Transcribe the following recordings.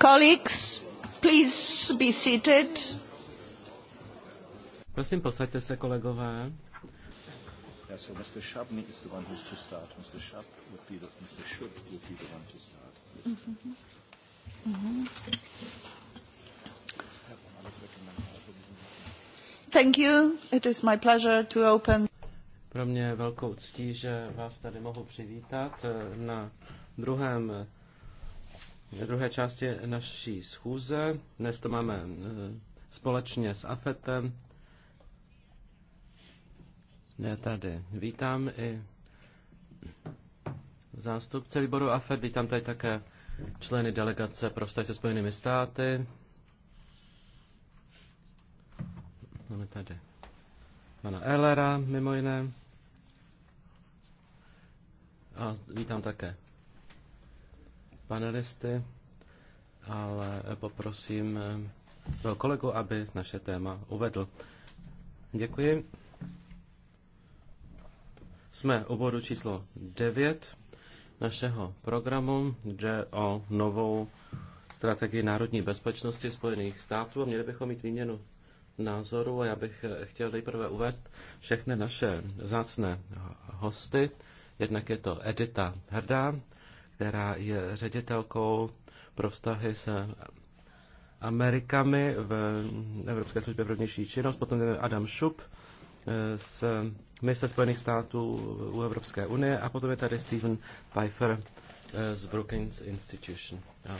Colleagues, please be seated. Prosím, posaďte se, kolegové. to start. to start. Thank you. It is my pleasure to open. Pro mě je velkou ctí, že vás tady mohu přivítat eh, na druhém, druhé části naší schůze. Dnes to máme eh, společně s AFETem. Já tady vítám i zástupce výboru AFET, vítám tady také členy delegace pro vztahy se Spojenými státy. Máme tady pana Ellera, mimo jiné. A vítám také panelisty, ale poprosím eh, toho kolegu, aby naše téma uvedl. Děkuji. Jsme u bodu číslo 9 našeho programu, kde o novou strategii národní bezpečnosti Spojených států a měli bychom mít výměnu názoru a já bych eh, chtěl nejprve uvést všechny naše zácné hosty. Jednak je to Edita Hrdá, která je ředitelkou pro vztahy s Amerikami v Evropské službě pro vnější činnost, potom je Adam Šup eh, z mise Spojených států u Evropské unie a potom je tady Steven Pfeiffer eh, z Brookings Institution. A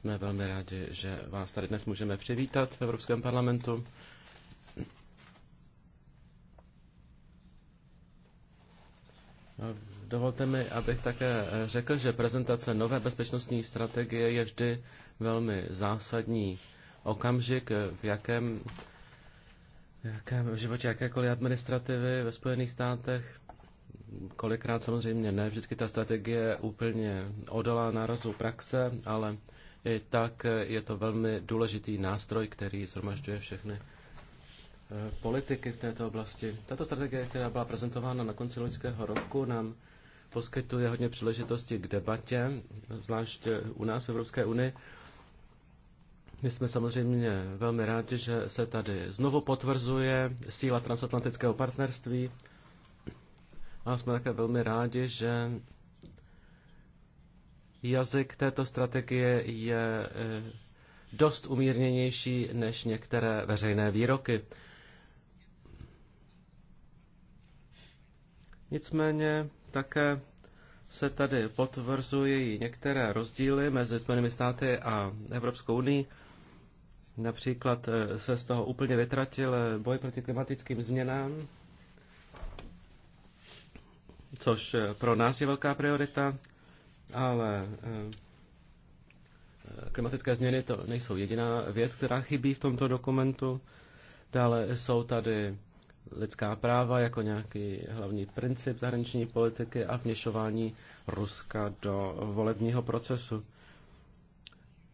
jsme velmi rádi, že vás tady dnes můžeme přivítat v Evropském parlamentu. A Dovolte mi, abych také eh, řekl, že prezentace nové bezpečnostní strategie je vždy velmi zásadní okamžik, eh, v jakém, v jakém v životě jakékoliv administrativy ve Spojených státech. Kolikrát samozřejmě ne, vždycky ta strategie úplně odolá nárazu praxe, ale i tak eh, je to velmi důležitý nástroj, který zhromažďuje všechny politiky v této oblasti. Tato strategie, která byla prezentována na konci loňského roku, nám poskytuje hodně příležitosti k debatě, zvlášť u nás v Evropské unii. My jsme samozřejmě velmi rádi, že se tady znovu potvrzuje síla transatlantického partnerství a jsme také velmi rádi, že jazyk této strategie je eh, dost umírněnější než některé veřejné výroky. Nicméně také se tady potvrzují některé rozdíly mezi Spojenými státy a Evropskou unii. Například eh, se z toho úplně vytratil eh, boj proti klimatickým změnám, což eh, pro nás je velká priorita, ale klimatické změny to nejsou jediná věc, která chybí v tomto dokumentu. Dále jsou tady lidská práva jako nějaký hlavní princip zahraniční politiky a vněšování Ruska do volebního procesu.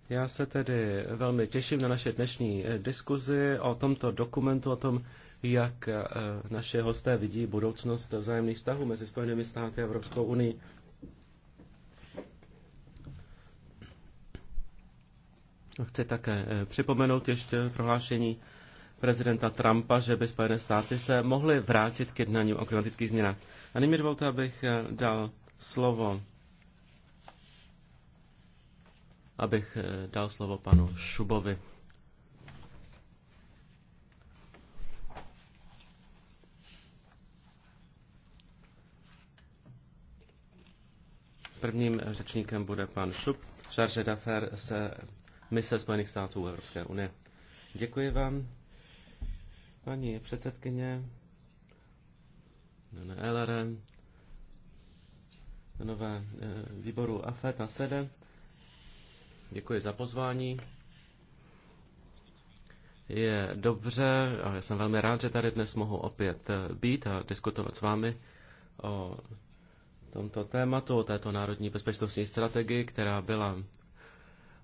Já se tedy velmi těším na naše dnešní eh, diskuzi o tomto dokumentu, o tom, jak eh, naše hosté vidí budoucnost vzájemných vztahů mezi Spojenými státy a Evropskou unii. Chci také eh, připomenout ještě prohlášení prezidenta Trumpa, že by Spojené státy se mohly vrátit k jednání o klimatických změnách. A nyní mi dovolte, abych eh, dal slovo abych eh, dal slovo panu Šubovi. Prvním řečníkem bude pan Šub, Charge d'affaires se mise Spojených států Evropské unie. Děkuji vám paní předsedkyně, Elere, nové eh, výboru AFET na sede. Děkuji za pozvání. Je dobře a já jsem velmi rád, že tady dnes mohu opět eh, být a diskutovat s vámi o tomto tématu, o této národní bezpečnostní strategii, která byla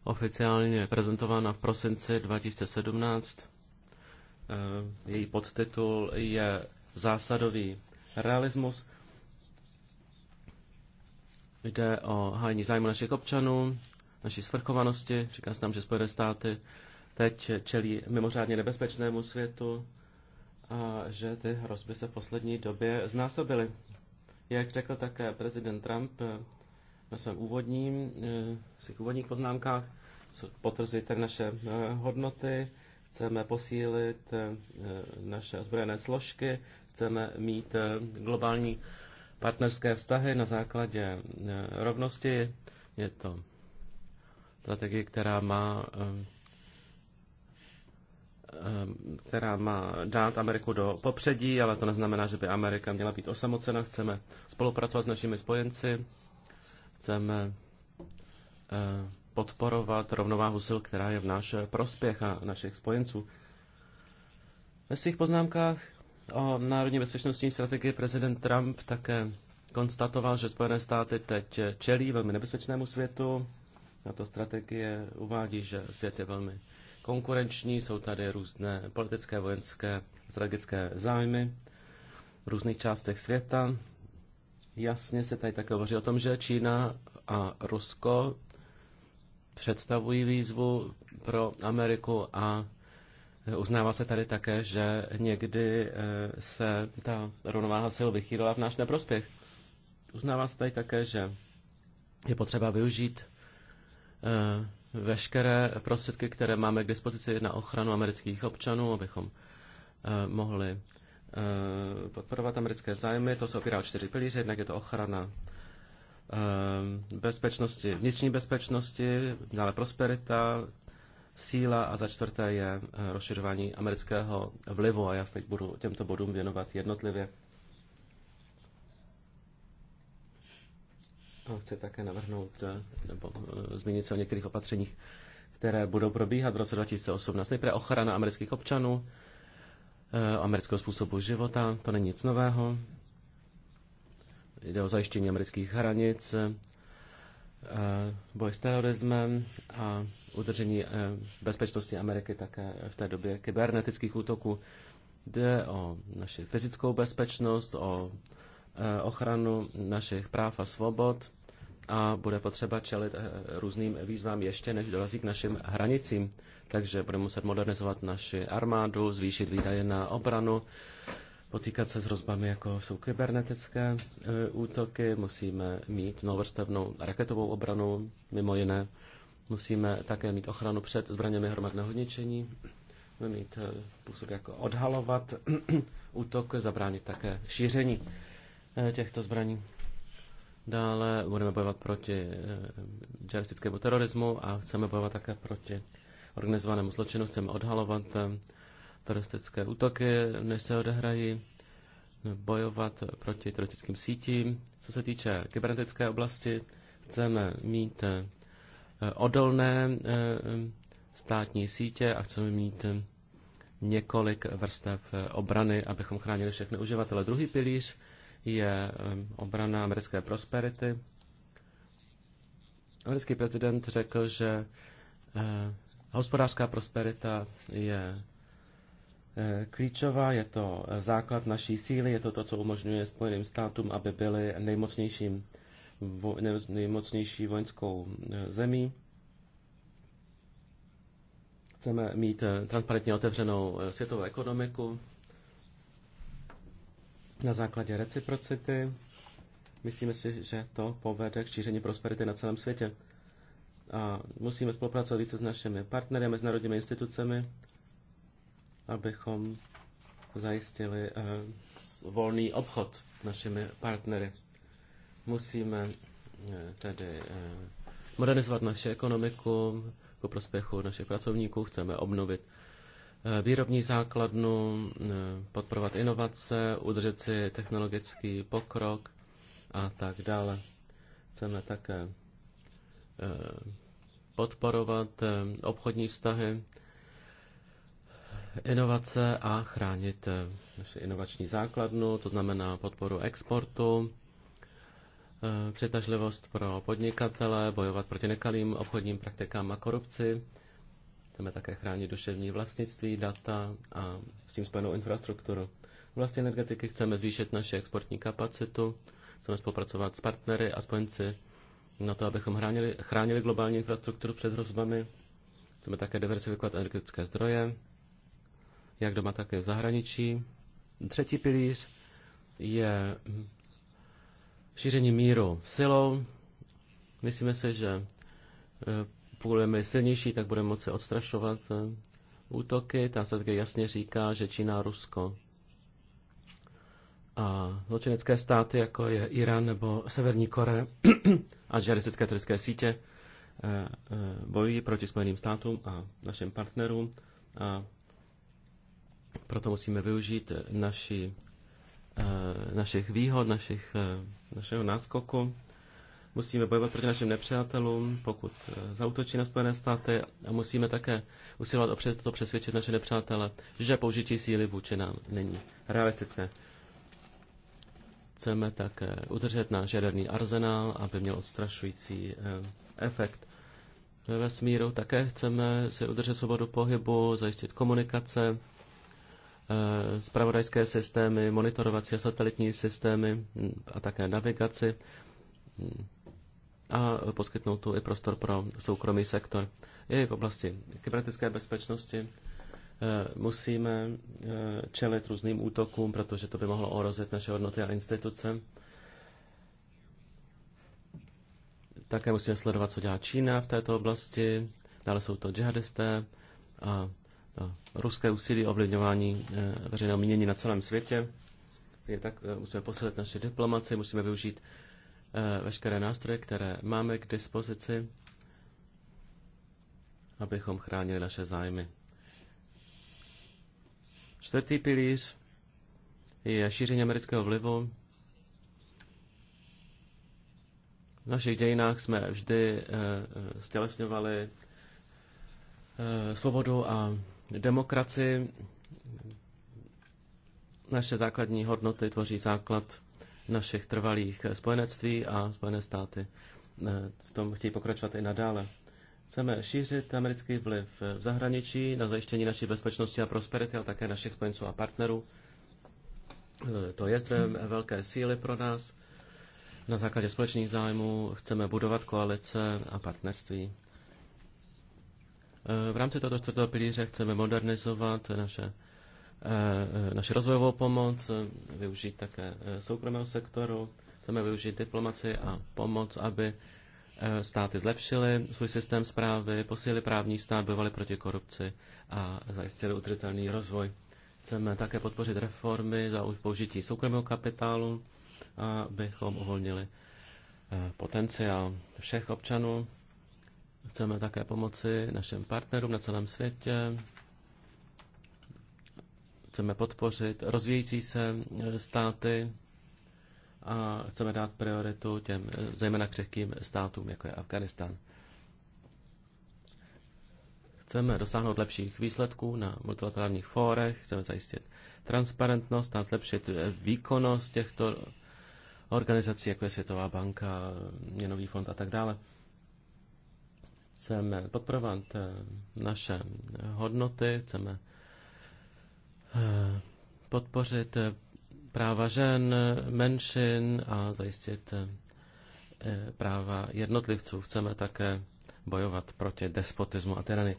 oficiálně prezentována v prosinci 2017 Eh, její podtitul je Zásadový realismus. Jde o hájení zájmu našich občanů, naší svrchovanosti. Říká se tam, že Spojené státy teď čelí mimořádně nebezpečnému světu a že ty hrozby se v poslední době znásobily. Jak řekl také prezident Trump na eh, svém úvodním, eh, v svých úvodních poznámkách, potvrzují tady naše hodnoty, chceme posílit eh, naše ozbrojené složky, chceme mít eh, globální partnerské vztahy na základě eh, rovnosti. Je to strategie, která má která má dát Ameriku do popředí, ale to neznamená, že by Amerika měla být osamocena. Chceme spolupracovat s našimi spojenci, chceme podporovat rovnováhu sil, která je v náš prospěch a našich spojenců. Ve svých poznámkách o národní bezpečnostní strategii prezident Trump také konstatoval, že Spojené státy teď čelí velmi nebezpečnému světu. Na to strategie uvádí, že svět je velmi konkurenční, jsou tady různé politické, vojenské, strategické zájmy v různých částech světa. Jasně se tady také hovoří o tom, že Čína a Rusko představují výzvu pro Ameriku a uznává se tady také, že někdy eh, se ta rovnováha sil vychýlila v náš neprospěch. Uznává se tady také, že je potřeba využít eh, veškeré prostředky, které máme k dispozici na ochranu amerických občanů, abychom eh, mohli podporovat americké zájmy. To se opírá o čtyři pilíře. Jednak je to ochrana Ehm, bezpečnosti, vnitřní bezpečnosti, dále prosperita, síla a za čtvrté je eh, rozšiřování amerického vlivu a já se teď budu těmto bodům věnovat jednotlivě. A chci také navrhnout eh, nebo eh, zmínit se o některých opatřeních, které budou probíhat v roce 2018. Nejprve ochrana amerických občanů, amerického způsobu života, to není nic nového. Jde o zajištění amerických hranic, eh, boj s terorismem a udržení eh, bezpečnosti Ameriky také v té době kybernetických útoků. Jde o naši fyzickou bezpečnost, o eh, ochranu našich práv a svobod a bude potřeba čelit různým výzvám ještě, než dorazí k našim hranicím. Takže budeme muset modernizovat naši armádu, zvýšit výdaje na obranu, potýkat se s hrozbami, jako jsou kybernetické e, útoky, musíme mít novrstevnou raketovou obranu, mimo jiné. Musíme také mít ochranu před zbraněmi hromadného ničení, Musíme mít e, působ jako odhalovat útok, zabránit také šíření e, těchto zbraní. Dále budeme bojovat proti džihadistickému terorismu a chceme bojovat také proti organizovanému zločinu. Chceme odhalovat teroristické útoky, než se odehrají, bojovat proti teroristickým sítím. Co se týče kybernetické oblasti, chceme mít eh, odolné eh, státní sítě a chceme mít eh, několik vrstev obrany, abychom chránili všechny uživatele. Druhý pilíř je obrana americké prosperity. Americký prezident řekl, že hospodářská prosperita je Eh, klíčová, je to eh, základ naší síly, je to to, co umožňuje Spojeným státům, aby byly nejmocnějším, nejmocnější vojenskou eh, zemí. Chceme mít transparentně otevřenou světovou ekonomiku na základě reciprocity. Myslíme si, že to povede k šíření prosperity na celém světě. A musíme spolupracovat více s našimi partnery, mezinárodními institucemi, abychom zajistili eh, volný obchod našimi partnery. Musíme eh, tedy eh, modernizovat naši ekonomiku ku prospěchu našich pracovníků, chceme obnovit výrobní základnu, podporovat inovace, udržet si technologický pokrok a tak dále. Chceme také podporovat obchodní vztahy inovace a chránit naši eh, inovační základnu, to znamená podporu exportu, eh, přitažlivost pro podnikatele, bojovat proti nekalým obchodním praktikám a korupci. Chceme také chránit duševní vlastnictví, data a s tím spojenou infrastrukturu. V oblasti energetiky chceme zvýšit naši exportní kapacitu, chceme spolupracovat s partnery a spojenci na to, abychom chránili, chránili globální infrastrukturu před hrozbami. Chceme také diversifikovat energetické zdroje, jak doma, tak i v zahraničí. Třetí pilíř je šíření míru silou. Myslíme si, že eh, pokud budeme silnější, tak budeme moci odstrašovat eh, útoky. Ta také jasně říká, že Čína, Rusko a zločinecké státy, jako je Irán nebo Severní Kore a žaristické teroristické sítě, eh, bojují proti Spojeným státům a našim partnerům a proto musíme využít naši, eh, našich výhod, našich, eh, našeho náskoku. Musíme bojovat proti našim nepřátelům, pokud eh, zautočí na Spojené státy a musíme také usilovat o to přesvědčit naše nepřátele, že použití síly vůči nám není realistické. Chceme také udržet náš jaderný arzenál, aby měl odstrašující efekt ve vesmíru. Také chceme si udržet svobodu pohybu, zajistit komunikace, spravodajské eh, systémy, monitorovací a satelitní systémy hm, a také navigaci hm, a poskytnout tu i prostor pro soukromý sektor. I v oblasti kybernetické bezpečnosti eh, musíme eh, čelit různým útokům, protože to by mohlo ohrozit naše hodnoty a instituce. Také musíme sledovat, co dělá Čína v této oblasti. Dále jsou to džihadisté a ruské úsilí ovlivňování eh, veřejného mínění na celém světě. Je tak, eh, musíme posilit naše diplomaci, musíme využít eh, veškeré nástroje, které máme k dispozici, abychom chránili naše zájmy. Čtvrtý pilíř je šíření amerického vlivu. V našich dějinách jsme vždy stělesňovali svobodu a demokraci, Naše základní hodnoty tvoří základ našich trvalých spojenectví a Spojené státy eh, v tom chtějí pokračovat i nadále. Chceme šířit americký vliv v zahraničí na zajištění naší bezpečnosti a prosperity, ale také našich spojenců a partnerů. Eh, to je zdrojem velké síly pro nás. Na základě společných zájmů chceme budovat koalice a partnerství v rámci tohoto čtvrtého pilíře chceme modernizovat naše, eh, naše rozvojovou pomoc, využít také eh, soukromého sektoru, chceme využít diplomaci a pomoc, aby eh, státy zlepšily svůj systém zprávy, posílili právní stát, bojovali proti korupci a zajistili udržitelný rozvoj. Chceme také podpořit reformy za použití soukromého kapitálu, abychom uvolnili potenciál všech občanů Chceme také pomoci našim partnerům na celém světě. Chceme podpořit rozvíjící se e, státy a chceme dát prioritu těm e, zejména křehkým státům, jako je Afganistán. Chceme dosáhnout lepších výsledků na multilaterálních fórech, chceme zajistit transparentnost a zlepšit e, výkonnost těchto organizací, jako je Světová banka, Měnový fond a tak dále. Chceme podporovat eh, naše hodnoty, chceme eh, podpořit eh, práva žen, menšin a zajistit práva jednotlivců. Chceme také bojovat proti despotismu a tyrany.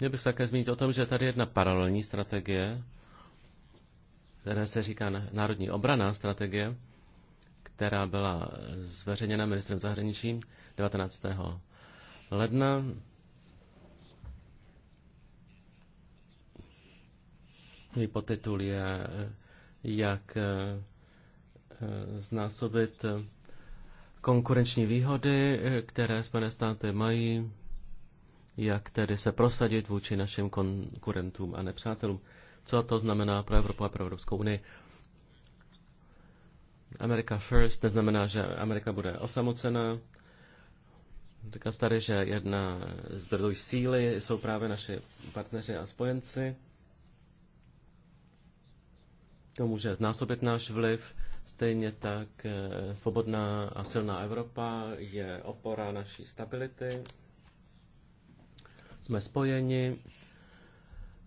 Měl bych se také zmínit o tom, že tady je jedna paralelní strategie, která se říká národní obraná strategie, která byla zveřejněna ministrem zahraničí 19. ledna. Její podtitul je Jak eh, eh, znásobit konkurenční výhody, eh, které Spojené státy mají, jak tedy se prosadit vůči našim konkurentům a nepřátelům. Co to znamená pro Evropu a pro Evropskou unii? America First neznamená, že Amerika bude osamocena. Říká tady, že jedna z zdrojů síly jsou právě naši partneři a spojenci. To může znásobit náš vliv. Stejně tak eh, svobodná a silná Evropa je opora naší stability. Jsme spojeni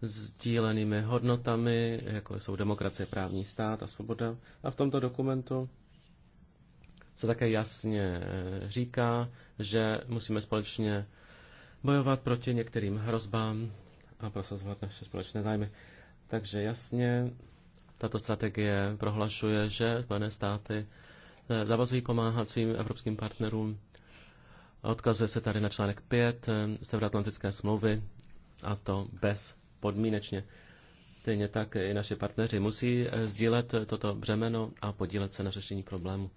sdílenými hodnotami, jako jsou demokracie, právní stát a svoboda. A v tomto dokumentu se také jasně e, říká, že musíme společně bojovat proti některým hrozbám a prosazovat naše společné zájmy. Takže jasně tato strategie prohlašuje, že Spojené státy e, zavazují pomáhat svým evropským partnerům. Odkazuje se tady na článek 5 e, Severoatlantické smlouvy, a to bez podmínečně. Stejně tak i naši partneři musí eh, sdílet toto břemeno a podílet se na řešení problému.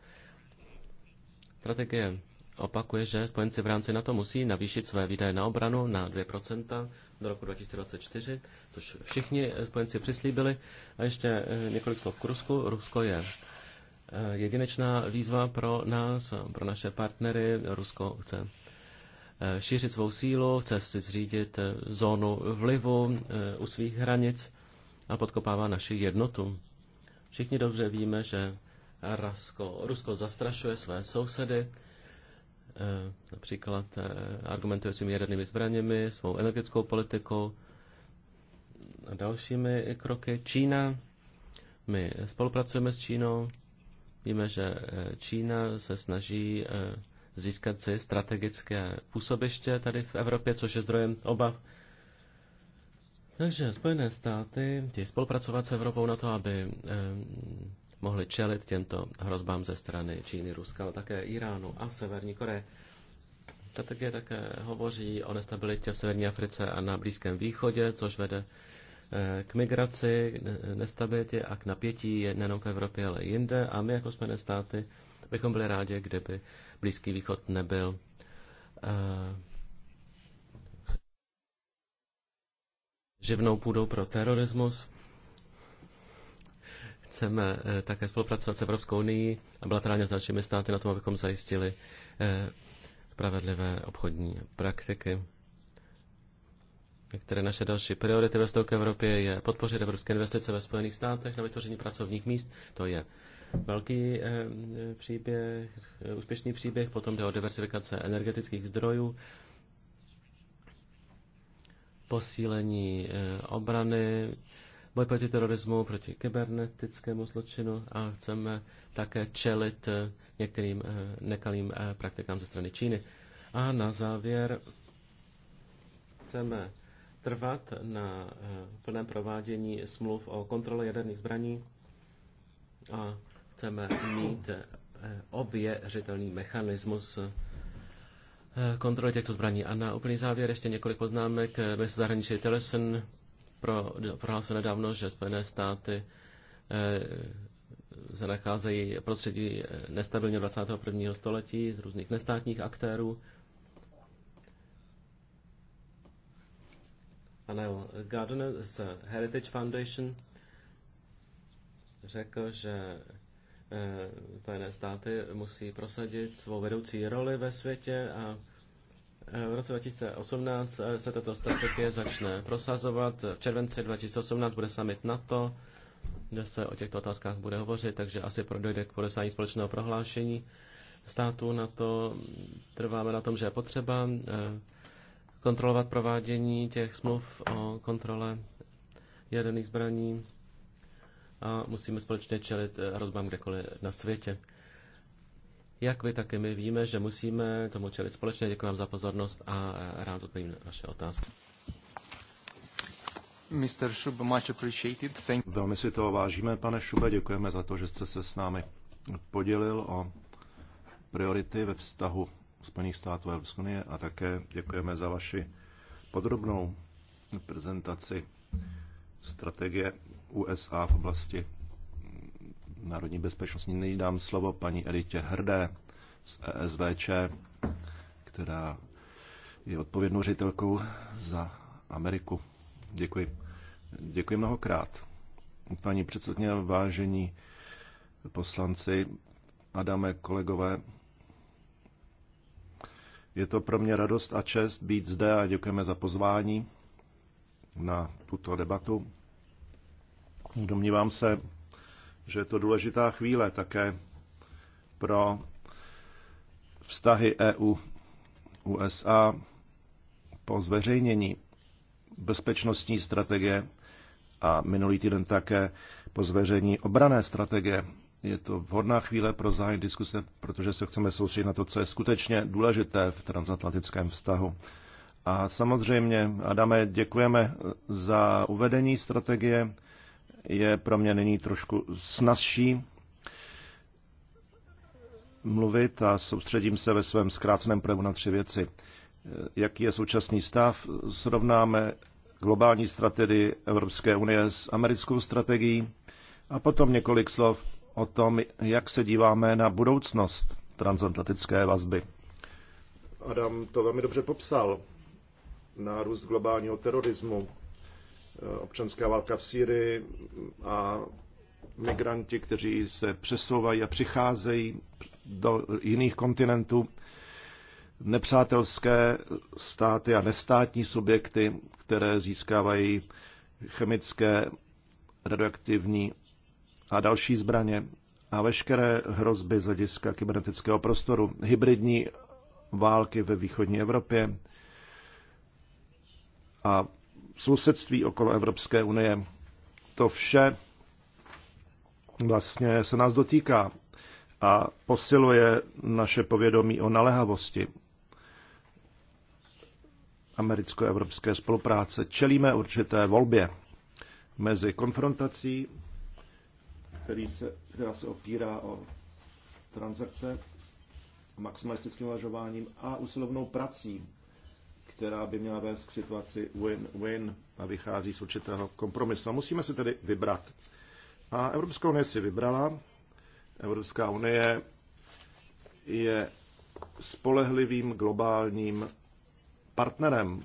Strategie opakuje, že spojenci v rámci NATO musí navýšit své výdaje na obranu na 2% do roku 2024, což všichni spojenci přislíbili. A ještě eh, několik slov k Rusku. Rusko je eh, jedinečná výzva pro nás, pro naše partnery. Rusko chce Eh, šířit svou sílu, chce si zřídit eh, zónu vlivu eh, u svých hranic a podkopává naši jednotu. Všichni dobře víme, že Rasko, Rusko zastrašuje své sousedy, například argumentuje svými jadernými zbraněmi, svou energetickou politikou a dalšími kroky. Čína, my spolupracujeme s Čínou, víme, že Čína se snaží získat si strategické působiště tady v Evropě, což je zdrojem obav. Takže Spojené státy chtějí spolupracovat s Evropou na to, aby eh, mohli čelit těmto hrozbám ze strany Číny, Ruska, ale také Iránu a Severní Koreje. Strategie také hovoří o nestabilitě v Severní Africe a na Blízkém východě, což vede eh, k migraci, nestabilitě a k napětí nejenom v Evropě, ale i jinde. A my jako Spojené státy bychom byli rádi, kdyby Blízký východ nebyl eh, živnou půdou pro terorismus. Chceme eh, také spolupracovat s Evropskou unii a bilaterálně s dalšími státy na tom, abychom zajistili eh, spravedlivé obchodní praktiky. Některé naše další priority ve k Evropě je podpořit evropské investice ve Spojených státech na vytvoření pracovních míst. To je velký eh, eh, příběh, eh, úspěšný příběh, potom jde o diversifikace energetických zdrojů, posílení obrany, boj proti terorismu, proti kybernetickému zločinu a chceme také čelit některým nekalým praktikám ze strany Číny. A na závěr chceme trvat na plném provádění smluv o kontrole jaderných zbraní a Chceme mít eh, ověřitelný mechanismus eh, kontroly těchto zbraní. A na úplný závěr ještě několik poznámek. Bez eh, zahraničí Tillerson pro, prohlásil nedávno, že Spojené státy se nacházejí prostředí nestabilního 21. století z různých nestátních aktérů. Anel Gardner z Heritage Foundation řekl, že Eh, Spojené státy musí prosadit svou vedoucí roli ve světě a eh, v roce 2018 eh, se tato strategie začne prosazovat. V červenci 2018 bude summit NATO, kde se o těchto otázkách bude hovořit, takže asi dojde k podesání společného prohlášení států NATO. Trváme na tom, že je potřeba kontrolovat provádění těch smluv o kontrole jaderných zbraní a musíme společně čelit eh, hrozbám kdekoliv na světě. Jak vy, tak i my víme, že musíme tomu čelit společně. Děkuji vám za pozornost a eh, rád odpovím na vaše otázky. Mr. Shub, much appreciated. Thank Velmi si toho vážíme, pane Šube, děkujeme za to, že jste se s námi podělil o priority ve vztahu Spojených států a Evropské unie a také děkujeme za vaši podrobnou prezentaci strategie USA v oblasti národní bezpečnosti. Nyní dám slovo paní Editě Hrdé z ESVČ, která je odpovědnou ředitelkou za Ameriku. Děkuji. Děkuji mnohokrát. Paní předsedně, vážení poslanci, Adame, kolegové, je to pro mě radost a čest být zde a děkujeme za pozvání na tuto debatu. Domnívám se, že je to důležitá chvíle také pro vztahy EU-USA po zveřejnění bezpečnostní strategie a minulý týden také po zveřejnění obrané strategie. Je to vhodná chvíle pro zájem diskuse, protože se chceme soustředit na to, co je skutečně důležité v transatlantickém vztahu. A samozřejmě, Adame, děkujeme za uvedení strategie je pro mě nyní trošku snazší mluvit a soustředím se ve svém zkráceném projevu na tři věci. Jaký je současný stav? Srovnáme globální strategii Evropské unie s americkou strategií a potom několik slov o tom, jak se díváme na budoucnost transatlantické vazby. Adam to velmi dobře popsal. Nárůst globálního terorismu, Eh, občanská válka v Sýrii a migranti, kteří se přesouvají a přicházejí do jiných kontinentů, nepřátelské státy a nestátní subjekty, které získávají chemické, radioaktivní a další zbraně a veškeré hrozby z hlediska kybernetického prostoru, hybridní války ve východní Evropě a sousedství okolo Evropské unie. To vše vlastně se nás dotýká a posiluje naše povědomí o naléhavosti americko-evropské spolupráce. Čelíme určité volbě mezi konfrontací, který se, která se opírá o transakce maximalistickým uvažováním a usilovnou prací která by měla vést k situaci win-win a vychází z určitého kompromisu. A musíme si tedy vybrat. A Evropská unie si vybrala. Evropská unie je spolehlivým globálním partnerem,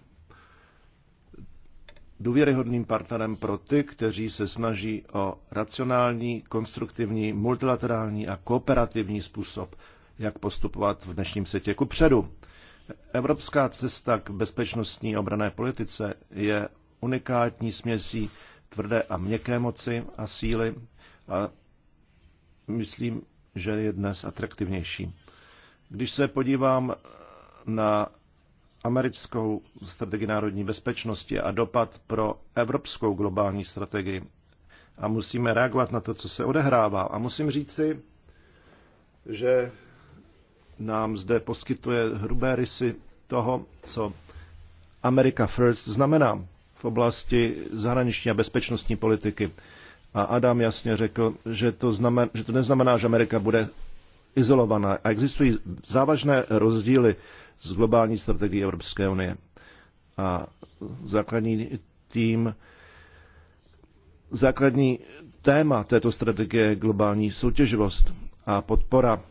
důvěryhodným partnerem pro ty, kteří se snaží o racionální, konstruktivní, multilaterální a kooperativní způsob, jak postupovat v dnešním světě ku předu. Evropská cesta k bezpečnostní obrané politice je unikátní směsí tvrdé a měkké moci a síly a myslím, že je dnes atraktivnější. Když se podívám na americkou strategii národní bezpečnosti a dopad pro evropskou globální strategii a musíme reagovat na to, co se odehrává. A musím říci, že nám zde poskytuje hrubé rysy toho, co America First znamená v oblasti zahraniční a bezpečnostní politiky. A Adam jasně řekl, že to, znamen, že to neznamená, že Amerika bude izolovaná. A existují závažné rozdíly z globální strategií Evropské unie. A základní tým, základní téma této strategie je globální soutěživost a podpora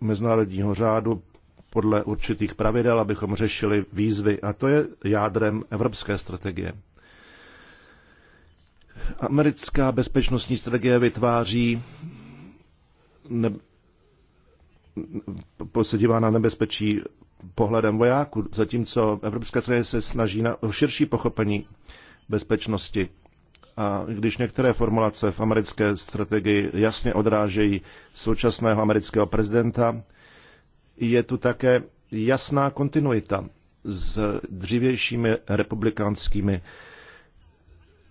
mezinárodního řádu podle určitých pravidel, abychom řešili výzvy. A to je jádrem evropské strategie. Americká bezpečnostní strategie vytváří ne, se dívá na nebezpečí pohledem vojáků, zatímco Evropská strategie se snaží na širší pochopení bezpečnosti. A když některé formulace v americké strategii jasně odrážejí současného amerického prezidenta, je tu také jasná kontinuita s dřívějšími republikánskými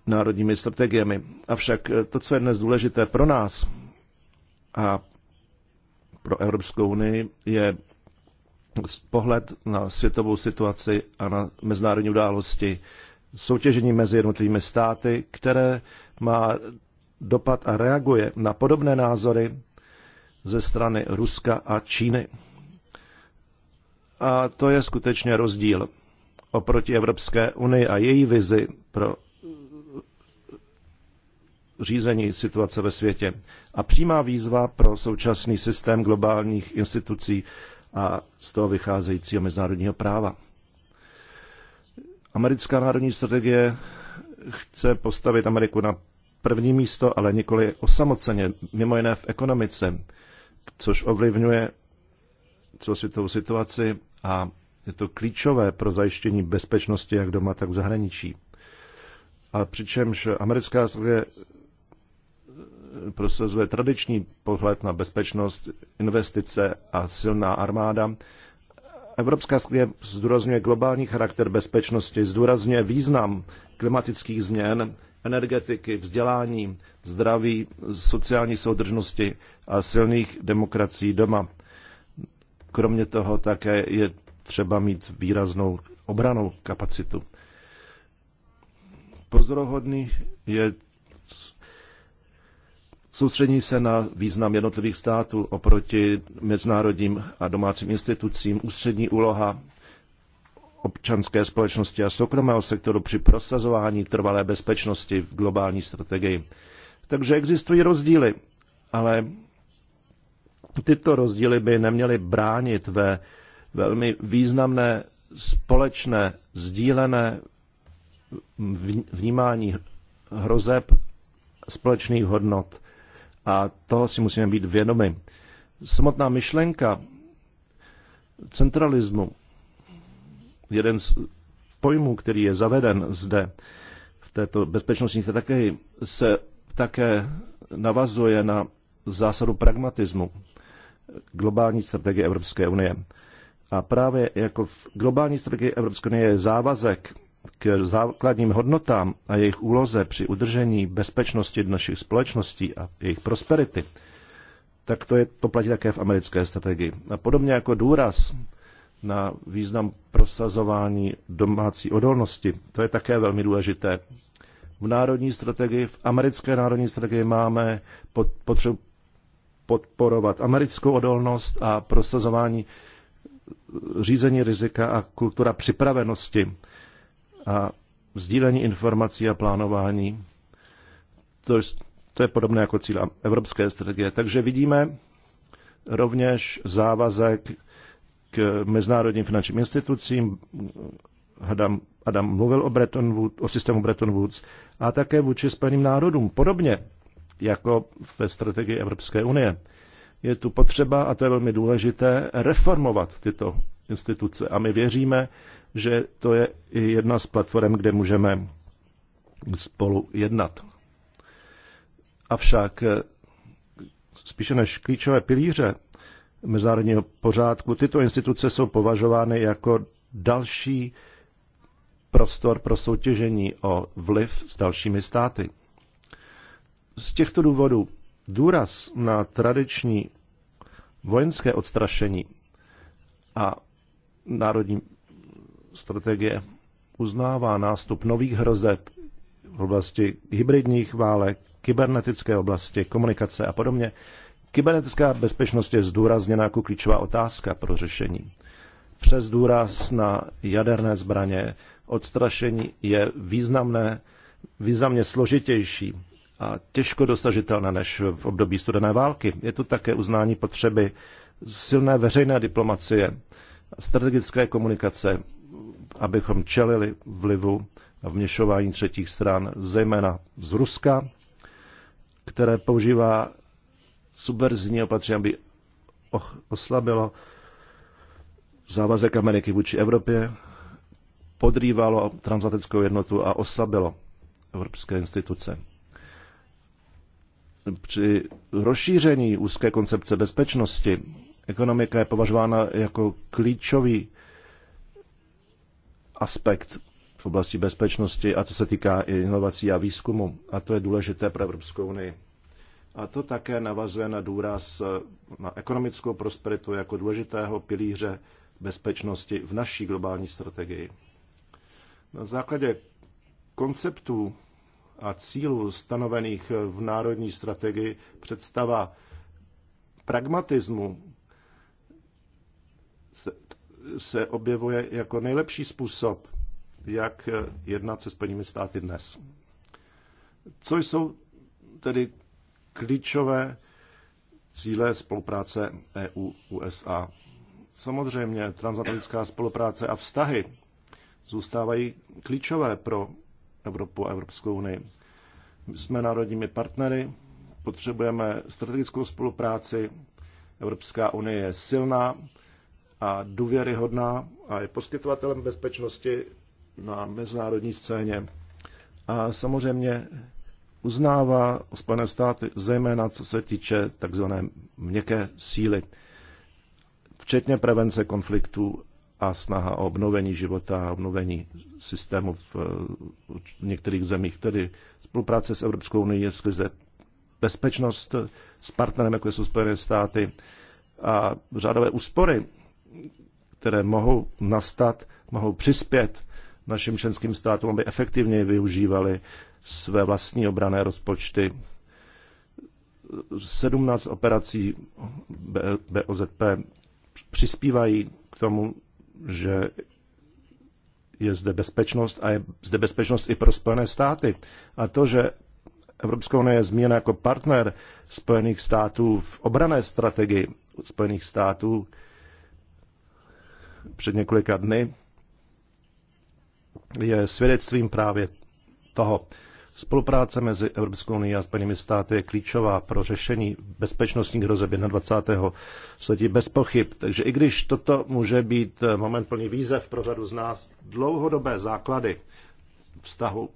národními strategiemi. Avšak to, co je dnes důležité pro nás a pro Evropskou unii, je pohled na světovou situaci a na mezinárodní události soutěžení mezi jednotlivými státy, které má dopad a reaguje na podobné názory ze strany Ruska a Číny. A to je skutečně rozdíl oproti Evropské unii a její vizi pro řízení situace ve světě. A přímá výzva pro současný systém globálních institucí a z toho vycházejícího mezinárodního práva. Americká národní strategie chce postavit Ameriku na první místo, ale nikoli osamoceně, mimo jiné v ekonomice, což ovlivňuje celosvětovou situaci a je to klíčové pro zajištění bezpečnosti jak doma, tak v zahraničí. A přičemž americká strategie prosazuje tradiční pohled na bezpečnost, investice a silná armáda, Evropská unie zdůrazňuje globální charakter bezpečnosti, zdůrazňuje význam klimatických změn, energetiky, vzdělání, zdraví, sociální soudržnosti a silných demokracií doma. Kromě toho také je třeba mít výraznou obranou kapacitu. Pozoruhodný je Soustředí se na význam jednotlivých států oproti mezinárodním a domácím institucím. Ústřední úloha občanské společnosti a soukromého sektoru při prosazování trvalé bezpečnosti v globální strategii. Takže existují rozdíly, ale tyto rozdíly by neměly bránit ve velmi významné společné sdílené vnímání hrozeb společných hodnot a toho si musíme být vědomi. Samotná myšlenka centralismu, jeden z pojmů, který je zaveden zde v této bezpečnostní také se také navazuje na zásadu pragmatismu globální strategie Evropské unie. A právě jako v globální strategii Evropské unie je závazek k základním hodnotám a jejich úloze při udržení bezpečnosti našich společností a jejich prosperity, tak to, je, to platí také v americké strategii. A podobně jako důraz na význam prosazování domácí odolnosti, to je také velmi důležité. V národní strategii, v americké národní strategii máme pod, potřebu podporovat americkou odolnost a prosazování řízení rizika a kultura připravenosti a sdílení informací a plánování. To, je to je podobné jako cíl evropské strategie. Takže vidíme rovněž závazek k mezinárodním finančním institucím. Adam, Adam mluvil o, Bretton Woods, o systému Bretton Woods a také vůči Spojeným národům. Podobně jako ve strategii Evropské unie. Je tu potřeba, a to je velmi důležité, reformovat tyto instituce. A my věříme, že to je i jedna z platform, kde můžeme spolu jednat. Avšak eh, spíše než klíčové pilíře mezinárodního pořádku, tyto instituce jsou považovány jako další prostor pro soutěžení o vliv s dalšími státy. Z těchto důvodů důraz na tradiční vojenské odstrašení a národní strategie uznává nástup nových hrozeb v oblasti hybridních válek, kybernetické oblasti, komunikace a podobně, kybernetická bezpečnost je zdůrazněna jako klíčová otázka pro řešení. Přes důraz na jaderné zbraně odstrašení je významné, významně složitější a těžko dosažitelné než v období studené války. Je to také uznání potřeby silné veřejné diplomacie, strategické komunikace abychom čelili vlivu a vměšování třetích stran, zejména z Ruska, které používá subverzní opatření, aby oslabilo závazek Ameriky vůči Evropě, podrývalo transatlantickou jednotu a oslabilo evropské instituce. Při rozšíření úzké koncepce bezpečnosti ekonomika je považována jako klíčový aspekt v oblasti bezpečnosti a to se týká i inovací a výzkumu. A to je důležité pro Evropskou unii. A to také navazuje na důraz na ekonomickou prosperitu jako důležitého pilíře bezpečnosti v naší globální strategii. Na základě konceptů a cílů stanovených v národní strategii představa pragmatismu se objevuje jako nejlepší způsob, jak jednat se Spojenými státy dnes. Co jsou tedy klíčové cíle spolupráce EU-USA? Samozřejmě transatlantická spolupráce a vztahy zůstávají klíčové pro Evropu a Evropskou unii. My jsme národními partnery, potřebujeme strategickou spolupráci. Evropská unie je silná, a důvěryhodná a je poskytovatelem bezpečnosti na mezinárodní scéně. A samozřejmě uznává Spojené státy, zejména co se týče takzvané měkké síly, včetně prevence konfliktů a snaha o obnovení života a obnovení systému v, v některých zemích, tedy spolupráce s Evropskou unii je skrze bezpečnost s partnerem, jako jsou Spojené státy, a řádové úspory které mohou nastat, mohou přispět našim členským státům, aby efektivněji využívali své vlastní obrané rozpočty. 17 operací BOZP přispívají k tomu, že je zde bezpečnost a je zde bezpečnost i pro Spojené státy. A to, že Evropská unie je zmíněna jako partner Spojených států v obrané strategii Spojených států, před několika dny je svědectvím právě toho. Spolupráce mezi Evropskou unii a Spojenými státy je klíčová pro řešení bezpečnostních hrozeb 21. století bez pochyb. Takže i když toto může být eh, moment plný výzev pro řadu z nás, dlouhodobé základy vztahu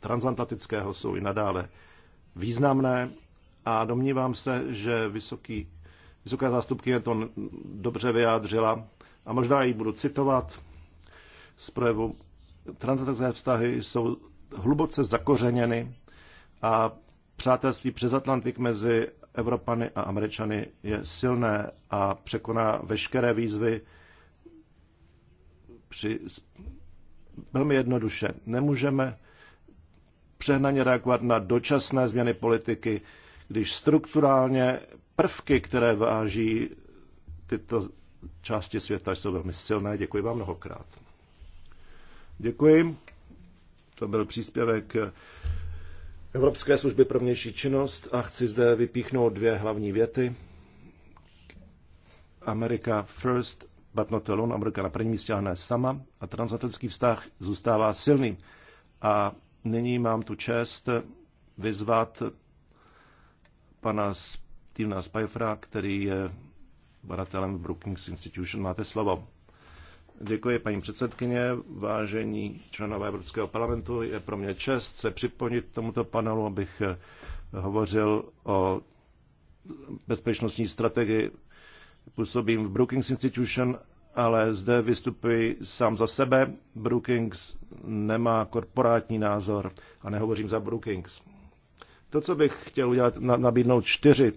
transatlantického jsou i nadále významné a domnívám se, že vysoký, vysoká zástupkyně to dobře vyjádřila a možná ji budu citovat z projevu, transatlantické vztahy jsou hluboce zakořeněny a přátelství přes Atlantik mezi Evropany a Američany je silné a překoná veškeré výzvy při, velmi jednoduše. Nemůžeme přehnaně reagovat na dočasné změny politiky, když strukturálně prvky, které váží tyto části světa jsou velmi silné. Děkuji vám mnohokrát. Děkuji. To byl příspěvek Evropské služby pro vnější činnost a chci zde vypíchnout dvě hlavní věty. Amerika first, but not alone, Amerika na prvním místě a ne sama a transatlantický vztah zůstává silný. A nyní mám tu čest vyzvat pana Stevena Spifera, který je badatelem Brookings Institution. Máte slovo. Děkuji, paní předsedkyně, vážení členové Evropského parlamentu. Je pro mě čest se připojit k tomuto panelu, abych hovořil o bezpečnostní strategii. Působím v Brookings Institution, ale zde vystupuji sám za sebe. Brookings nemá korporátní názor a nehovořím za Brookings. To, co bych chtěl udělat, nabídnout čtyři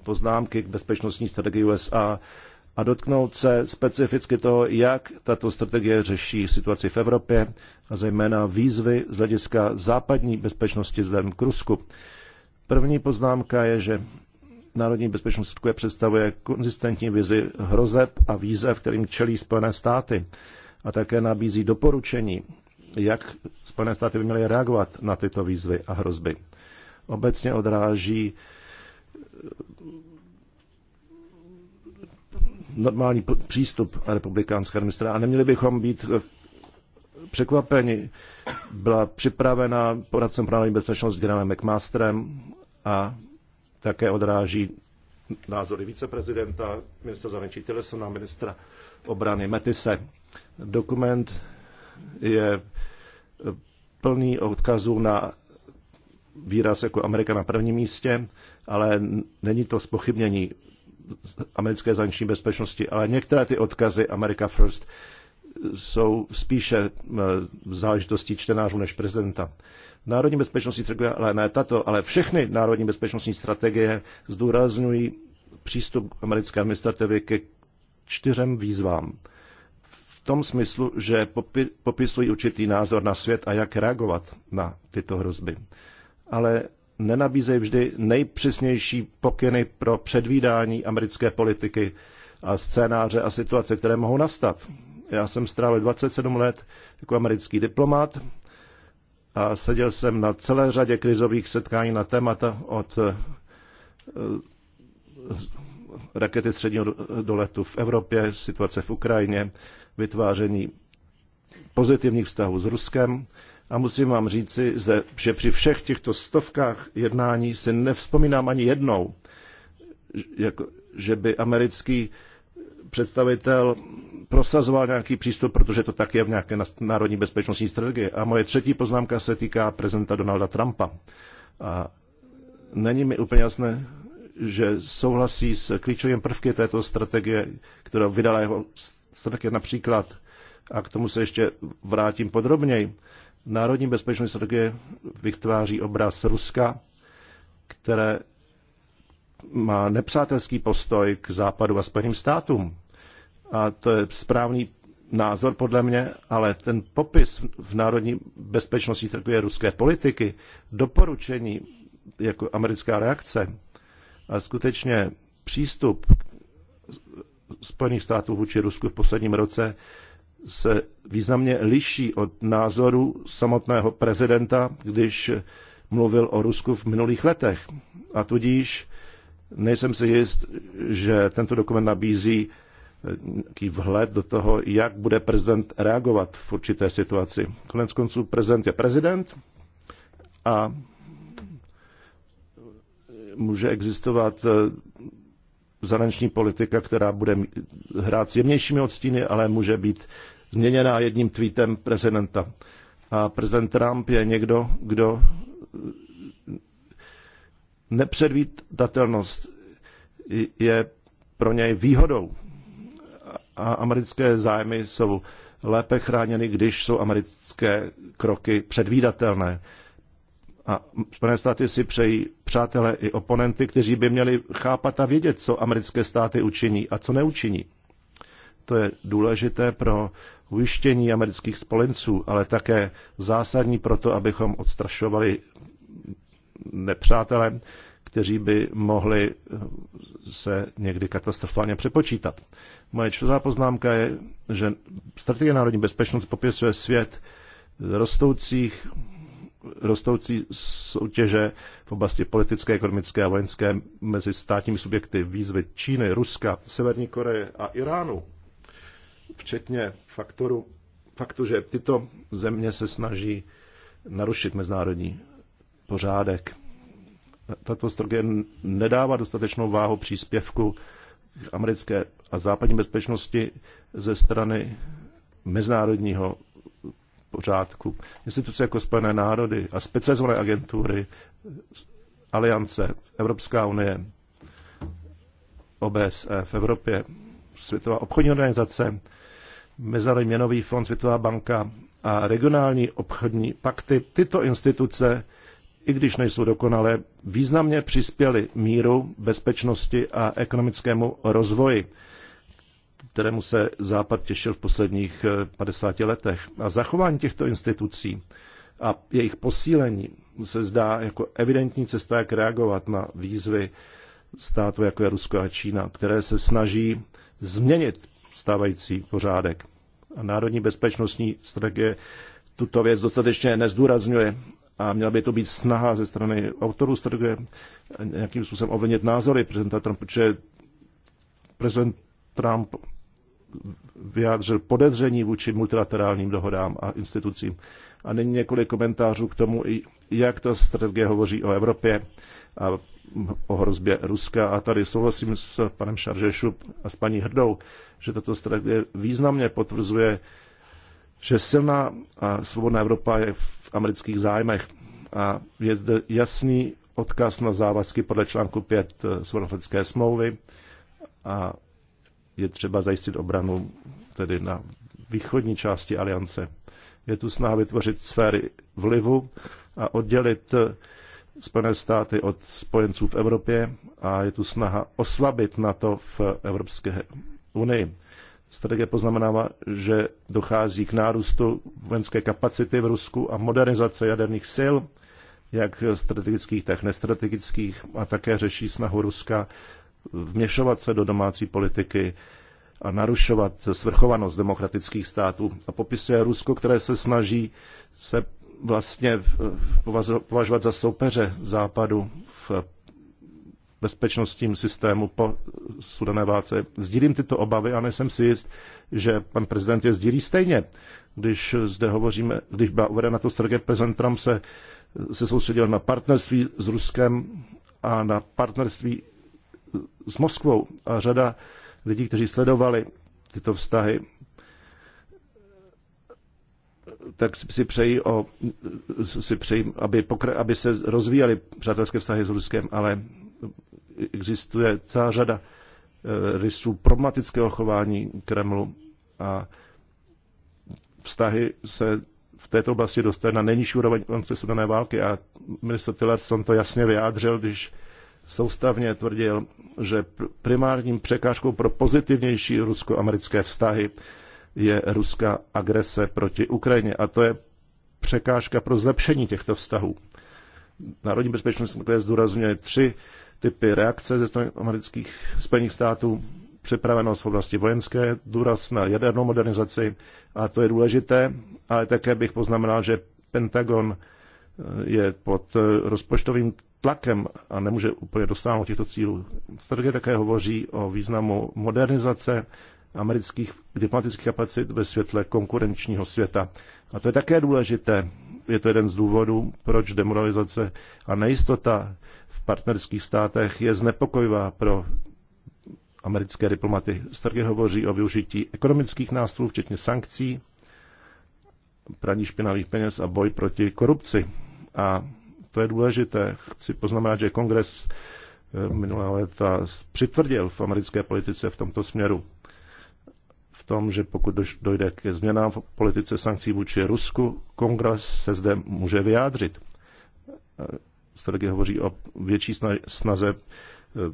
poznámky k bezpečnostní strategii USA a dotknout se specificky toho, jak tato strategie řeší situaci v Evropě a zejména výzvy z hlediska západní bezpečnosti vzhledem k Rusku. První poznámka je, že národní bezpečnost Ruské představuje konzistentní vizi hrozeb a výzev, kterým čelí Spojené státy a také nabízí doporučení, jak Spojené státy by měly reagovat na tyto výzvy a hrozby. Obecně odráží normální přístup republikánské administrace a neměli bychom být eh, překvapeni. Byla připravena poradcem právní bezpečnost generálem McMasterem a také odráží názory viceprezidenta, ministra zahraničí Tillersona, ministra obrany Metise. Dokument je eh, plný odkazů na výraz jako Amerika na prvním místě, ale není to spochybnění americké zahraniční bezpečnosti, ale některé ty odkazy America First jsou spíše eh, záležitosti čtenářů než prezidenta. Národní bezpečnostní strategie, ale ne tato, ale všechny národní bezpečnostní strategie zdůrazňují přístup americké administrativy ke čtyřem výzvám. V tom smyslu, že popi- popisují určitý názor na svět a jak reagovat na tyto hrozby. Ale nenabízejí vždy nejpřesnější pokyny pro předvídání americké politiky a scénáře a situace, které mohou nastat. Já jsem strávil 27 let jako americký diplomat a seděl jsem na celé řadě krizových setkání na témata od eh, rakety středního doletu v Evropě, situace v Ukrajině, vytváření pozitivních vztahů s Ruskem, a musím vám říci, že při všech těchto stovkách jednání si nevzpomínám ani jednou, jako, že by americký představitel prosazoval nějaký přístup, protože to tak je v nějaké národní bezpečnostní strategii. A moje třetí poznámka se týká prezidenta Donalda Trumpa. A není mi úplně jasné, že souhlasí s klíčovým prvky této strategie, kterou vydala jeho strategie například, a k tomu se ještě vrátím podrobněji, Národní bezpečnostní strategie vytváří obraz Ruska, které má nepřátelský postoj k západu a Spojeným státům. A to je správný názor podle mě, ale ten popis v národní bezpečnosti takové ruské politiky, doporučení jako americká reakce a skutečně přístup Spojených států vůči Rusku v posledním roce se významně liší od názoru samotného prezidenta, když mluvil o Rusku v minulých letech. A tudíž nejsem si jist, že tento dokument nabízí nějaký vhled do toho, jak bude prezident reagovat v určité situaci. Konec konců prezident je prezident a může existovat zahraniční politika, která bude hrát s jemnějšími odstíny, ale může být změněná jedním tweetem prezidenta. A prezident Trump je někdo, kdo nepředvídatelnost je pro něj výhodou. A americké zájmy jsou lépe chráněny, když jsou americké kroky předvídatelné. A Spojené státy si přejí přátelé i oponenty, kteří by měli chápat a vědět, co americké státy učiní a co neučiní. To je důležité pro ujištění amerických spolenců, ale také zásadní proto, abychom odstrašovali nepřátelé, kteří by mohli se někdy katastrofálně přepočítat. Moje čtvrtá poznámka je, že strategie národní bezpečnosti popisuje svět rostoucích rostoucí soutěže v oblasti politické, ekonomické a vojenské mezi státními subjekty výzvy Číny, Ruska, Severní Koreje a Iránu, včetně faktoru, faktu, že tyto země se snaží narušit mezinárodní pořádek. Tato strategie nedává dostatečnou váhu příspěvku americké a západní bezpečnosti ze strany mezinárodního pořádku. Instituce jako Spojené národy a specializované agentury, aliance, Evropská unie, OBSE v Evropě, Světová obchodní organizace, Mezinárodní měnový fond, Světová banka a regionální obchodní pakty. Tyto instituce, i když nejsou dokonalé, významně přispěly míru, bezpečnosti a ekonomickému rozvoji kterému se Západ těšil v posledních 50 eh, letech. A zachování těchto institucí a jejich posílení se zdá jako evidentní cesta, jak reagovat na výzvy států, jako je Rusko a Čína, které se snaží změnit stávající pořádek. A Národní bezpečnostní strategie tuto věc dostatečně nezdůrazňuje a měla by to být snaha ze strany autorů strategie nějakým způsobem ovlivnit názory prezidenta Trumpa, protože prezident Trump vyjádřil podezření vůči multilaterálním dohodám a institucím. A nyní několik komentářů k tomu, jak ta strategie hovoří o Evropě a o hrozbě Ruska. A tady souhlasím s panem Šaržešu a s paní Hrdou, že tato strategie významně potvrzuje, že silná a svobodná Evropa je v amerických zájmech. A je jasný odkaz na závazky podle článku 5 eh, Svobodnofické smlouvy a je třeba zajistit obranu tedy na východní části aliance. Je tu snaha vytvořit sféry vlivu a oddělit eh, Spojené státy od spojenců v Evropě a je tu snaha oslabit NATO v Evropské unii. Strategie poznamenává, že dochází k nárůstu vojenské kapacity v Rusku a modernizace jaderných sil, jak strategických, tak nestrategických, a také řeší snahu Ruska vměšovat se do domácí politiky a narušovat svrchovanost demokratických států. A popisuje Rusko, které se snaží se vlastně eh, považovat za soupeře západu v bezpečnostním systému po sudané válce. Sdílím tyto obavy a nejsem si jist, že pan prezident je sdílí stejně. Když zde hovoříme, když byla uvedena to Sergej prezident Trump se, se soustředil na partnerství s Ruskem a na partnerství s Moskvou a řada lidí, kteří sledovali tyto vztahy, tak si přejí, o, si přejí aby, pokra- aby se rozvíjaly přátelské vztahy s Ruskem, ale existuje celá řada eh, rysů problematického chování Kremlu a vztahy se v této oblasti dostaly na nejnižší úroveň konce studené války a minister Tillerson to jasně vyjádřil, když soustavně tvrdil, že primárním překážkou pro pozitivnější rusko-americké vztahy je ruská agrese proti Ukrajině. A to je překážka pro zlepšení těchto vztahů. Národní bezpečnost je zdůrazňuje tři typy reakce ze strany amerických Spojených států. Připravenost v oblasti vojenské, důraz na jadernou modernizaci, a to je důležité, ale také bych poznamenal, že Pentagon eh, je pod eh, rozpočtovým tlakem a nemůže úplně dosáhnout těchto cílů. Strategie také hovoří o významu modernizace amerických diplomatických kapacit ve světle konkurenčního světa. A to je také důležité. Je to jeden z důvodů, proč demoralizace a nejistota v partnerských státech je znepokojivá pro americké diplomaty. Strategie hovoří o využití ekonomických nástrojů, včetně sankcí, praní špinavých peněz a boj proti korupci. A to je důležité. Chci poznamenat, že kongres eh, minulá léta přitvrdil v americké politice v tomto směru. V tom, že pokud dojde ke změnám v politice sankcí vůči Rusku, kongres se zde může vyjádřit. Eh, strategie hovoří o větší snaze eh,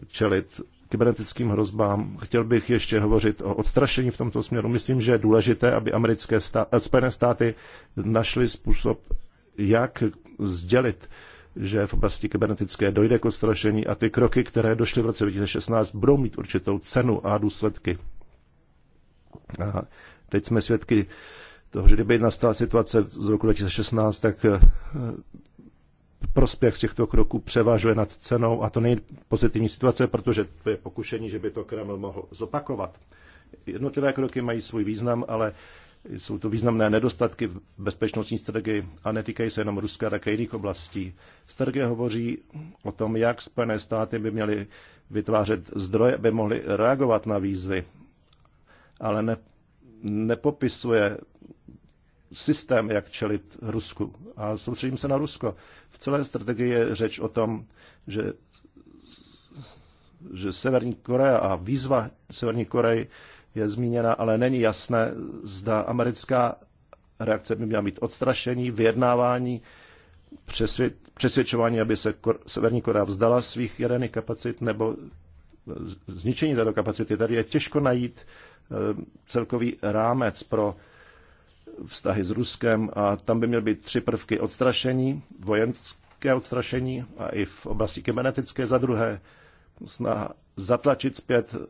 čelit kybernetickým hrozbám. Chtěl bych ještě hovořit o odstrašení v tomto směru. Myslím, že je důležité, aby americké stá- Spojené státy našly způsob, jak sdělit, že v oblasti kybernetické dojde k odstrašení a ty kroky, které došly v roce 2016, budou mít určitou cenu a důsledky. A teď jsme svědky toho, že kdyby nastala situace z roku 2016, tak eh, prospěch z těchto kroků převažuje nad cenou a to není pozitivní situace, protože to je pokušení, že by to Kreml mohl zopakovat. Jednotlivé kroky mají svůj význam, ale jsou to významné nedostatky v bezpečnostní strategii a netýkají se jenom Ruska, také jiných oblastí. Strategie hovoří o tom, jak Spojené státy by měly vytvářet zdroje, aby mohly reagovat na výzvy, ale ne, nepopisuje systém, jak čelit Rusku. A soustředím se na Rusko. V celé strategii je řeč o tom, že, že Severní Korea a výzva Severní Koreji je zmíněna, ale není jasné, zda americká reakce by měla být odstrašení, vyjednávání, přesvědčování, aby se Severní Korea vzdala svých jaderných kapacit nebo zničení této kapacity. Tady je těžko najít eh, celkový rámec pro vztahy s Ruskem a tam by měly být tři prvky odstrašení, vojenské odstrašení a i v oblasti kybernetické za druhé snaha zatlačit zpět eh,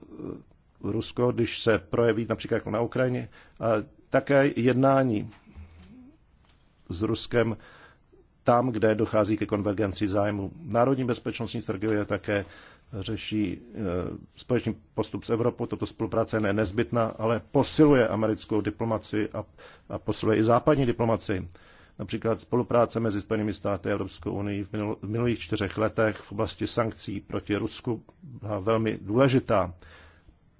Rusko, když se projeví například jako na Ukrajině, a také jednání s Ruskem tam, kde dochází ke konvergenci zájmu. Národní bezpečnostní strategie také řeší e, společný postup s Evropou. Toto spolupráce je nezbytná, ale posiluje americkou diplomaci a, a posiluje i západní diplomaci. Například spolupráce mezi Spojenými státy a Evropskou unii v, minul, v minulých čtyřech letech v oblasti sankcí proti Rusku byla velmi důležitá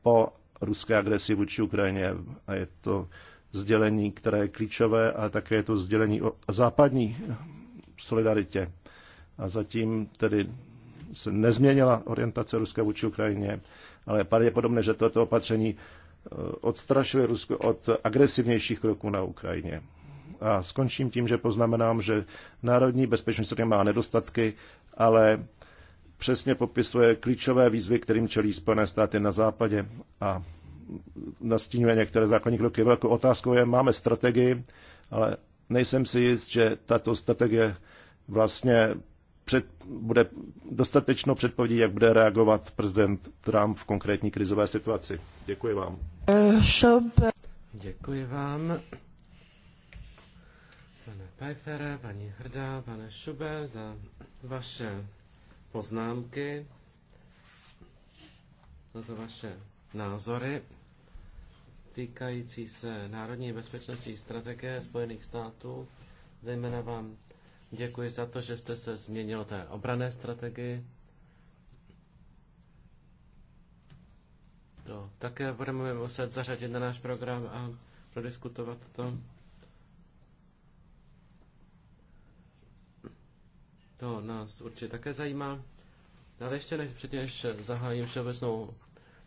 po ruské agresi vůči Ukrajině. A je to sdělení, které je klíčové a také je to sdělení o západní solidaritě. A zatím tedy se nezměnila orientace Ruska vůči Ukrajině, ale je podobné, že toto opatření eh, odstrašuje Rusko od agresivnějších kroků na Ukrajině. A skončím tím, že poznamenám, že národní bezpečnost má nedostatky, ale přesně popisuje klíčové výzvy, kterým čelí Spojené státy na západě a nastínuje některé základní kroky. Velkou otázkou je, máme strategii, ale nejsem si jist, že tato strategie vlastně před, bude dostatečno předpovědí, jak bude reagovat prezident Trump v konkrétní krizové situaci. Děkuji vám. Děkuji vám. Pane Pajfere, paní Hrdá, pane Šube, za vaše poznámky za vaše názory týkající se národní bezpečnostní strategie Spojených států. Zejména vám děkuji za to, že jste se změnil té obrané strategii. To také budeme muset zařadit na náš program a prodiskutovat to. To nás určitě také zajímá. Ale ještě než předtím, než zahájím všeobecnou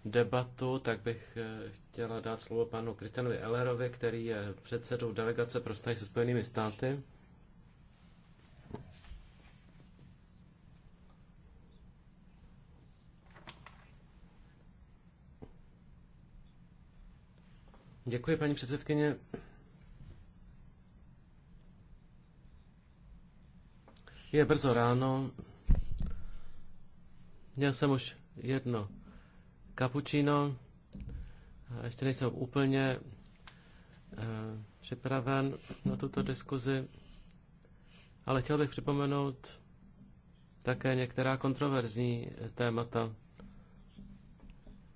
debatu, tak bych eh, chtěla dát slovo panu Kristanovi Ellerovi, který je předsedou delegace pro se Spojenými státy. Děkuji, paní předsedkyně. Je brzo ráno. Měl jsem už jedno kapučino. Ještě nejsem úplně eh, připraven na tuto diskuzi, ale chtěl bych připomenout také některá kontroverzní eh, témata.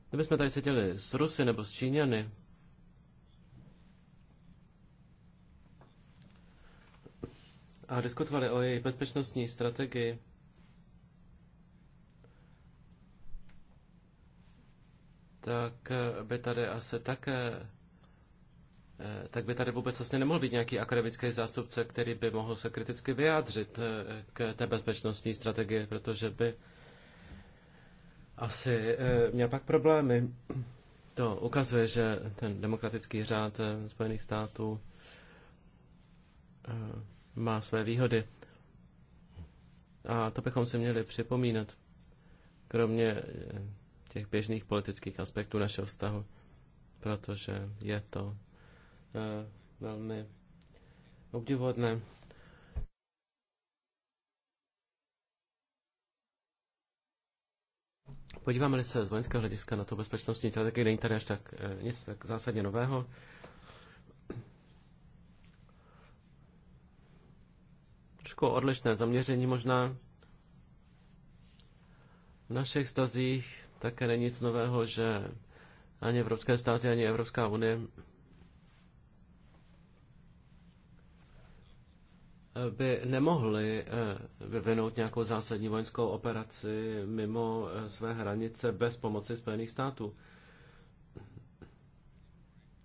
Kdybychom tady seděli s Rusy nebo s Číňany, a diskutovali o její bezpečnostní strategii. tak eh, by tady asi také eh, tak by tady vůbec vlastně nemohl být nějaký akademický zástupce, který by mohl se kriticky vyjádřit eh, k té bezpečnostní strategii, protože by asi měl pak problémy. To ukazuje, že ten demokratický řád Spojených států má své výhody. A to bychom si měli připomínat, kromě eh, těch běžných politických aspektů našeho vztahu, protože je to eh, velmi obdivodné. Podíváme-li se z vojenského hlediska na to bezpečnostní strategii, není tady až tak eh, nic tak zásadně nového. trošku odlišné zaměření možná. V našich stazích také není nic nového, že ani Evropské státy, ani Evropská unie by nemohli eh, vyvinout nějakou zásadní vojenskou operaci mimo eh, své hranice bez pomoci Spojených států.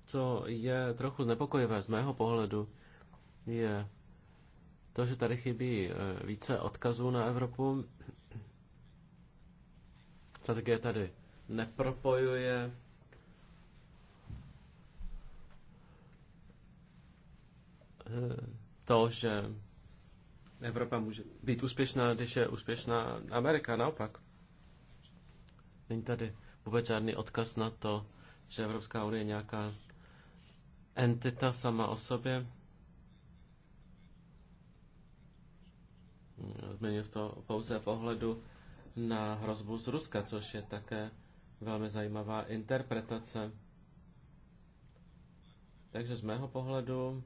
Co je trochu znepokojivé z mého pohledu, je to, že tady chybí eh, více odkazů na Evropu, strategie tady nepropojuje eh, to, že Evropa může být úspěšná, když je úspěšná Amerika, naopak. Není tady vůbec žádný odkaz na to, že Evropská unie je nějaká entita sama o sobě. Změnil to pouze v ohledu na hrozbu z Ruska, což je také velmi zajímavá interpretace. Takže z mého pohledu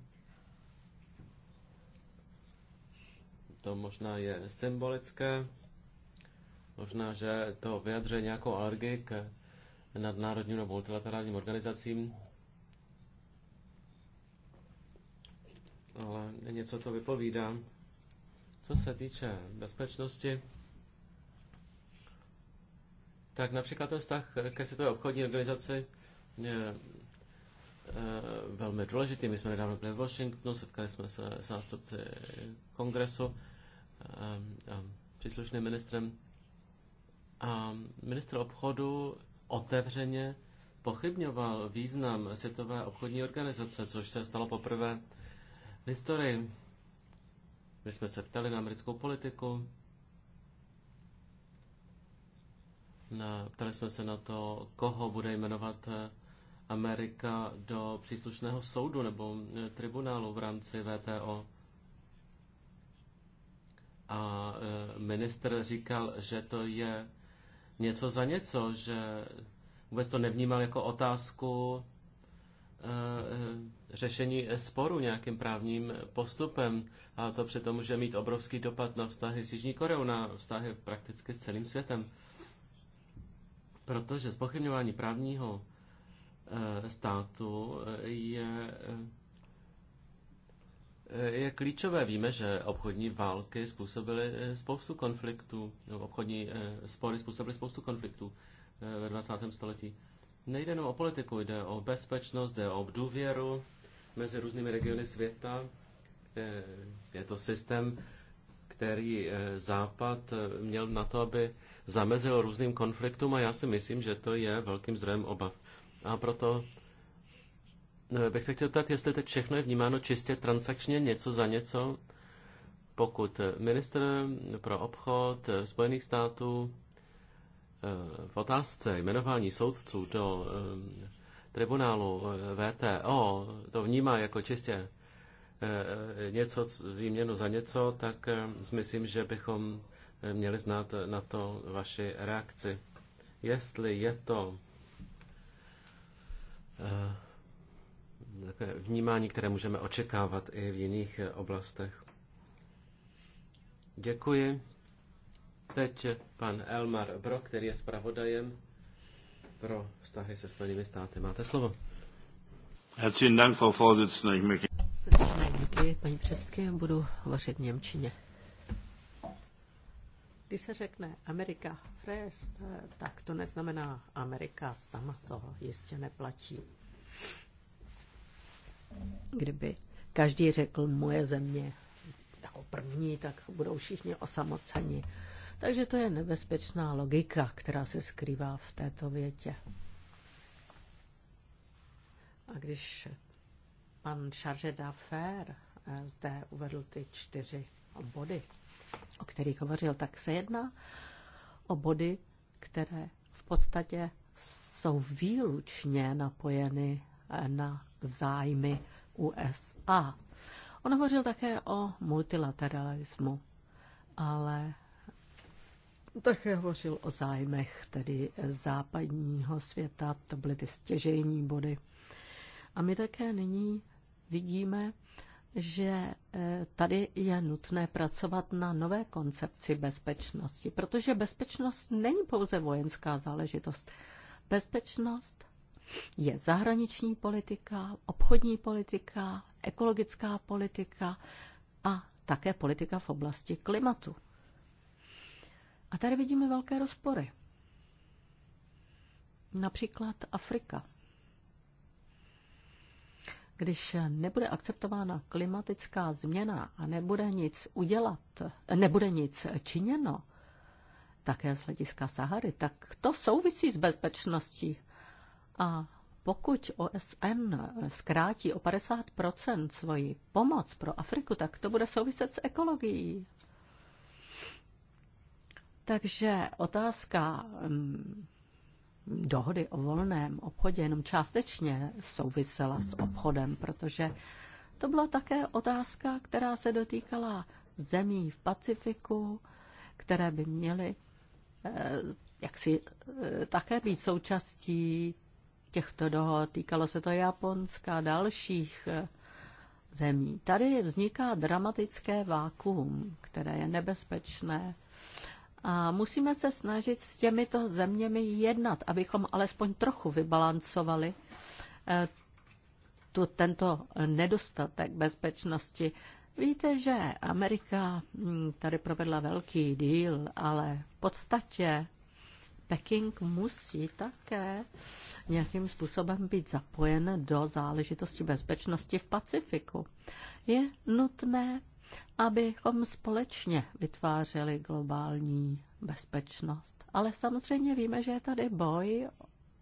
to možná je symbolické, možná, že to vyjadřuje nějakou alergii k nadnárodním nebo multilaterálním organizacím, ale něco to vypovídá. Co se týče bezpečnosti, tak například ten vztah ke Světové obchodní organizaci je e, velmi důležitý. My jsme nedávno byli v Washingtonu, setkali jsme se s nástupci kongresu e, a příslušným ministrem. A ministr obchodu otevřeně pochybňoval význam Světové obchodní organizace, což se stalo poprvé v historii. My jsme se ptali na americkou politiku, na, ptali jsme se na to, koho bude jmenovat eh, Amerika do příslušného soudu nebo eh, tribunálu v rámci VTO. A eh, minister říkal, že to je něco za něco, že vůbec to nevnímal jako otázku Eh, řešení sporu nějakým právním postupem. A to přitom může mít obrovský dopad na vztahy s Jižní Koreou, na vztahy prakticky s celým světem. Protože zpochybňování právního eh, státu eh, je, je klíčové. Víme, že obchodní války způsobily spoustu konfliktů, obchodní spory způsobily spoustu konfliktů ve 20. století nejde jenom o politiku, jde o bezpečnost, jde o důvěru mezi různými regiony světa. Je to systém, který eh, Západ eh, měl na to, aby zamezil různým konfliktům a já si myslím, že to je velkým zdrojem obav. A proto eh, bych se chtěl ptát, jestli teď všechno je vnímáno čistě transakčně, něco za něco. Pokud minister pro obchod Spojených států Eh, v otázce jmenování soudců do eh, tribunálu eh, VTO to vnímá jako čistě něco, výměnu za něco, tak myslím, že bychom měli znát na to vaši reakci. Jestli je to takové vnímání, které můžeme očekávat i v jiných oblastech. Děkuji. Teď pan Elmar Bro, který je zpravodajem pro vztahy se Spojenými státy. Máte slovo. Herzlichen Dank, Frau Vorsitzende. Ich möchte... Srdečné díky, paní předsedkyně, budu hovořit Němčině. Když se řekne Amerika First, tak to neznamená Amerika sama, to jistě neplatí. Kdyby každý řekl moje země jako první, tak budou všichni osamoceni. Takže to je nebezpečná logika, která se skrývá v této větě. A když pan Charge d'Affaires eh, zde uvedl ty čtyři body, o kterých hovořil, tak se jedná o body, které v podstatě jsou výlučně napojeny eh, na zájmy USA. On hovořil také o multilateralismu, ale také hovořil o zájmech tedy západního světa, to byly ty stěžejní body. A my také nyní vidíme, že eh, tady je nutné pracovat na nové koncepci bezpečnosti, protože bezpečnost není pouze vojenská záležitost. Bezpečnost je zahraniční politika, obchodní politika, ekologická politika a také politika v oblasti klimatu. A tady vidíme velké rozpory. Například Afrika. Když nebude akceptována klimatická změna a nebude nic udělat, nebude nic činěno, také z hlediska Sahary, tak to souvisí s bezpečností. A pokud OSN zkrátí o 50 svoji pomoc pro Afriku, tak to bude souviset s ekologií takže otázka mm, dohody o volném obchodě jenom částečně souvisela s obchodem, protože to byla také otázka, která se dotýkala zemí v Pacifiku, které by měly eh, jak si eh, také být součástí těchto dohod. Týkalo se to Japonska a dalších eh, zemí. Tady vzniká dramatické vákuum, které je nebezpečné. A musíme se snažit s těmito zeměmi jednat, abychom alespoň trochu vybalancovali eh, tu, tento nedostatek bezpečnosti. Víte, že Amerika hm, tady provedla velký díl, ale v podstatě Peking musí také nějakým způsobem být zapojen do záležitosti bezpečnosti v Pacifiku. Je nutné abychom společně vytvářeli globální bezpečnost. Ale samozřejmě víme, že je tady boj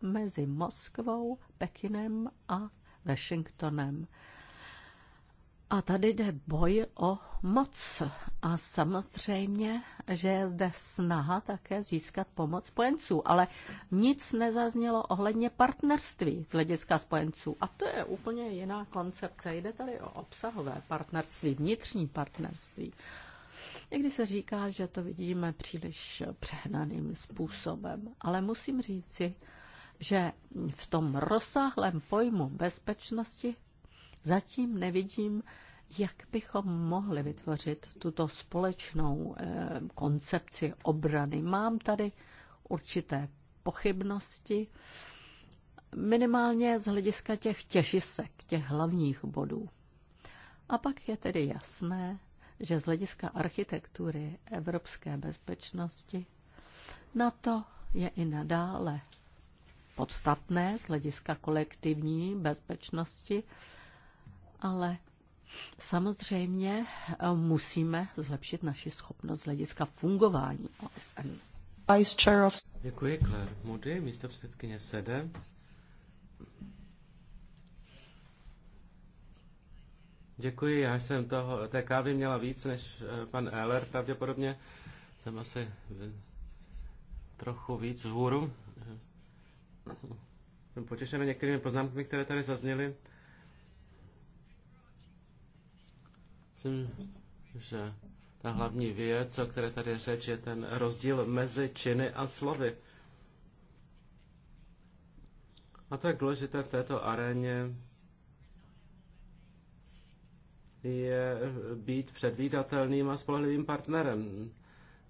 mezi Moskvou, Pekinem a Washingtonem. A tady jde boj o moc. A samozřejmě, že je zde snaha také získat pomoc spojenců. Ale nic nezaznělo ohledně partnerství z hlediska spojenců. A to je úplně jiná koncepce. Jde tady o obsahové partnerství, vnitřní partnerství. Někdy se říká, že to vidíme příliš přehnaným způsobem, ale musím říci, že v tom rozsáhlém pojmu bezpečnosti Zatím nevidím, jak bychom mohli vytvořit tuto společnou eh, koncepci obrany. Mám tady určité pochybnosti, minimálně z hlediska těch těžisek, těch hlavních bodů. A pak je tedy jasné, že z hlediska architektury evropské bezpečnosti na to je i nadále podstatné z hlediska kolektivní bezpečnosti ale samozřejmě eh, musíme zlepšit naši schopnost z hlediska fungování OSN. Vice Chair of... Děkuji, Claire Moody, místo předsedkyně SEDE. Děkuji, já jsem toho, té kávy měla víc než eh, pan Eller, pravděpodobně jsem asi eh, trochu víc hůru. Jsem potěšen některými poznámkami, které tady zazněly. Myslím, že ta hlavní věc, o které tady řeč, je ten rozdíl mezi činy a slovy. A to je důležité v této aréně je být předvídatelným a spolehlivým partnerem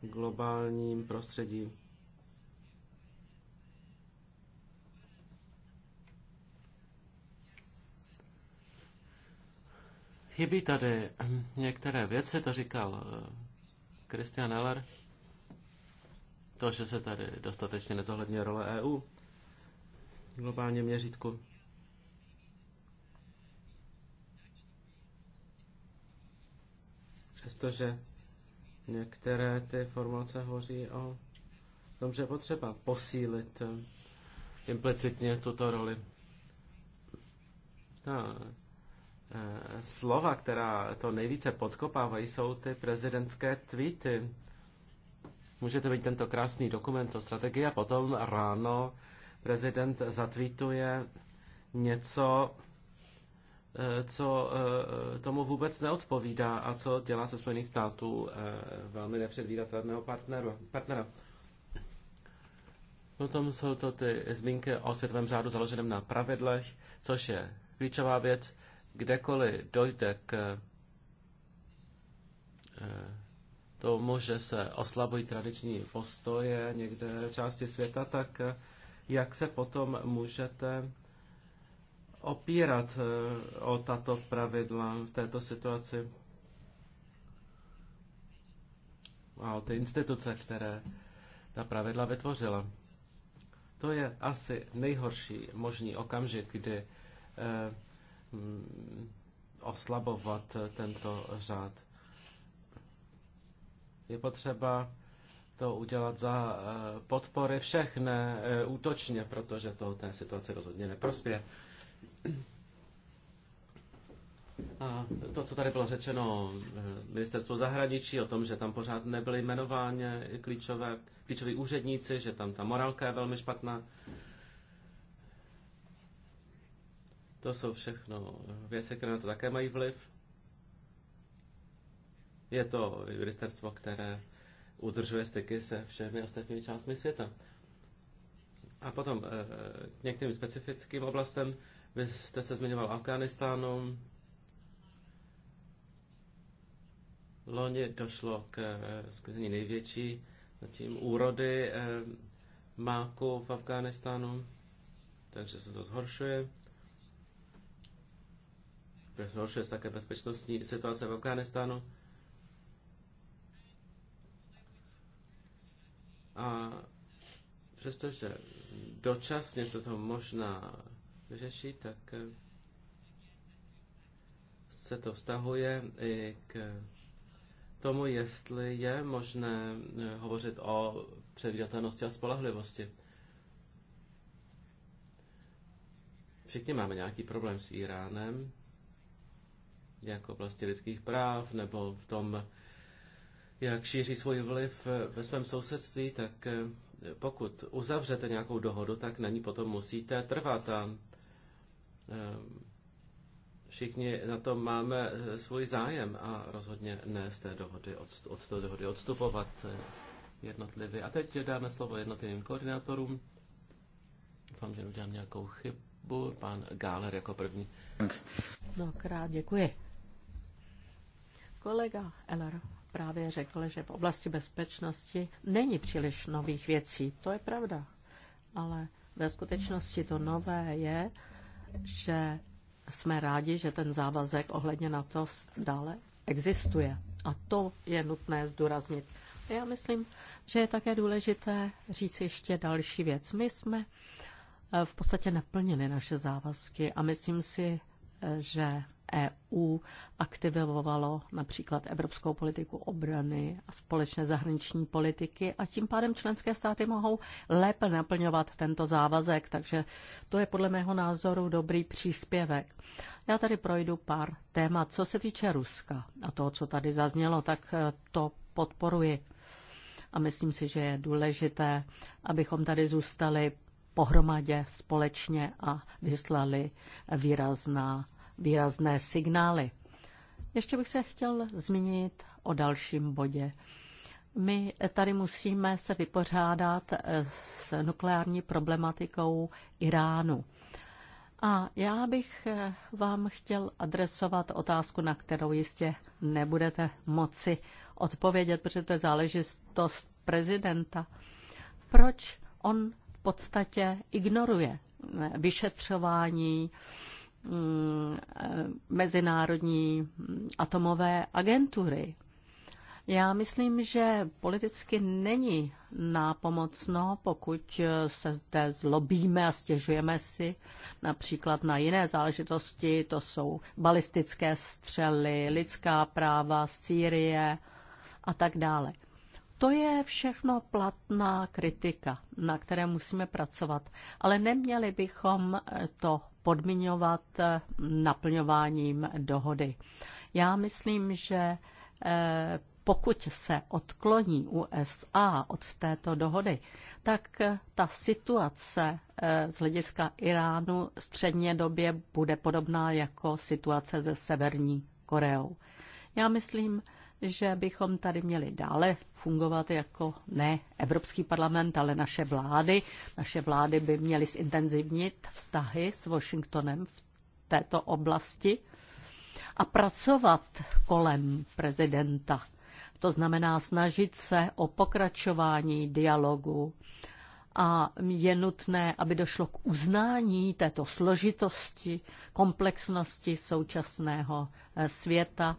v globálním prostředí. Chybí tady některé věci, to říkal eh, Christian Eller. To, že se tady dostatečně nezohledně role EU v globálním měřítku. Přestože některé ty formulace hovoří o tom, že je potřeba posílit eh, implicitně tuto roli. Tak Eh, slova, která to nejvíce podkopávají, jsou ty prezidentské tweety. Můžete být tento krásný dokument o strategii a potom ráno prezident zatvítuje něco, eh, co eh, tomu vůbec neodpovídá a co dělá se Spojených států velmi nepředvídatelného partnera. Potom jsou to ty zmínky o světovém řádu založeném na pravidlech, což je klíčová věc kdekoliv dojde k eh, tomu, že se oslabují tradiční postoje někde v části světa, tak eh, jak se potom můžete opírat eh, o tato pravidla v této situaci a o ty instituce, které ta pravidla vytvořila. To je asi nejhorší možný okamžik, kdy Mm, oslabovat eh, tento řád. Je potřeba to udělat za eh, podpory všech, ne eh, útočně, protože to té situace rozhodně neprospěje. A to, co tady bylo řečeno ministerstvu zahraničí, o tom, že tam pořád nebyly jmenováni klíčové, klíčoví úředníci, že tam ta morálka je velmi špatná, To jsou všechno věci, které na to také mají vliv. Je to ministerstvo, které udržuje styky se všemi ostatními částmi světa. A potom eh, k některým specifickým oblastem. Vy jste se zmiňoval Afganistánu. Loni došlo k eh, skutečně největší zatím úrody eh, máku v Afghánistánu, takže se to zhoršuje zhoršuje se také bezpečnostní situace v Afganistánu. A přestože dočasně se to možná vyřeší, tak eh, se to vztahuje i k tomu, jestli je možné eh, hovořit o předvídatelnosti a spolehlivosti. Všichni máme nějaký problém s Iránem jako oblasti lidských práv nebo v tom, jak šíří svůj vliv ve svém sousedství, tak eh, pokud uzavřete nějakou dohodu, tak na ní potom musíte trvat a eh, všichni na tom máme eh, svůj zájem a rozhodně ne z té dohody, od, od té dohody odstupovat jednotlivě. A teď dáme slovo jednotlivým koordinátorům. Doufám, že udělám nějakou chybu. Pan Gáler jako první. Mnohokrát děkuji. Kolega Eller právě řekl, že v oblasti bezpečnosti není příliš nových věcí. To je pravda. Ale ve skutečnosti to nové je, že jsme rádi, že ten závazek ohledně na to dále existuje. A to je nutné zdůraznit. Já myslím, že je také důležité říct ještě další věc. My jsme eh, v podstatě naplnili naše závazky a myslím si, eh, že EU aktivovalo například evropskou politiku obrany a společné zahraniční politiky a tím pádem členské státy mohou lépe naplňovat tento závazek, takže to je podle mého názoru dobrý příspěvek. Já tady projdu pár témat. Co se týče Ruska a toho, co tady zaznělo, tak e, to podporuji. A myslím si, že je důležité, abychom tady zůstali pohromadě společně a vyslali výrazná výrazné signály. Ještě bych se chtěl zmínit o dalším bodě. My tady musíme se vypořádat eh, s nukleární problematikou Iránu. A já bych eh, vám chtěl adresovat otázku, na kterou jistě nebudete moci odpovědět, protože to je záležitost prezidenta. Proč on v podstatě ignoruje eh, vyšetřování Mm, mezinárodní atomové agentury. Já myslím, že politicky není nápomocno, pokud se zde zlobíme a stěžujeme si například na jiné záležitosti, to jsou balistické střely, lidská práva, Sýrie a tak dále. To je všechno platná kritika, na které musíme pracovat, ale neměli bychom to podmiňovat eh, naplňováním dohody. Já myslím, že eh, pokud se odkloní USA od této dohody, tak eh, ta situace z hlediska Iránu středně době bude podobná jako situace ze Severní Koreou. Já myslím, že bychom tady měli dále fungovat jako ne Evropský parlament, ale naše vlády. Naše vlády by měly zintenzivnit vztahy s Washingtonem v této oblasti a pracovat kolem prezidenta. To znamená snažit se o pokračování dialogu a je nutné, aby došlo k uznání této složitosti, komplexnosti současného eh, světa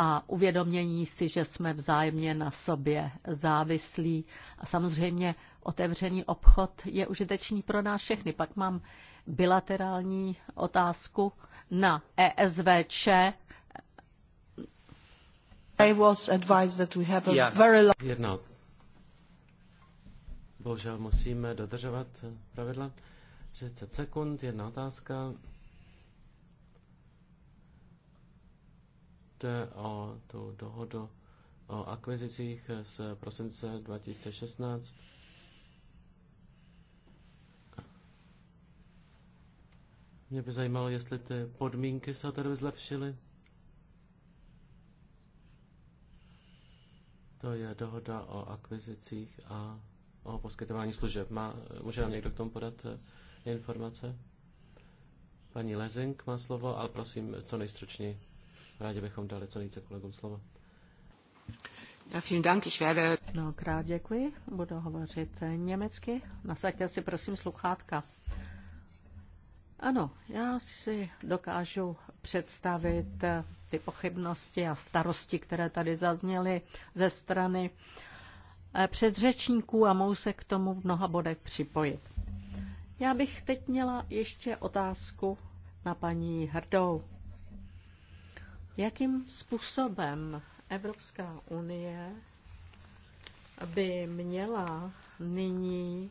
a uvědomění si, že jsme vzájemně na sobě závislí. A samozřejmě otevřený obchod je užitečný pro nás všechny. Pak mám bilaterální otázku na ESVČ. I was advised that we have a very long... Jedno. Bohužel musíme dodržovat pravidla. 30 sekund, jedna otázka. jde o tu dohodu o akvizicích z prosince 2016. Mě by zajímalo, jestli ty podmínky se tady zlepšily. To je dohoda o akvizicích a o poskytování služeb. Má, může nám někdo k tomu podat eh, informace? Paní Lezink má slovo, ale prosím, co nejstručněji. Rádi bychom dali co nejvíce kolegům slovo. Ja, vielen Dank, ich werde... Mnohokrát děkuji, budu hovořit německy. Nasaďte si prosím sluchátka. Ano, já si dokážu představit eh, ty pochybnosti a starosti, které tady zazněly ze strany eh, předřečníků a mohu se k tomu v mnoha bodech připojit. Já bych teď měla ještě otázku na paní Hrdou. Jakým způsobem Evropská unie by měla nyní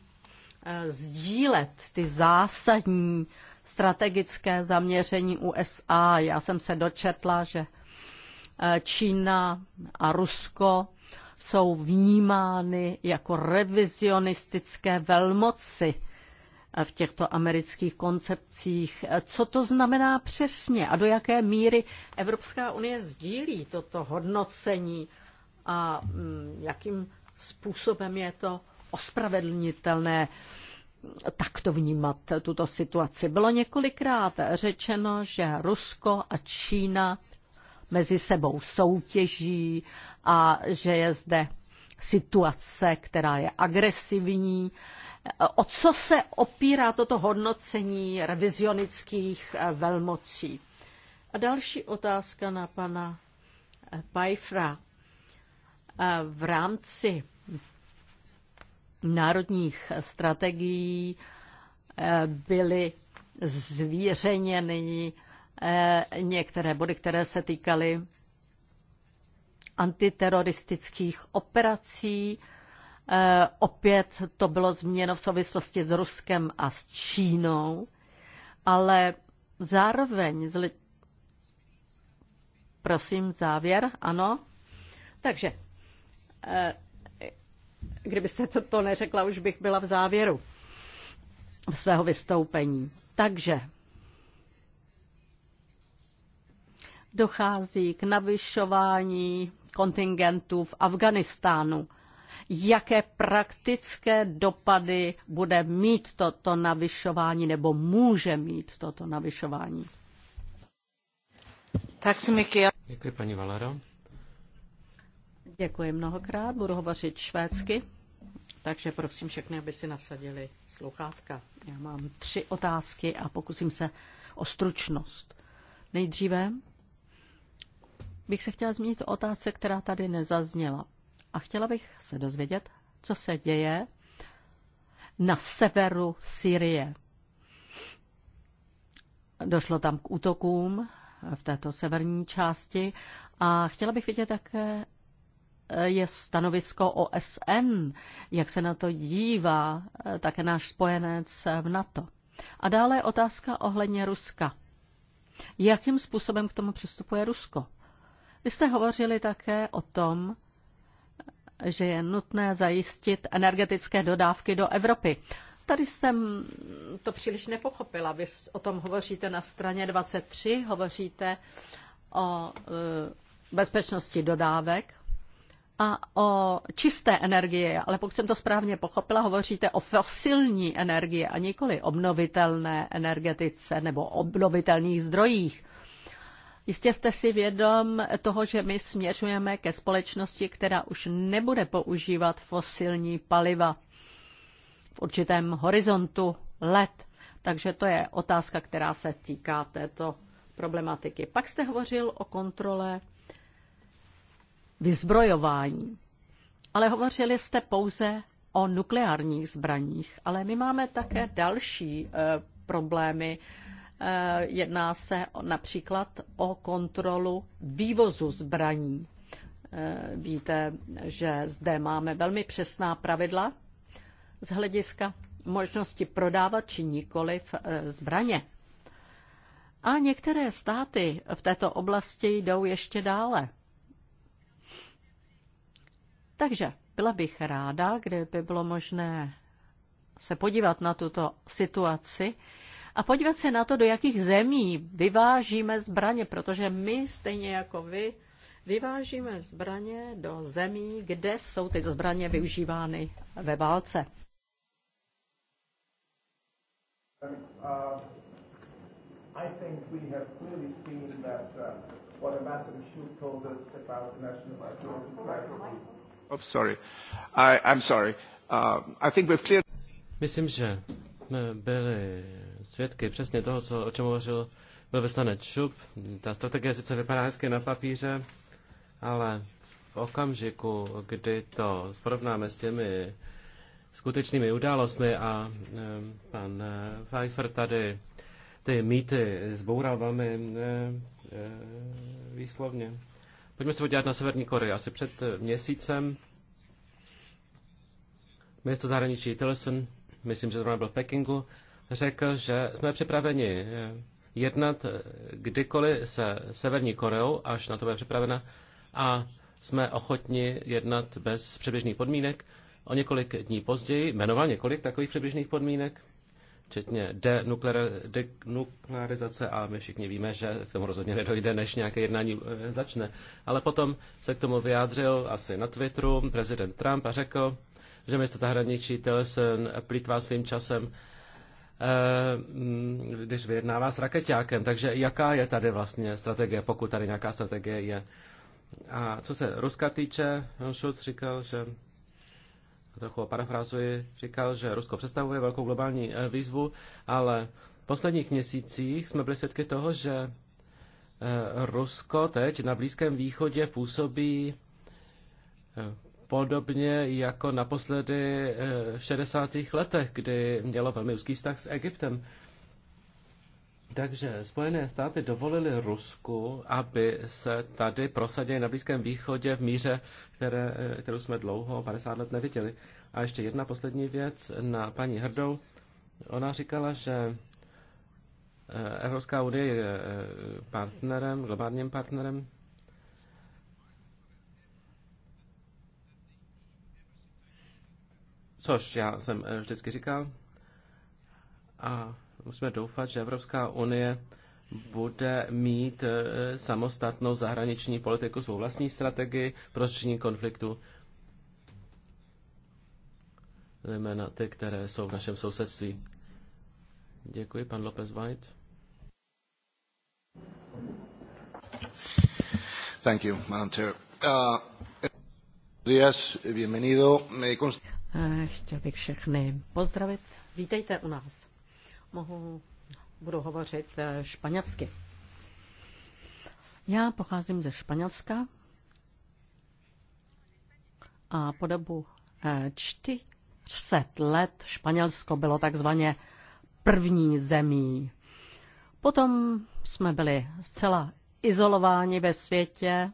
eh, sdílet ty zásadní strategické zaměření USA. Já jsem se dočetla, že eh, Čína a Rusko jsou vnímány jako revizionistické velmoci v těchto amerických koncepcích. Co to znamená přesně a do jaké míry Evropská unie sdílí toto hodnocení a mm, jakým způsobem je to ospravedlnitelné takto vnímat tuto situaci. Bylo několikrát řečeno, že Rusko a Čína mezi sebou soutěží a že je zde situace, která je agresivní O co se opírá toto hodnocení revizionických eh, velmocí? A další otázka na pana eh, Pajfra. Eh, v rámci národních strategií byly zvířeněny některé body, které se týkaly antiteroristických operací, Eh, opět to bylo změno v souvislosti s Ruskem a s Čínou, ale zároveň zli... Prosím, závěr, ano. Takže, eh, kdybyste to, to neřekla, už bych byla v závěru svého vystoupení. Takže dochází k navyšování kontingentů v Afganistánu jaké praktické dopady bude mít toto navyšování nebo může mít toto navyšování. Tak si Děkuji, paní Valero. Děkuji mnohokrát, budu hovořit švédsky, takže prosím všechny, aby si nasadili sluchátka. Já mám tři otázky a pokusím se o stručnost. Nejdříve bych se chtěla zmínit o otázce, která tady nezazněla a chtěla bych se dozvědět, co se děje na severu Syrie. Došlo tam k útokům v této severní části a chtěla bych vidět také je stanovisko OSN, jak se na to dívá také náš spojenec v NATO. A dále otázka ohledně Ruska. Jakým způsobem k tomu přistupuje Rusko? Vy jste hovořili také o tom, že je nutné zajistit energetické dodávky do Evropy. Tady jsem to příliš nepochopila. Vy o tom hovoříte na straně 23, hovoříte o e, bezpečnosti dodávek a o čisté energie, ale pokud jsem to správně pochopila, hovoříte o fosilní energie a nikoli obnovitelné energetice nebo obnovitelných zdrojích. Jistě jste si vědom toho, že my směřujeme ke společnosti, která už nebude používat fosilní paliva v určitém horizontu let. Takže to je otázka, která se týká této problematiky. Pak jste hovořil o kontrole vyzbrojování, ale hovořili jste pouze o nukleárních zbraních. Ale my máme také další e, problémy Eh, jedná se například o kontrolu vývozu zbraní. Eh, víte, že zde máme velmi přesná pravidla z hlediska možnosti prodávat či nikoliv eh, zbraně. A některé státy v této oblasti jdou ještě dále. Takže byla bych ráda, kdyby bylo možné se podívat na tuto situaci a podívat se na to, do jakých zemí vyvážíme zbraně, protože my, stejně jako vy, vyvážíme zbraně do zemí, kde jsou tyto zbraně využívány ve válce. Uh, uh, Myslím, že jsme uh, byli svědky přesně toho, co, o čem hovořil byl vyslanec Šup. Ta strategie sice vypadá hezky na papíře, ale v okamžiku, kdy to porovnáme s těmi skutečnými událostmi a eh, pan eh, Pfeiffer tady ty mýty zboural velmi eh, výslovně. Pojďme se podívat na Severní Koreji. Asi před měsícem město zahraničí Tillerson, myslím, že to byl v Pekingu, řekl, že jsme připraveni eh, jednat eh, kdykoliv se Severní Koreou, až na to bude připravena, a jsme ochotni jednat bez přibližných podmínek. O několik dní později jmenoval několik takových přibližných podmínek, včetně denuklearizace, a my všichni víme, že k tomu rozhodně nedojde, než nějaké jednání eh, začne. Ale potom se k tomu vyjádřil asi na Twitteru prezident Trump a řekl, že minister zahraničí Tillerson plítvá svým časem Eh, když vyjednává s raketákem. Takže jaká je tady vlastně strategie, pokud tady nějaká strategie je? A co se Ruska týče, Schulz říkal, že trochu parafrázuji, říkal, že Rusko představuje velkou globální eh, výzvu, ale v posledních měsících jsme byli svědky toho, že eh, Rusko teď na Blízkém východě působí podobně jako naposledy eh, v 60. letech, kdy mělo velmi úzký vztah s Egyptem. Takže Spojené státy dovolili Rusku, aby se tady prosadili na Blízkém východě v míře, které, eh, kterou jsme dlouho, 50 let, neviděli. A ještě jedna poslední věc na paní Hrdou. Ona říkala, že eh, Evropská unie je partnerem, globálním partnerem což já jsem eh, vždycky říkal. A musíme doufat, že Evropská unie bude mít eh, samostatnou zahraniční politiku, svou vlastní strategii pro řešení konfliktu, zejména ty, které jsou v našem sousedství. Děkuji, pan López White. Thank you, Madam Chair. Uh, días, bienvenido. Eh, chtěl bych všechny pozdravit. Vítejte u nás. Mohu, budu hovořit eh, španělsky. Já pocházím ze Španělska a po dobu 400 eh, let Španělsko bylo takzvaně první zemí. Potom jsme byli zcela izolováni ve světě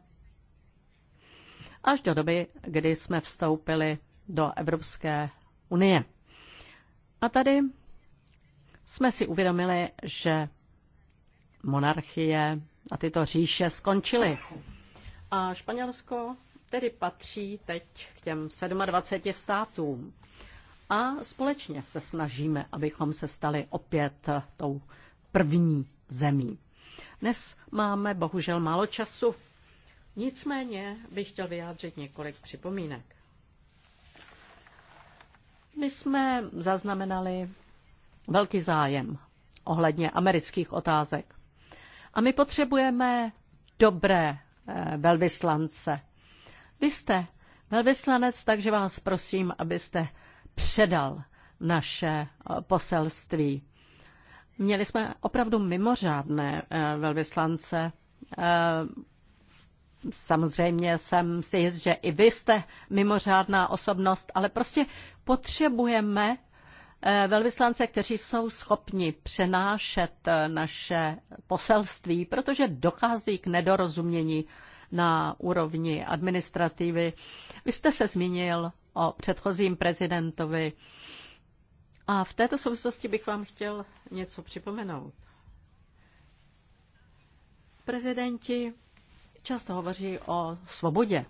až do doby, kdy jsme vstoupili do Evropské unie. A tady jsme si uvědomili, že monarchie a tyto říše skončily. A Španělsko tedy patří teď k těm 27 státům. A společně se snažíme, abychom se stali opět tou první zemí. Dnes máme bohužel málo času, nicméně bych chtěl vyjádřit několik připomínek. My jsme zaznamenali velký zájem ohledně amerických otázek. A my potřebujeme dobré eh, velvyslance. Vy jste velvyslanec, takže vás prosím, abyste předal naše eh, poselství. Měli jsme opravdu mimořádné eh, velvyslance samozřejmě jsem si jist, že i vy jste mimořádná osobnost, ale prostě potřebujeme eh, velvyslance, kteří jsou schopni přenášet eh, naše poselství, protože dochází k nedorozumění na úrovni administrativy. Vy jste se zmínil o předchozím prezidentovi a v této souvislosti bych vám chtěl něco připomenout. Prezidenti často hovoří o svobodě.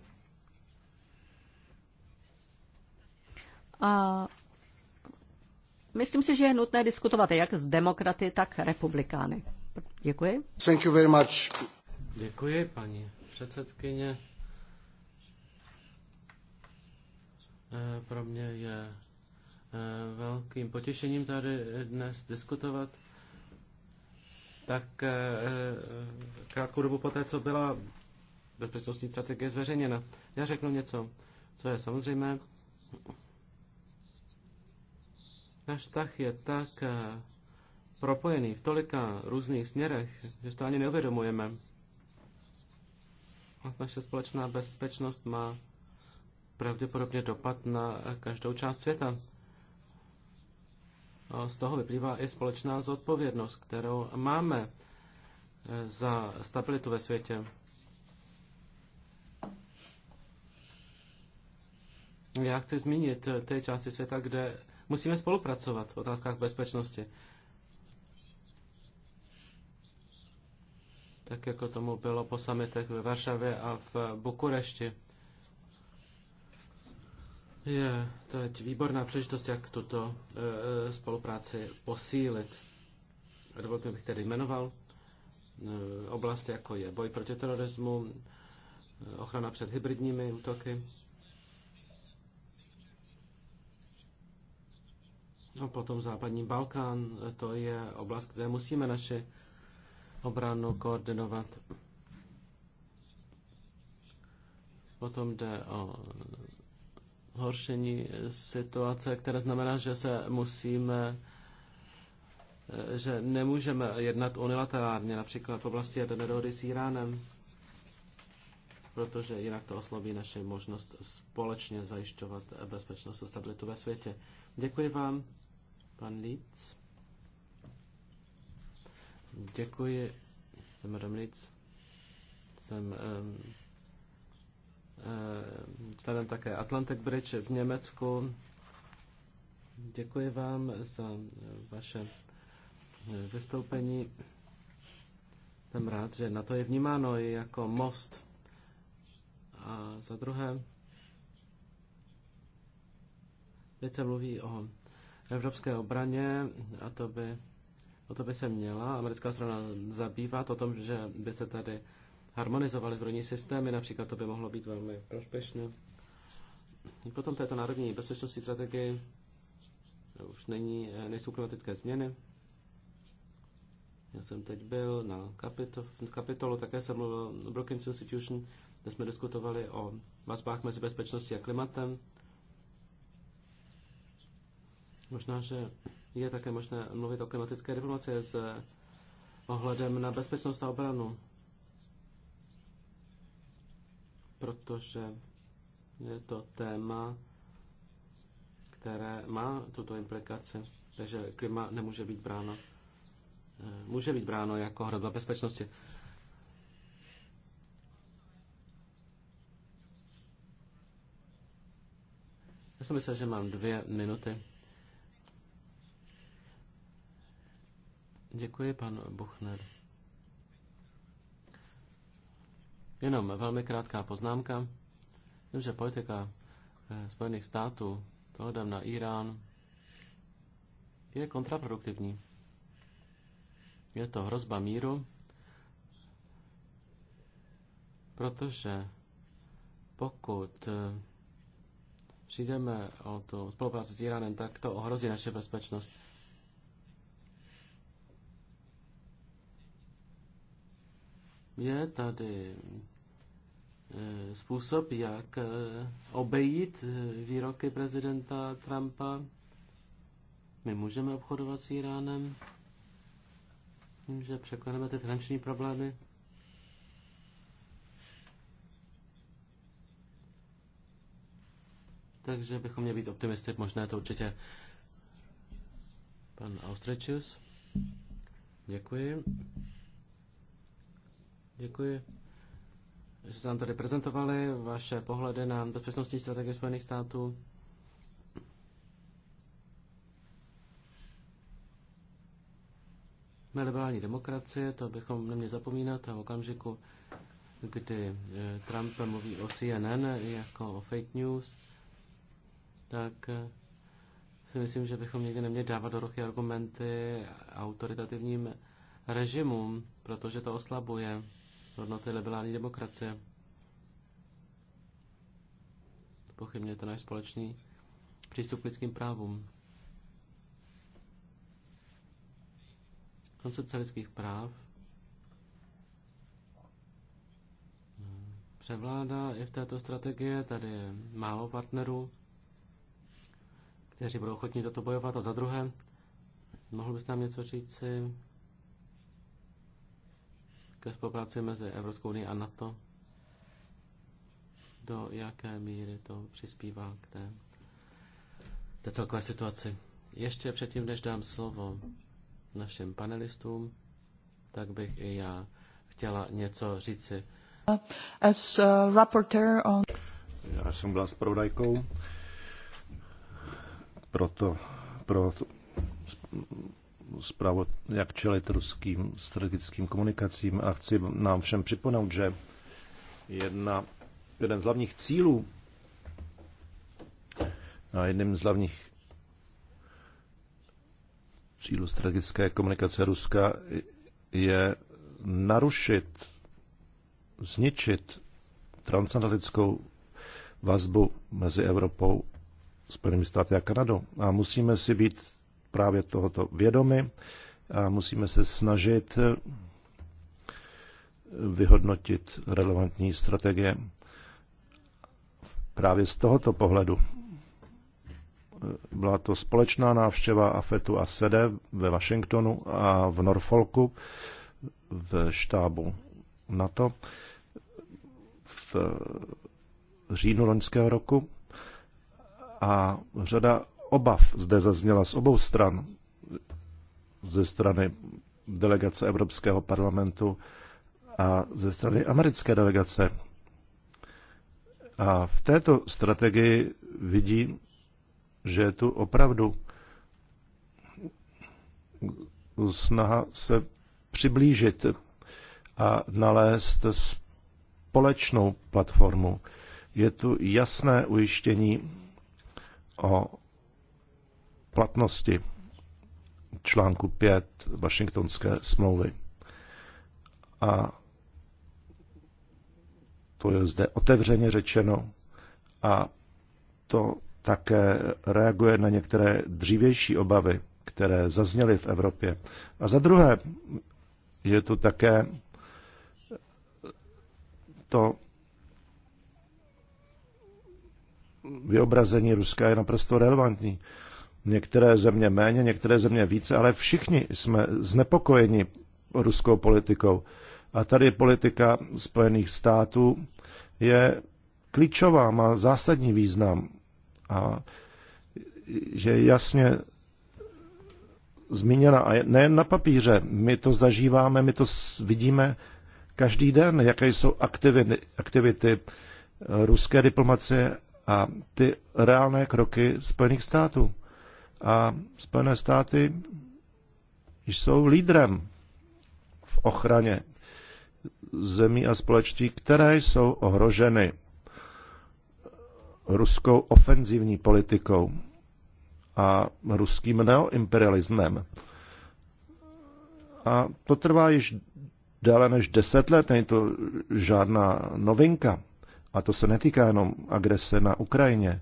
A myslím si, že je nutné diskutovat jak s demokraty, tak republikány. Děkuji. Thank you very much. Děkuji, paní předsedkyně. Eh, pro mě je eh, velkým potěšením tady dnes diskutovat. Tak eh, krátkou dobu poté, co byla bezpečnostní strategie zveřejněna. Já řeknu něco, co je samozřejmé. Náš vztah je tak eh, propojený v tolika různých směrech, že to ani neuvědomujeme. A naše společná bezpečnost má pravděpodobně dopad na každou část světa. A z toho vyplývá i společná zodpovědnost, kterou máme eh, za stabilitu ve světě. No já chci zmínit eh, té části světa, kde musíme spolupracovat v otázkách bezpečnosti. Tak jako tomu bylo po samitech ve Varšavě a v Bukurešti. Je je výborná příležitost, jak tuto e, spolupráci posílit. Dovolte bych tedy jmenoval e, oblasti, jako je boj proti terorismu, ochrana před hybridními útoky, A no, potom západní Balkán, to je oblast, kde musíme naše obranu koordinovat. Potom jde o horšení situace, které znamená, že se musíme že nemůžeme jednat unilaterálně, například v oblasti jedné dohody s Iránem, protože jinak to oslabí naši možnost společně zajišťovat bezpečnost a stabilitu ve světě. Děkuji vám. Pan Lidz, Děkuji. Jsem Adam Lidz, Jsem um, um, také Atlantic Bridge v Německu. Děkuji vám za vaše vystoupení. Jsem rád, že na to je vnímáno i jako most. A za druhé, teď se mluví o evropské obraně a to by, o to by se měla americká strana zabývat, o tom, že by se tady harmonizovaly zbrojní systémy, například to by mohlo být velmi prospěšné. Potom této národní bezpečnostní strategii už není, nejsou klimatické změny. Já jsem teď byl na kapitol, kapitolu, také jsem mluvil o Brookings Institution, kde jsme diskutovali o vazbách mezi bezpečností a klimatem. Možná, že je také možné mluvit o klimatické diplomaci s ohledem na bezpečnost a obranu. Protože je to téma, které má tuto implikaci. Takže klima nemůže být bráno. Eh, může být bráno jako hrozba bezpečnosti. Já jsem myslel, že mám dvě minuty. Děkuji, pan Buchner. Jenom velmi krátká poznámka. Vím, že politika eh, Spojených států tohledem na Irán je kontraproduktivní. Je to hrozba míru, protože pokud eh, přijdeme o tu spolupráci s Iránem, tak to ohrozí naše bezpečnost. je tady eh, způsob, jak eh, obejít eh, výroky prezidenta Trumpa. My můžeme obchodovat s Iránem, tím, že překoneme ty finanční problémy. Takže bychom měli být optimisty, možná to určitě pan Austrečius. Děkuji. Děkuji, že jste nám tady prezentovali vaše pohledy na bezpečnostní strategii Spojených států. Jsme liberální demokracie, to bychom neměli zapomínat a v okamžiku, kdy eh, Trump mluví o CNN jako o fake news, tak eh, si myslím, že bychom někdy neměli dávat do ruchy argumenty autoritativním režimům, protože to oslabuje hodnoty liberální demokracie. Pochybně je to náš společný přístup k lidským právům. Koncepce lidských práv převládá i v této strategii. Tady je málo partnerů, kteří budou ochotní za to bojovat. A za druhé, mohl bys nám něco říci ke spolupráci mezi Evropskou unii a NATO, do jaké míry to přispívá k té, té celkové situaci. Ještě předtím, než dám slovo našim panelistům, tak bych i já chtěla něco říci. As rapporteur on... Já jsem byla zpravodajkou proto, pro zprávu, jak čelit ruským strategickým komunikacím a chci nám všem připomenout, že jedna, jeden z hlavních cílů a jedním z hlavních cílů strategické komunikace Ruska je narušit, zničit transatlantickou vazbu mezi Evropou, Spojenými státy a Kanadou. A musíme si být právě tohoto vědomi a musíme se snažit vyhodnotit relevantní strategie právě z tohoto pohledu. Byla to společná návštěva AFETu a SEDE ve Washingtonu a v Norfolku v štábu NATO v říjnu loňského roku a řada obav zde zazněla z obou stran, ze strany delegace Evropského parlamentu a ze strany americké delegace. A v této strategii vidím, že je tu opravdu snaha se přiblížit a nalézt společnou platformu. Je tu jasné ujištění o platnosti článku 5 Washingtonské smlouvy. A to je zde otevřeně řečeno a to také reaguje na některé dřívější obavy, které zazněly v Evropě. A za druhé je tu také to vyobrazení Ruska je naprosto relevantní. Některé země méně, některé země více, ale všichni jsme znepokojeni ruskou politikou. A tady politika Spojených států je klíčová, má zásadní význam. A je jasně zmíněna a nejen na papíře. My to zažíváme, my to vidíme každý den, jaké jsou aktivity, aktivity eh, ruské diplomacie a ty reálné kroky Spojených států a Spojené státy jsou lídrem v ochraně zemí a společností, které jsou ohroženy ruskou ofenzivní politikou a ruským neoimperialismem. A to trvá již déle než deset let, není to žádná novinka. A to se netýká jenom agrese na Ukrajině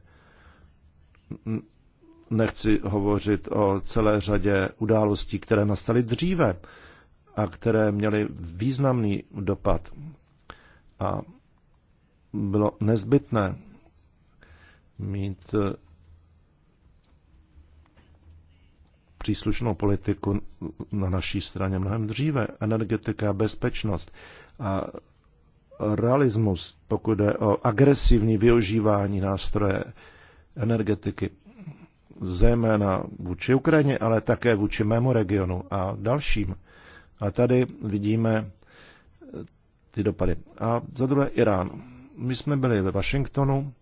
nechci hovořit o celé řadě událostí, které nastaly dříve a které měly významný dopad. A bylo nezbytné mít eh, příslušnou politiku na naší straně mnohem dříve. Energetika, bezpečnost a realismus, pokud jde o agresivní využívání nástroje energetiky zejména vůči Ukrajině, ale také vůči mému regionu a dalším. A tady vidíme eh, ty dopady. A za druhé Irán. My jsme byli ve Washingtonu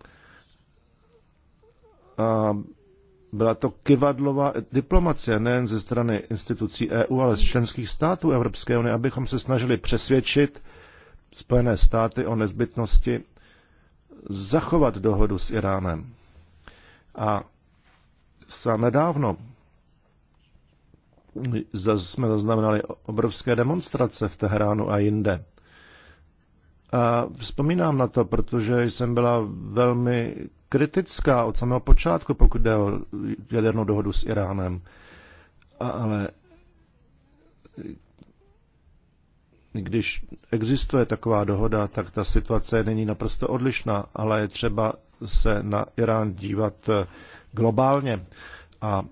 a byla to kivadlová diplomacie nejen ze strany institucí EU, ale z členských států Evropské unie, abychom se snažili přesvědčit Spojené státy o nezbytnosti zachovat dohodu s Iránem. A zcela nedávno jsme zaznamenali obrovské demonstrace v Teheránu a jinde. A vzpomínám na to, protože jsem byla velmi kritická od samého počátku, pokud jde o jadernou dohodu s Iránem. Ale když existuje taková dohoda, tak ta situace není naprosto odlišná, ale je třeba se na Irán dívat globálně. A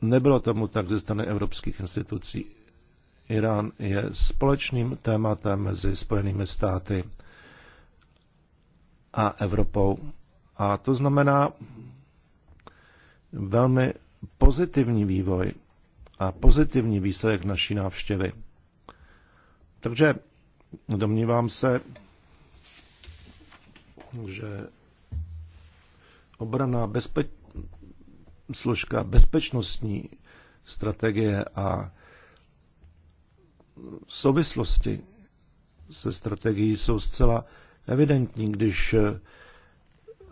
nebylo tomu tak ze strany evropských institucí. Irán je společným tématem mezi Spojenými státy a Evropou. A to znamená velmi pozitivní vývoj a pozitivní výsledek naší návštěvy. Takže domnívám se, že obrana bezpe- složka bezpečnostní strategie a souvislosti se strategií jsou zcela evidentní, když eh,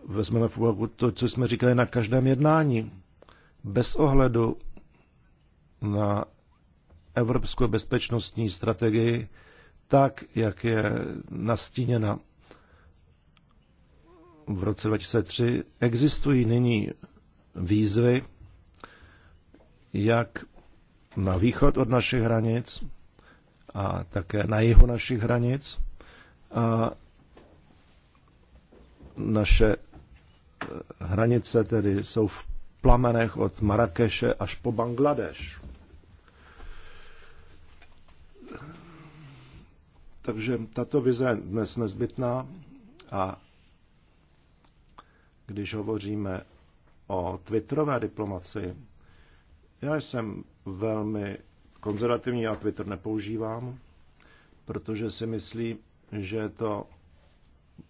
vezmeme v úvahu to, co jsme říkali na každém jednání. Bez ohledu na evropskou bezpečnostní strategii, tak, jak je nastíněna v roce 2003, existují nyní výzvy, jak na východ od našich hranic a také na jihu našich hranic. A naše eh, hranice tedy jsou v plamenech od Marrakeše až po Bangladeš. Takže tato vize je dnes nezbytná a když hovoříme o twitterové diplomaci, já jsem velmi konzervativní, já Twitter nepoužívám, protože si myslím, že je to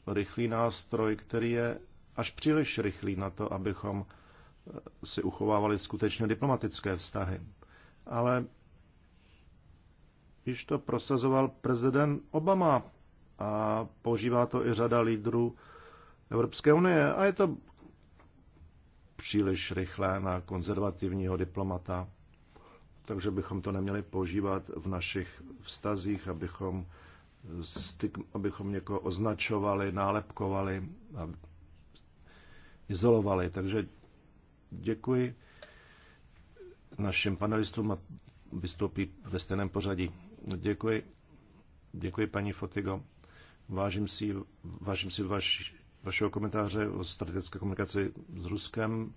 rychlý nástroj, který je až příliš rychlý na to, abychom eh, si uchovávali skutečně diplomatické vztahy. Ale již to prosazoval prezident Obama a používá to i řada lídrů Evropské unie a je to příliš rychlé na konzervativního diplomata. Takže bychom to neměli používat v našich vztazích, abychom, styk, abychom někoho označovali, nálepkovali a izolovali. Takže děkuji našim panelistům a vystoupí ve stejném pořadí. Děkuji. Děkuji, paní Fotigo. Vážím si, vážím si vaši vašeho komentáře o strategické komunikaci s Ruskem.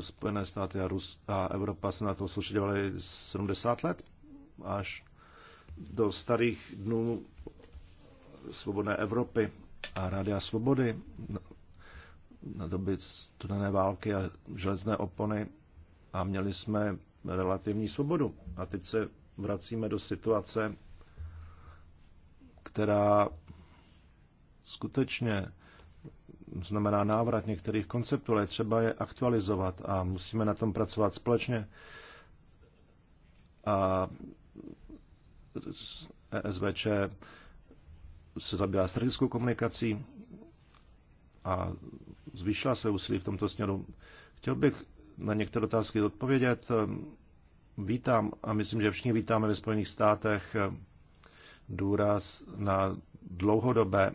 Spojené státy a, Rus- a Evropa se na to soustředovaly 70 let, až do starých dnů svobodné Evropy a Rádia Svobody, na doby studené války a železné opony a měli jsme relativní svobodu. A teď se vracíme do situace, která skutečně znamená návrat některých konceptů, ale třeba je aktualizovat a musíme na tom pracovat společně. A ESVČ se zabývá strategickou komunikací a zvýšila se úsilí v tomto směru. Chtěl bych na některé otázky odpovědět. Vítám a myslím, že všichni vítáme ve Spojených státech důraz na dlouhodobé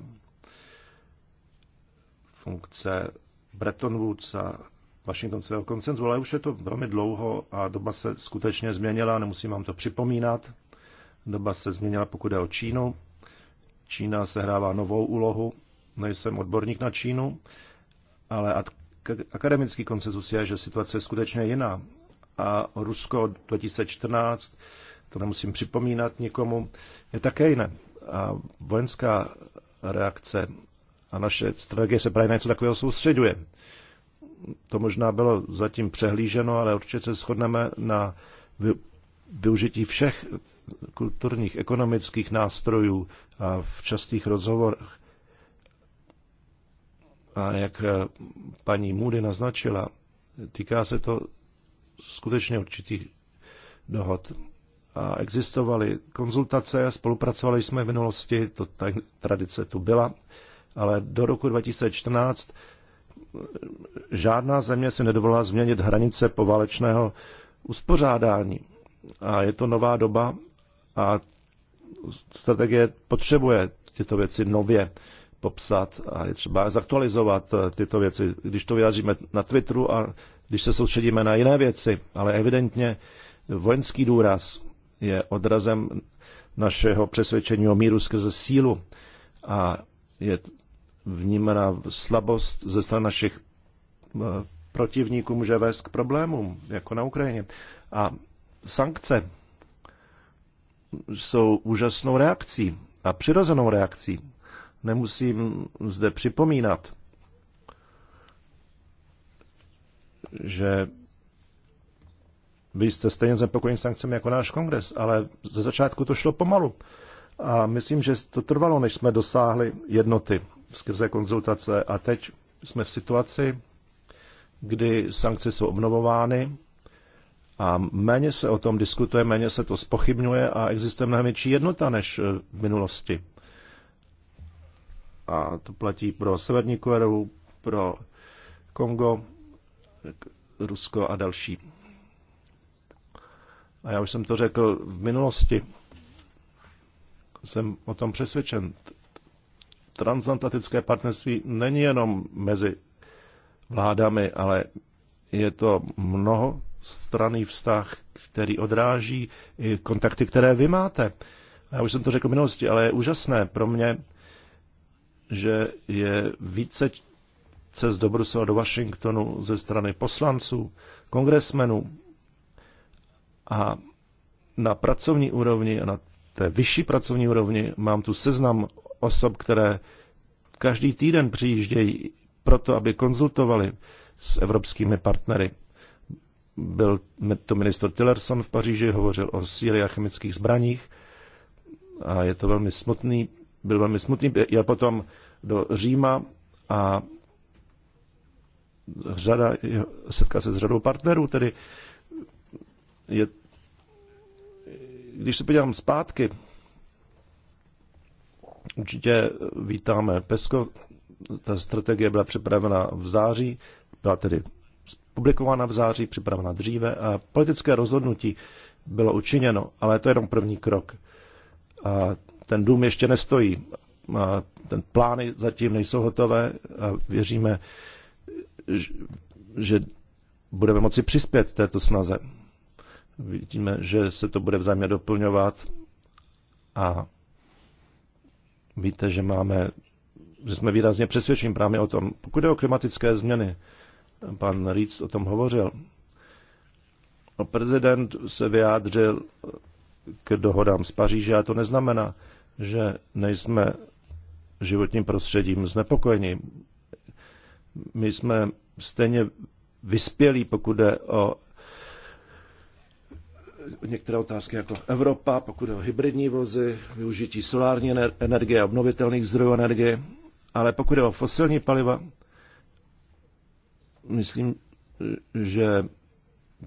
funkce Bretton Woods a Washingtonského koncenzu, ale už je to velmi dlouho a doba se skutečně změnila, nemusím vám to připomínat. Doba se změnila, pokud je o Čínu. Čína sehrává novou úlohu, nejsem odborník na Čínu, ale akademický koncenzus je, že situace je skutečně jiná. A Rusko 2014, to nemusím připomínat nikomu, je také jiné. A vojenská reakce a naše strategie se právě na něco takového soustředuje. To možná bylo zatím přehlíženo, ale určitě se shodneme na využití všech kulturních, ekonomických nástrojů a v častých rozhovorech. A jak eh, paní Moody naznačila, týká se to skutečně určitých dohod. A existovaly konzultace, spolupracovali jsme v minulosti, to ta tradice tu byla ale do roku 2014 žádná země si nedovolila změnit hranice poválečného uspořádání. A je to nová doba a strategie potřebuje tyto věci nově popsat a je třeba zaktualizovat eh, tyto věci, když to vyjádříme na Twitteru a když se soustředíme na jiné věci, ale evidentně vojenský důraz je odrazem našeho přesvědčení o míru skrze sílu a je vnímaná slabost ze strany našich eh, protivníků může vést k problémům, jako na Ukrajině. A sankce jsou úžasnou reakcí a přirozenou reakcí. Nemusím zde připomínat, že vy jste stejně znepokojeni sankcemi jako náš kongres, ale ze začátku to šlo pomalu. A myslím, že to trvalo, než jsme dosáhli jednoty skrze konzultace. A teď jsme v situaci, kdy sankce jsou obnovovány a méně se o tom diskutuje, méně se to spochybňuje a existuje mnohem větší jednota než eh, v minulosti. A to platí pro Severní Koreu, pro Kongo, Rusko a další. A já už jsem to řekl v minulosti. Jsem o tom přesvědčen transatlantické partnerství není jenom mezi vládami, ale je to mnoho straný vztah, který odráží i kontakty, které vy máte. Já už jsem to řekl v minulosti, ale je úžasné pro mě, že je více cest do Bruselu, do Washingtonu ze strany poslanců, kongresmenů a na pracovní úrovni a na té vyšší pracovní úrovni mám tu seznam osob, které každý týden přijíždějí proto, aby konzultovali s evropskými partnery. Byl to minister Tillerson v Paříži, hovořil o síle a chemických zbraních a je to velmi smutný, byl velmi smutný. Jel potom do Říma a řada, setká se s řadou partnerů, tedy je, když se podívám zpátky, Určitě vítáme PESCO. Ta strategie byla připravena v září, byla tedy publikována v září, připravena dříve a politické rozhodnutí bylo učiněno, ale to je jenom první krok. A ten dům ještě nestojí. A ten plány zatím nejsou hotové a věříme, že budeme moci přispět této snaze. Vidíme, že se to bude vzájemně doplňovat a Víte, že máme, že jsme výrazně přesvědčeni právě o tom. Pokud je o klimatické změny, pan Rýc o tom hovořil, prezident se vyjádřil k dohodám z Paříže a to neznamená, že nejsme životním prostředím znepokojení. My jsme stejně vyspělí, pokud jde o některé otázky jako Evropa, pokud je o hybridní vozy, využití solární energie a obnovitelných zdrojů energie, ale pokud je o fosilní paliva, myslím, že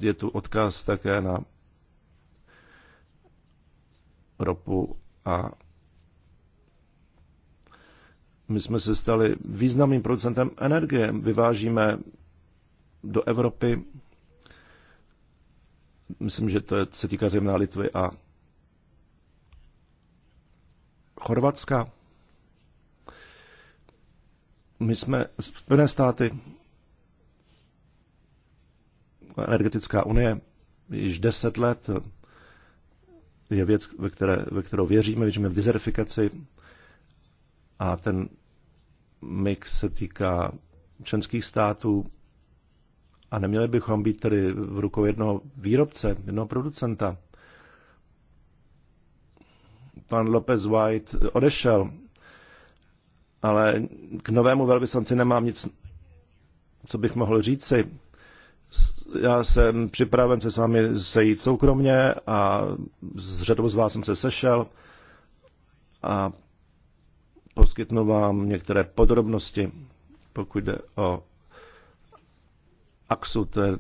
je tu odkaz také na ropu a my jsme se stali významným producentem energie. Vyvážíme do Evropy Myslím, že to je se týká zejména Litvy a Chorvatska. My jsme Spojené státy, energetická unie, již deset let je věc, ve, které, ve kterou věříme, věříme v dezertifikaci a ten mix se týká členských států, a neměli bychom být tedy v rukou jednoho výrobce, jednoho producenta. Pan Lopez White odešel, ale k novému velvyslanci nemám nic, co bych mohl říci. Já jsem připraven se s vámi sejít soukromně a s řadou z vás jsem se sešel a poskytnu vám některé podrobnosti, pokud jde o AXU, to je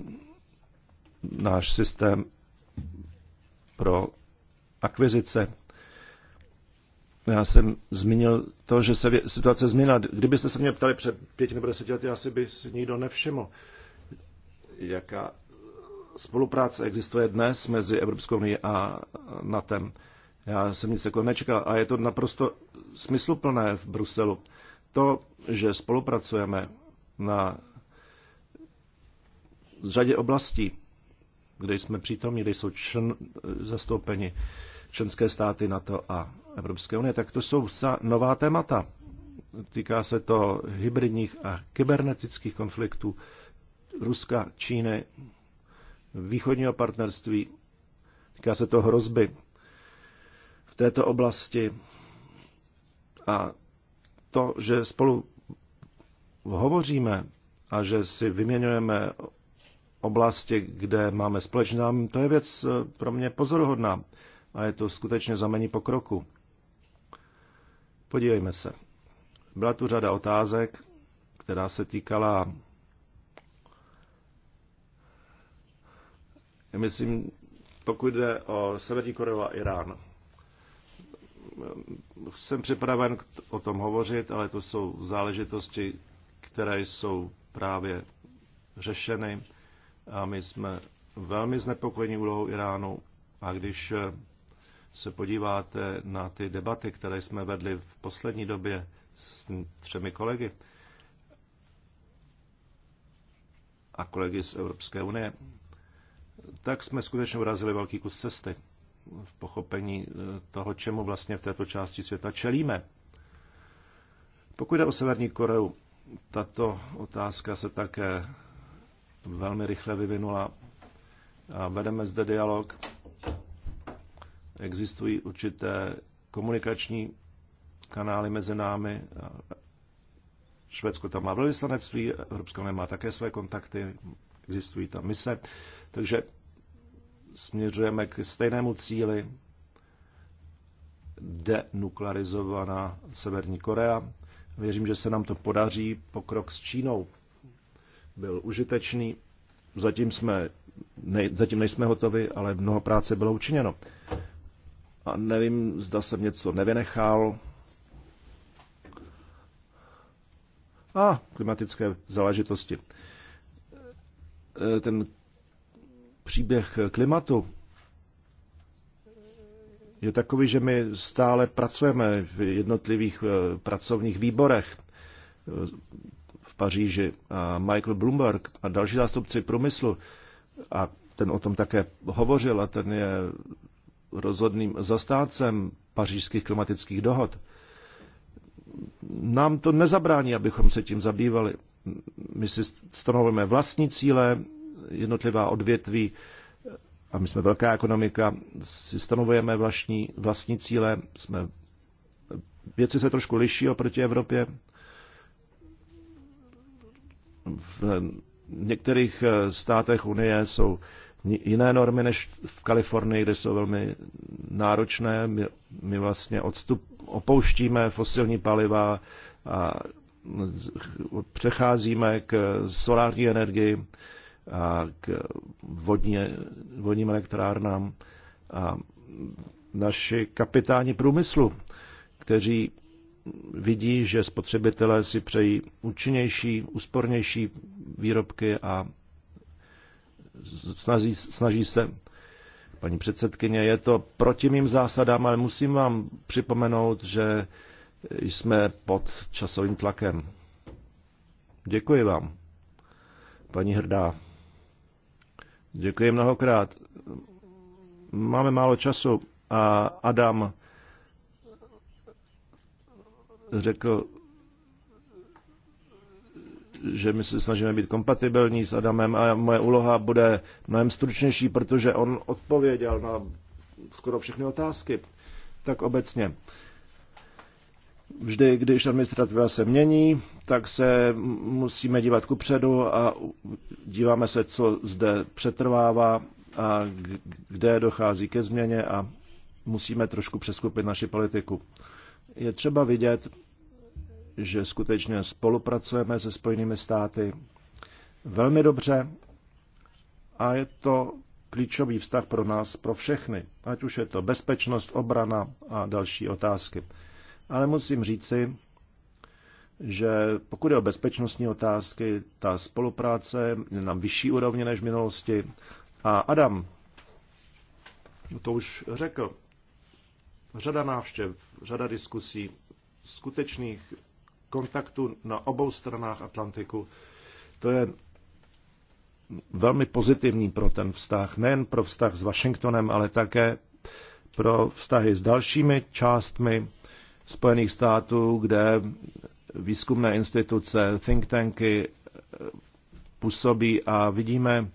náš systém pro akvizice. Já jsem zmínil to, že se situace změnila. Kdybyste se mě ptali před pěti nebo deseti lety, asi by si nikdo nevšiml, jaká spolupráce existuje dnes mezi Evropskou unii a NATO. Já jsem nic takového nečekal a je to naprosto smysluplné v Bruselu. To, že spolupracujeme na z řadě oblastí, kde jsme přítomní, kde jsou člen, zastoupeni členské státy NATO a Evropské unie, tak to jsou nová témata. Týká se to hybridních a kybernetických konfliktů Ruska, Číny, východního partnerství, týká se to hrozby v této oblasti a to, že spolu hovoříme a že si vyměňujeme oblasti, kde máme společná, to je věc eh, pro mě pozoruhodná a je to skutečně zamení pokroku. Podívejme se. Byla tu řada otázek, která se týkala myslím, pokud jde o Severní Koreu a Irán. Jsem připraven o tom hovořit, ale to jsou záležitosti, které jsou právě řešeny a my jsme velmi znepokojeni úlohou Iránu. A když eh, se podíváte na ty debaty, které jsme vedli v poslední době s třemi kolegy a kolegy z Evropské unie, tak jsme skutečně urazili velký kus cesty v pochopení eh, toho, čemu vlastně v této části světa čelíme. Pokud jde o Severní Koreu, tato otázka se také velmi rychle vyvinula. A vedeme zde dialog. Existují určité komunikační kanály mezi námi. Švédsko tam má velvyslanectví, Evropská unie má také své kontakty, existují tam mise. Takže směřujeme k stejnému cíli denuklearizovaná Severní Korea. Věřím, že se nám to podaří. Pokrok s Čínou byl užitečný. Zatím, jsme, ne, zatím nejsme hotovi, ale mnoho práce bylo učiněno. A nevím, zda jsem něco nevynechal. A klimatické záležitosti. E, ten příběh klimatu je takový, že my stále pracujeme v jednotlivých e, pracovních výborech v Paříži a Michael Bloomberg a další zástupci průmyslu a ten o tom také hovořil a ten je rozhodným zastáncem pařížských klimatických dohod. Nám to nezabrání, abychom se tím zabývali. My si stanovujeme vlastní cíle, jednotlivá odvětví, a my jsme velká ekonomika, si stanovujeme vlastní, vlastní cíle, jsme, věci se trošku liší oproti Evropě, v některých eh, státech Unie jsou jiné normy než v Kalifornii, kde jsou velmi náročné. My, my vlastně odstup, opouštíme fosilní paliva a přecházíme k solární energii a k vodní, vodním elektrárnám a naši kapitáni průmyslu, kteří vidí, že spotřebitelé si přejí účinnější, úspornější výrobky a snaží, snaží se. Paní předsedkyně, je to proti mým zásadám, ale musím vám připomenout, že jsme pod časovým tlakem. Děkuji vám, paní Hrdá. Děkuji mnohokrát. Máme málo času a Adam řekl, že my se snažíme být kompatibilní s Adamem a moje úloha bude mnohem stručnější, protože on odpověděl na skoro všechny otázky. Tak obecně. Vždy, když administrativa se mění, tak se musíme dívat kupředu a díváme se, co zde přetrvává a kde dochází ke změně a musíme trošku přeskupit naši politiku je třeba vidět, že skutečně spolupracujeme se Spojenými státy velmi dobře a je to klíčový vztah pro nás, pro všechny, ať už je to bezpečnost, obrana a další otázky. Ale musím říci, že pokud je o bezpečnostní otázky, ta spolupráce je na vyšší úrovni než v minulosti. A Adam to už řekl řada návštěv, řada diskusí, skutečných kontaktů na obou stranách Atlantiku. To je velmi pozitivní pro ten vztah, nejen pro vztah s Washingtonem, ale také pro vztahy s dalšími částmi Spojených států, kde výzkumné instituce, think tanky eh, působí a vidíme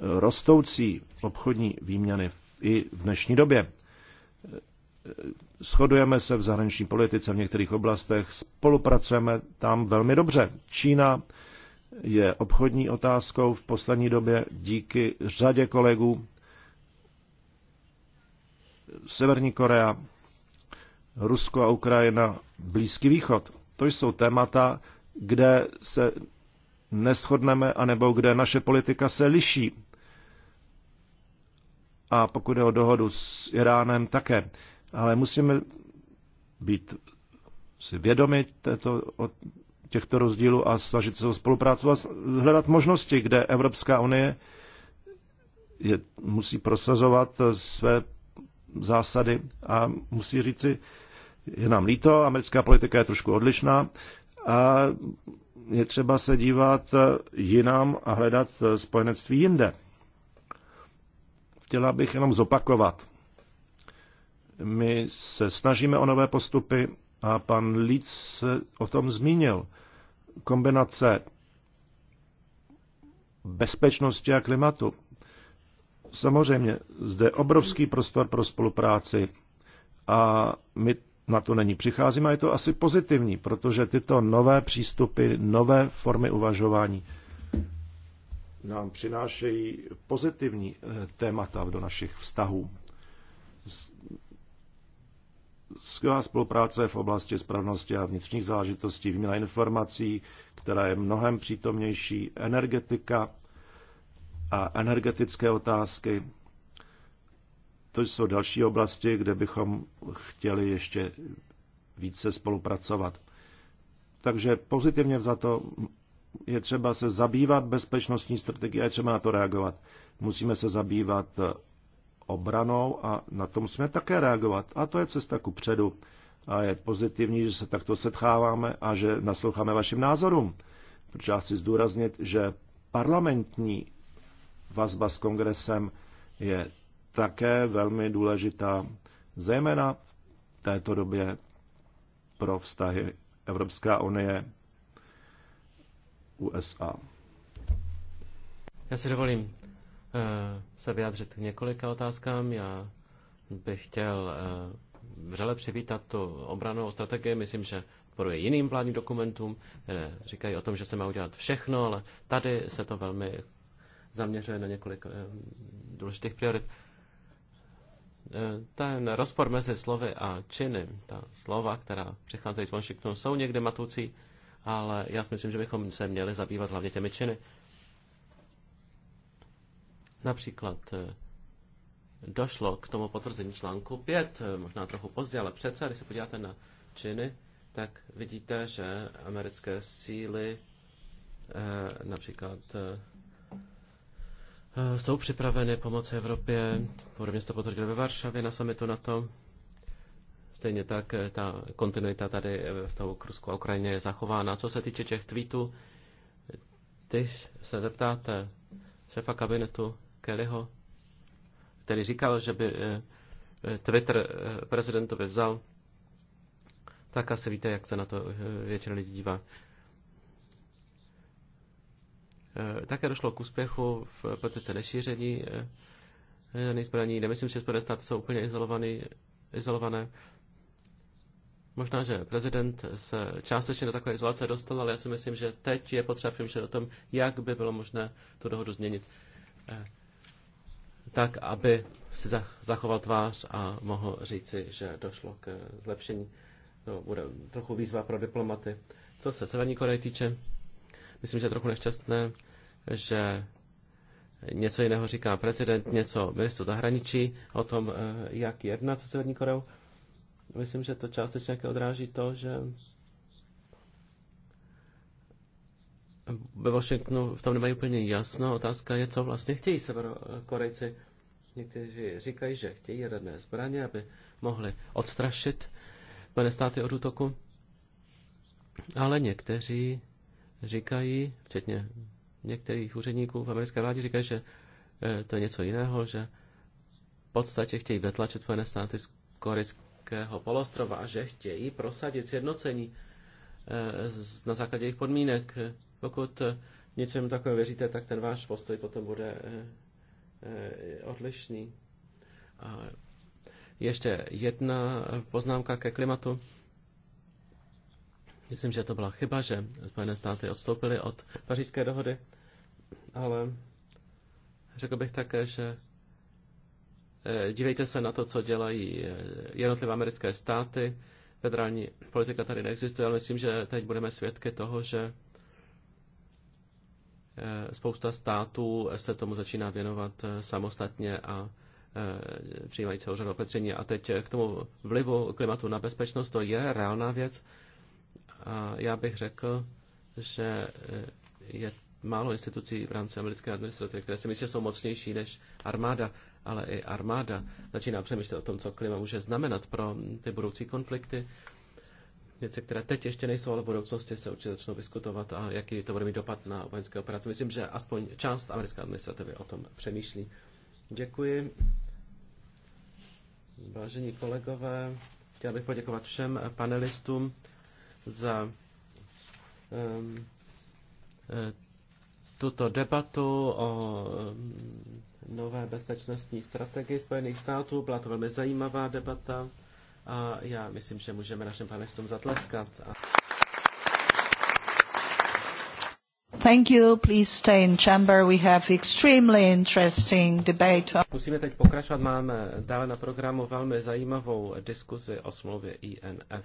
rostoucí obchodní výměny i v dnešní době shodujeme se v zahraniční politice v některých oblastech, spolupracujeme tam velmi dobře. Čína je obchodní otázkou v poslední době díky řadě kolegů. Severní Korea, Rusko a Ukrajina, Blízký východ. To jsou témata, kde se neschodneme, anebo kde naše politika se liší. A pokud je o dohodu s Iránem, také ale musíme být si vědomi této, těchto rozdílů a snažit se o a hledat možnosti, kde Evropská unie je, musí prosazovat své zásady a musí říci, je nám líto, americká politika je trošku odlišná a je třeba se dívat jinam a hledat spojenectví jinde. Chtěla bych jenom zopakovat, my se snažíme o nové postupy a pan Líc se o tom zmínil. Kombinace bezpečnosti a klimatu. Samozřejmě, zde je obrovský prostor pro spolupráci a my na to není přicházíme a je to asi pozitivní, protože tyto nové přístupy, nové formy uvažování nám přinášejí pozitivní eh, témata do našich vztahů skvělá spolupráce v oblasti spravnosti a vnitřních záležitostí, výměna informací, která je mnohem přítomnější, energetika a energetické otázky. To jsou další oblasti, kde bychom chtěli ještě více spolupracovat. Takže pozitivně za to je třeba se zabývat bezpečnostní strategií a je třeba na to reagovat. Musíme se zabývat obranou a na tom musíme také reagovat. A to je cesta ku předu. A je pozitivní, že se takto setcháváme a že nasloucháme vašim názorům. Protože já chci zdůraznit, že parlamentní vazba s kongresem je také velmi důležitá, zejména v této době pro vztahy Evropská unie USA. Já si dovolím Eh, se vyjádřit k několika otázkám. Já bych chtěl eh, vřele přivítat tu obranou strategii. Myslím, že odporuje jiným vládním dokumentům, které říkají o tom, že se má udělat všechno, ale tady se to velmi zaměřuje na několik eh, důležitých priorit. Ten rozpor mezi slovy a činy, ta slova, která přicházejí z Washingtonu, jsou někde matoucí, ale já si myslím, že bychom se měli zabývat hlavně těmi činy. Například eh, došlo k tomu potvrzení článku 5, eh, možná trochu pozdě, ale přece, když se podíváte na činy, tak vidíte, že americké síly eh, například jsou připraveny pomoci Evropě, podobně to potvrdili ve Varšavě na samitu to. Stejně tak ta kontinuita tady ve vztahu k Rusku a Ukrajině je zachována. Co se týče těch tweetů, když se zeptáte šefa kabinetu Kellyho, který říkal, že by eh, Twitter eh, prezidentovi vzal, tak asi víte, jak se na to eh, většina lidí dívá. Také došlo k úspěchu v politice nešíření jaderných zbraní. Nemyslím, že Spojené státy jsou úplně izolovaný, izolované. Možná, že prezident se částečně na takové izolace dostal, ale já si myslím, že teď je potřeba přemýšlet o tom, jak by bylo možné tu dohodu změnit tak, aby si zachoval tvář a mohl říci, že došlo k zlepšení. To bude trochu výzva pro diplomaty. Co se Severní Koreje týče, myslím, že je trochu nešťastné, že něco jiného říká prezident, něco ministr zahraničí o tom, eh, jak jednat se Severní Koreou. Myslím, že to částečně odráží to, že ve Washingtonu v tom nemají úplně jasno. Otázka je, co vlastně chtějí Severokorejci. Někteří říkají, že chtějí jaderné zbraně, aby mohli odstrašit Spojené státy od útoku. Ale někteří říkají, včetně některých úředníků v americké vládě, říkají, že eh, to je něco jiného, že v podstatě chtějí vytlačit Spojené státy z korejského polostrova a že chtějí prosadit sjednocení eh, na základě jejich podmínek. Pokud eh, něčemu takovému věříte, tak ten váš postoj potom bude eh, eh, odlišný. A ještě jedna poznámka ke klimatu. Myslím, že to byla chyba, že Spojené státy odstoupily od pařížské dohody, ale řekl bych také, že dívejte se na to, co dělají jednotlivé americké státy. Federální politika tady neexistuje, ale myslím, že teď budeme svědky toho, že Eh, spousta států se tomu začíná věnovat eh, samostatně a eh, přijímají celou řadu opatření. A teď k tomu vlivu klimatu na bezpečnost, to je reálná věc. A já bych řekl, že je málo institucí v rámci americké administrativy, které si myslí, že jsou mocnější než armáda, ale i armáda začíná přemýšlet o tom, co klima může znamenat pro ty budoucí konflikty věci, které teď ještě nejsou, ale v budoucnosti se určitě začnou diskutovat a jaký to bude mít dopad na vojenské operace. Myslím, že aspoň část americké administrativy o tom přemýšlí. Děkuji. Vážení kolegové, chtěl bych poděkovat všem panelistům za um, tuto debatu o ehm, nové bezpečnostní strategii Spojených států. Byla to velmi zajímavá debata a já myslím, že můžeme našem panelistům zatleskat. Thank you. Please stay in chamber. We have extremely interesting debate. Musíme teď pokračovat. Máme dále na programu velmi zajímavou diskuzi o smlouvě INF.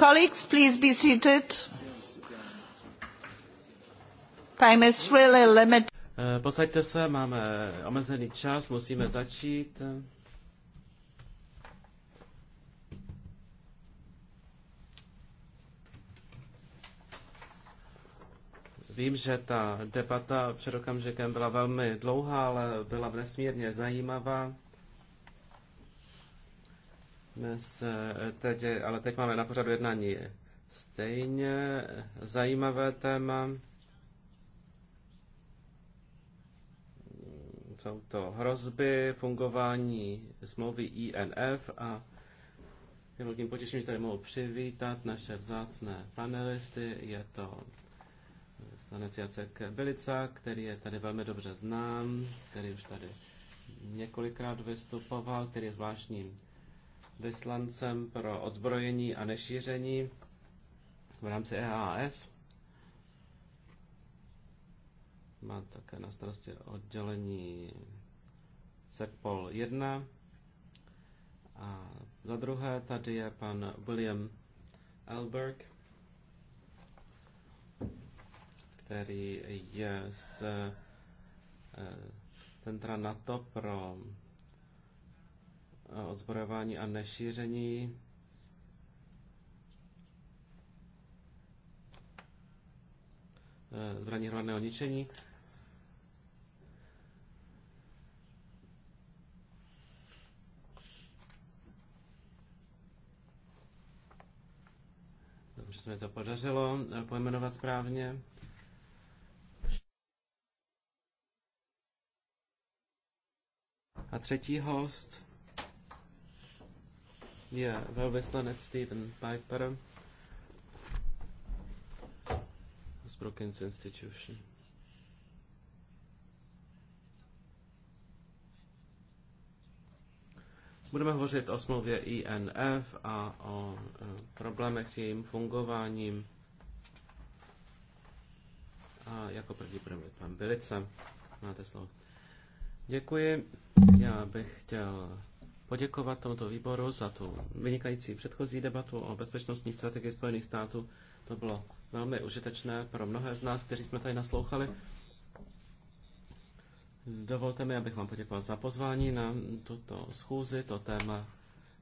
Colleagues, please be seated. Time is really limited. Eh, posaďte se, máme omezený čas, musíme začít. Vím, že ta debata před okamžikem byla velmi dlouhá, ale byla nesmírně zajímavá. Dnes, eh, teď, ale teď máme na pořadu jednání stejně zajímavé téma. Jsou to hrozby fungování smlouvy INF a je velkým potěším, že tady mohu přivítat naše vzácné panelisty. Je to poslanec Jacek Bilica, který je tady velmi dobře znám, který už tady několikrát vystupoval, který je zvláštním vyslancem pro odzbrojení a nešíření v rámci EAS. Má také na starosti oddělení SECPOL 1. A za druhé tady je pan William Elberg, který je z eh, centra NATO pro odzbrojování a nešíření. E, zbraní hromadného ničení. Dobře se mi to podařilo e, pojmenovat správně. A třetí host je velvyslanec Steven Piper z Brookings Institution. Budeme hovořit o smlouvě INF a o e, problémech s jejím fungováním. A jako první bude mluvit pan Bilice. Máte slovo. Děkuji. Já bych chtěl poděkovat tomuto výboru za tu vynikající předchozí debatu o bezpečnostní strategii Spojených států. To bylo velmi užitečné pro mnohé z nás, kteří jsme tady naslouchali. Dovolte mi, abych vám poděkoval za pozvání na tuto schůzi. To téma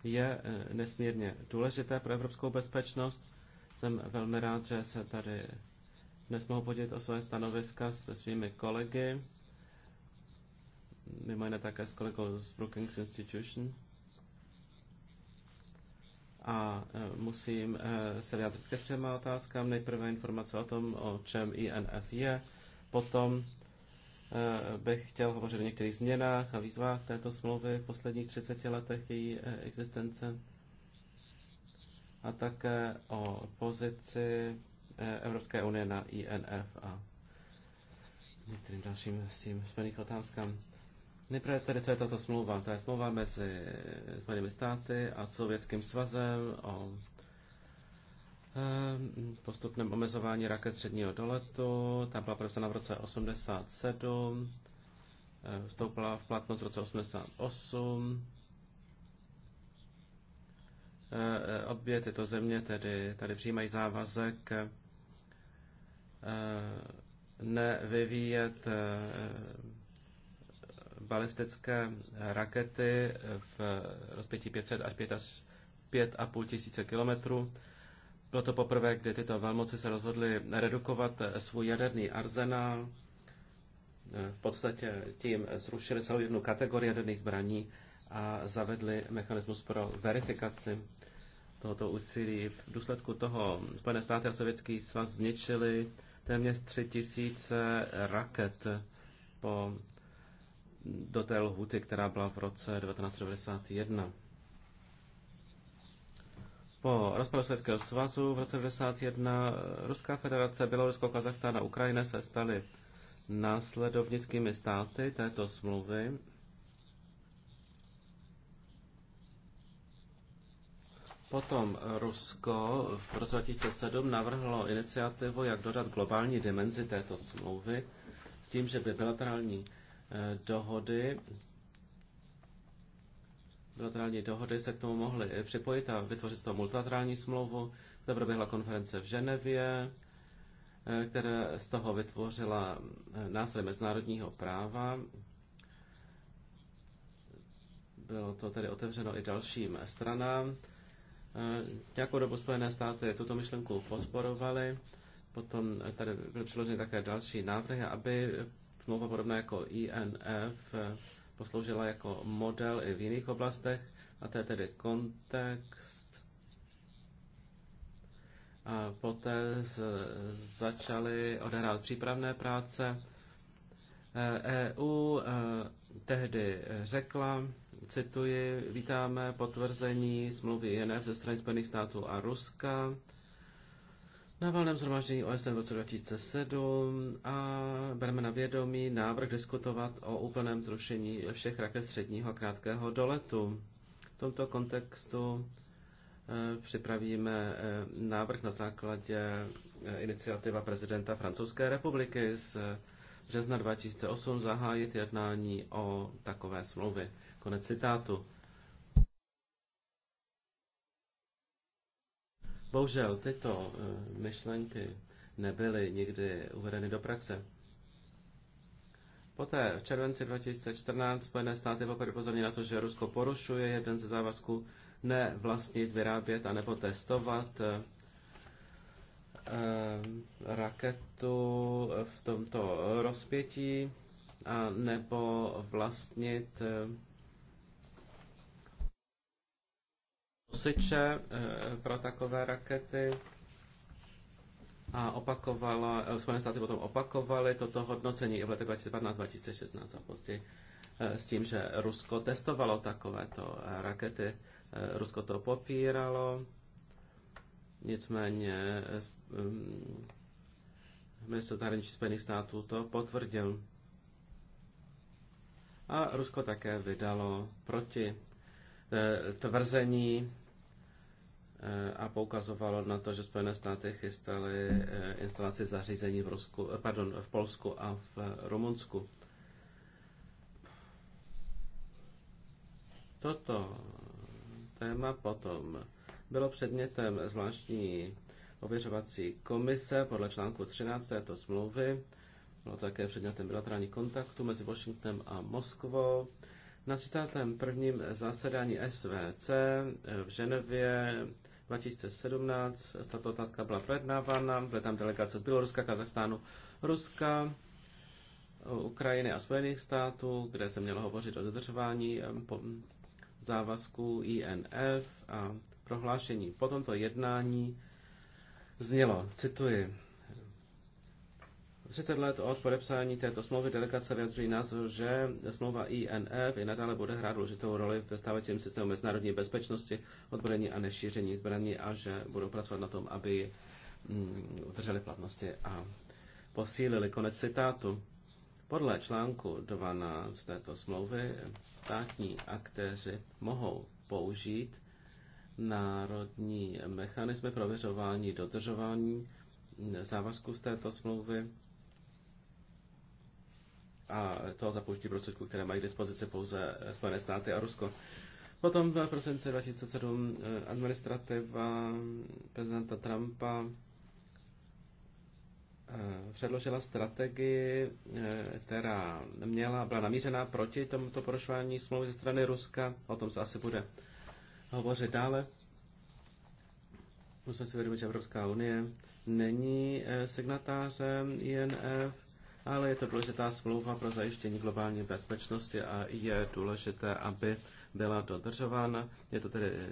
je eh, nesmírně důležité pro evropskou bezpečnost. Jsem velmi rád, že se tady dnes mohu podělit o své stanoviska se svými kolegy mimo jiné také s kolegou z Brookings Institution. A e, musím e, se vyjádřit ke třema otázkám. Nejprve informace o tom, o čem INF je. Potom e, bych chtěl hovořit o některých změnách a výzvách této smlouvy v posledních 30 letech její existence a také o pozici Evropské unie na INF a některým dalším s tím spojených otázkám. Nejprve tedy, co je tato smlouva? To je smlouva mezi Spojenými státy a Sovětským svazem o eh, postupném omezování raket středního doletu. Ta byla podepsána v roce 87, eh, vstoupila v platnost v roce 88. Eh, obě tyto země tedy tady přijímají závazek nevyvíjet balistické rakety v rozpětí 500 až 5 až 5,5 tisíce kilometrů. Bylo to poprvé, kdy tyto velmoci se rozhodly redukovat svůj jaderný arzenál. V podstatě tím zrušili celou jednu kategorii jaderných zbraní a zavedli mechanismus pro verifikaci tohoto úsilí. V důsledku toho Spojené státy a Sovětský svaz zničili téměř tři tisíce raket po do té lhuty, která byla v roce 1991. Po rozpadu Sovětského svazu v roce 1991 eh, Ruská federace, Bělorusko, Kazachstán a Ukrajina se staly následovnickými státy této smlouvy. Potom Rusko v roce 2007 navrhlo iniciativu, jak dodat globální dimenzi této smlouvy s tím, že by bilaterální Eh, dohody, bilaterální dohody se k tomu mohly připojit a vytvořit z toho multilaterální smlouvu. Zde proběhla konference v Ženevě, eh, která z toho vytvořila eh, nástroj mezinárodního práva. Bylo to tedy otevřeno i dalším stranám. Nějakou dobu Spojené státy tuto myšlenku podporovaly. Potom tady byly přiloženy také další návrhy, aby smlouva podobná jako INF posloužila jako model i v jiných oblastech, a to je tedy kontext. A poté začaly odehrát přípravné práce. EU e e, tehdy řekla, cituji, vítáme potvrzení smlouvy INF ze strany Spojených států a Ruska na valném zhromaždění OSN v roce 2007 a bereme na vědomí návrh diskutovat o úplném zrušení všech raket středního a krátkého doletu. V tomto kontextu eh, připravíme eh, návrh na základě eh, iniciativa prezidenta Francouzské republiky z března 2008 zahájit jednání o takové smlouvy. Konec citátu. Bohužel tyto eh, myšlenky nebyly nikdy uvedeny do praxe. Poté v červenci 2014 Spojené státy poprvé pozorně na to, že Rusko porušuje jeden ze závazků nevlastnit, vyrábět a nebo testovat eh, eh, raketu v tomto rozpětí a nebo vlastnit nosiče pro eh, takové rakety a opakovala, eh, Spojené státy potom opakovaly toto hodnocení i v letech 2015-2016 a později eh, s tím, že Rusko testovalo takovéto rakety. Rusko to popíralo, nicméně mm, ministr zahraničí Spojených států to potvrdil. A Rusko také vydalo proti tvrzení Eh, a poukazovalo na to, že Spojené státy chystaly eh, instalaci zařízení v, Rusku, eh, pardon, v Polsku a v Rumunsku. Toto téma potom bylo předmětem zvláštní ověřovací komise podle článku 13 této smlouvy. Bylo také předmětem bilaterální kontaktu mezi Washingtonem a Moskvou. Na 31. zasedání SVC v Ženevě 2017. Tato otázka byla projednávána, byla tam delegace z Běloruska, Kazachstánu, Ruska, Ukrajiny a Spojených států, kde se mělo hovořit o dodržování eh, závazků INF a prohlášení. Po tomto jednání znělo, cituji, 30 let od podepsání této smlouvy delegace vyjadřují názor, že smlouva INF i nadále bude hrát důležitou roli ve stávajícím systému mezinárodní bezpečnosti, odbrojení a nešíření zbraní a že budou pracovat na tom, aby mm, udrželi platnosti a posílili. Konec citátu. Podle článku 12 této smlouvy státní aktéři mohou použít národní mechanismy prověřování dodržování závazků z této smlouvy a to za použití prostředků, které mají k dispozici pouze Spojené státy a Rusko. Potom v prosinci 2007 eh, administrativa prezidenta Trumpa eh, předložila strategii, eh, která měla, byla namířená proti tomuto porušování smlouvy ze strany Ruska. O tom se asi bude hovořit dále. Musíme si vědomit, že Evropská unie není signatářem INF ale je to důležitá smlouva pro zajištění globální bezpečnosti a je důležité, aby byla dodržována. Je to tedy eh,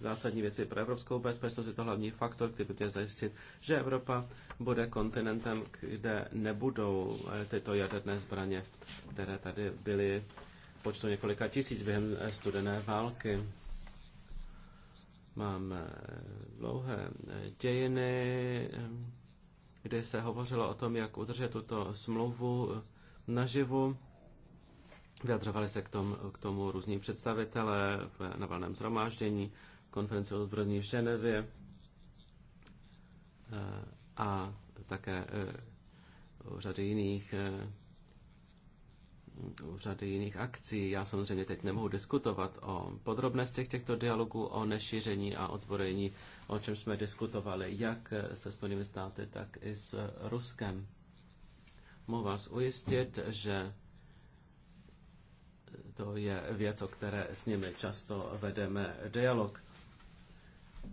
zásadní věci pro evropskou bezpečnost, je to hlavní faktor, který by zajistit, že Evropa bude kontinentem, kde nebudou eh, tyto jaderné zbraně, které tady byly počtu několika tisíc během eh, studené války. Máme dlouhé dějiny kde se hovořilo o tom, jak udržet tuto smlouvu naživu. Vyjadřovali se k tomu, k tomu různí představitelé v, na valném zhromáždění, konferenci o zbrojní v Ženevě eh, a také eh, řady jiných eh, v řady jiných akcí. Já samozřejmě teď nemohu diskutovat o podrobnostech těchto dialogů, o nešíření a odborení, o čem jsme diskutovali jak se Spojenými státy, tak i s Ruskem. Mohu vás ujistit, že to je věc, o které s nimi často vedeme dialog.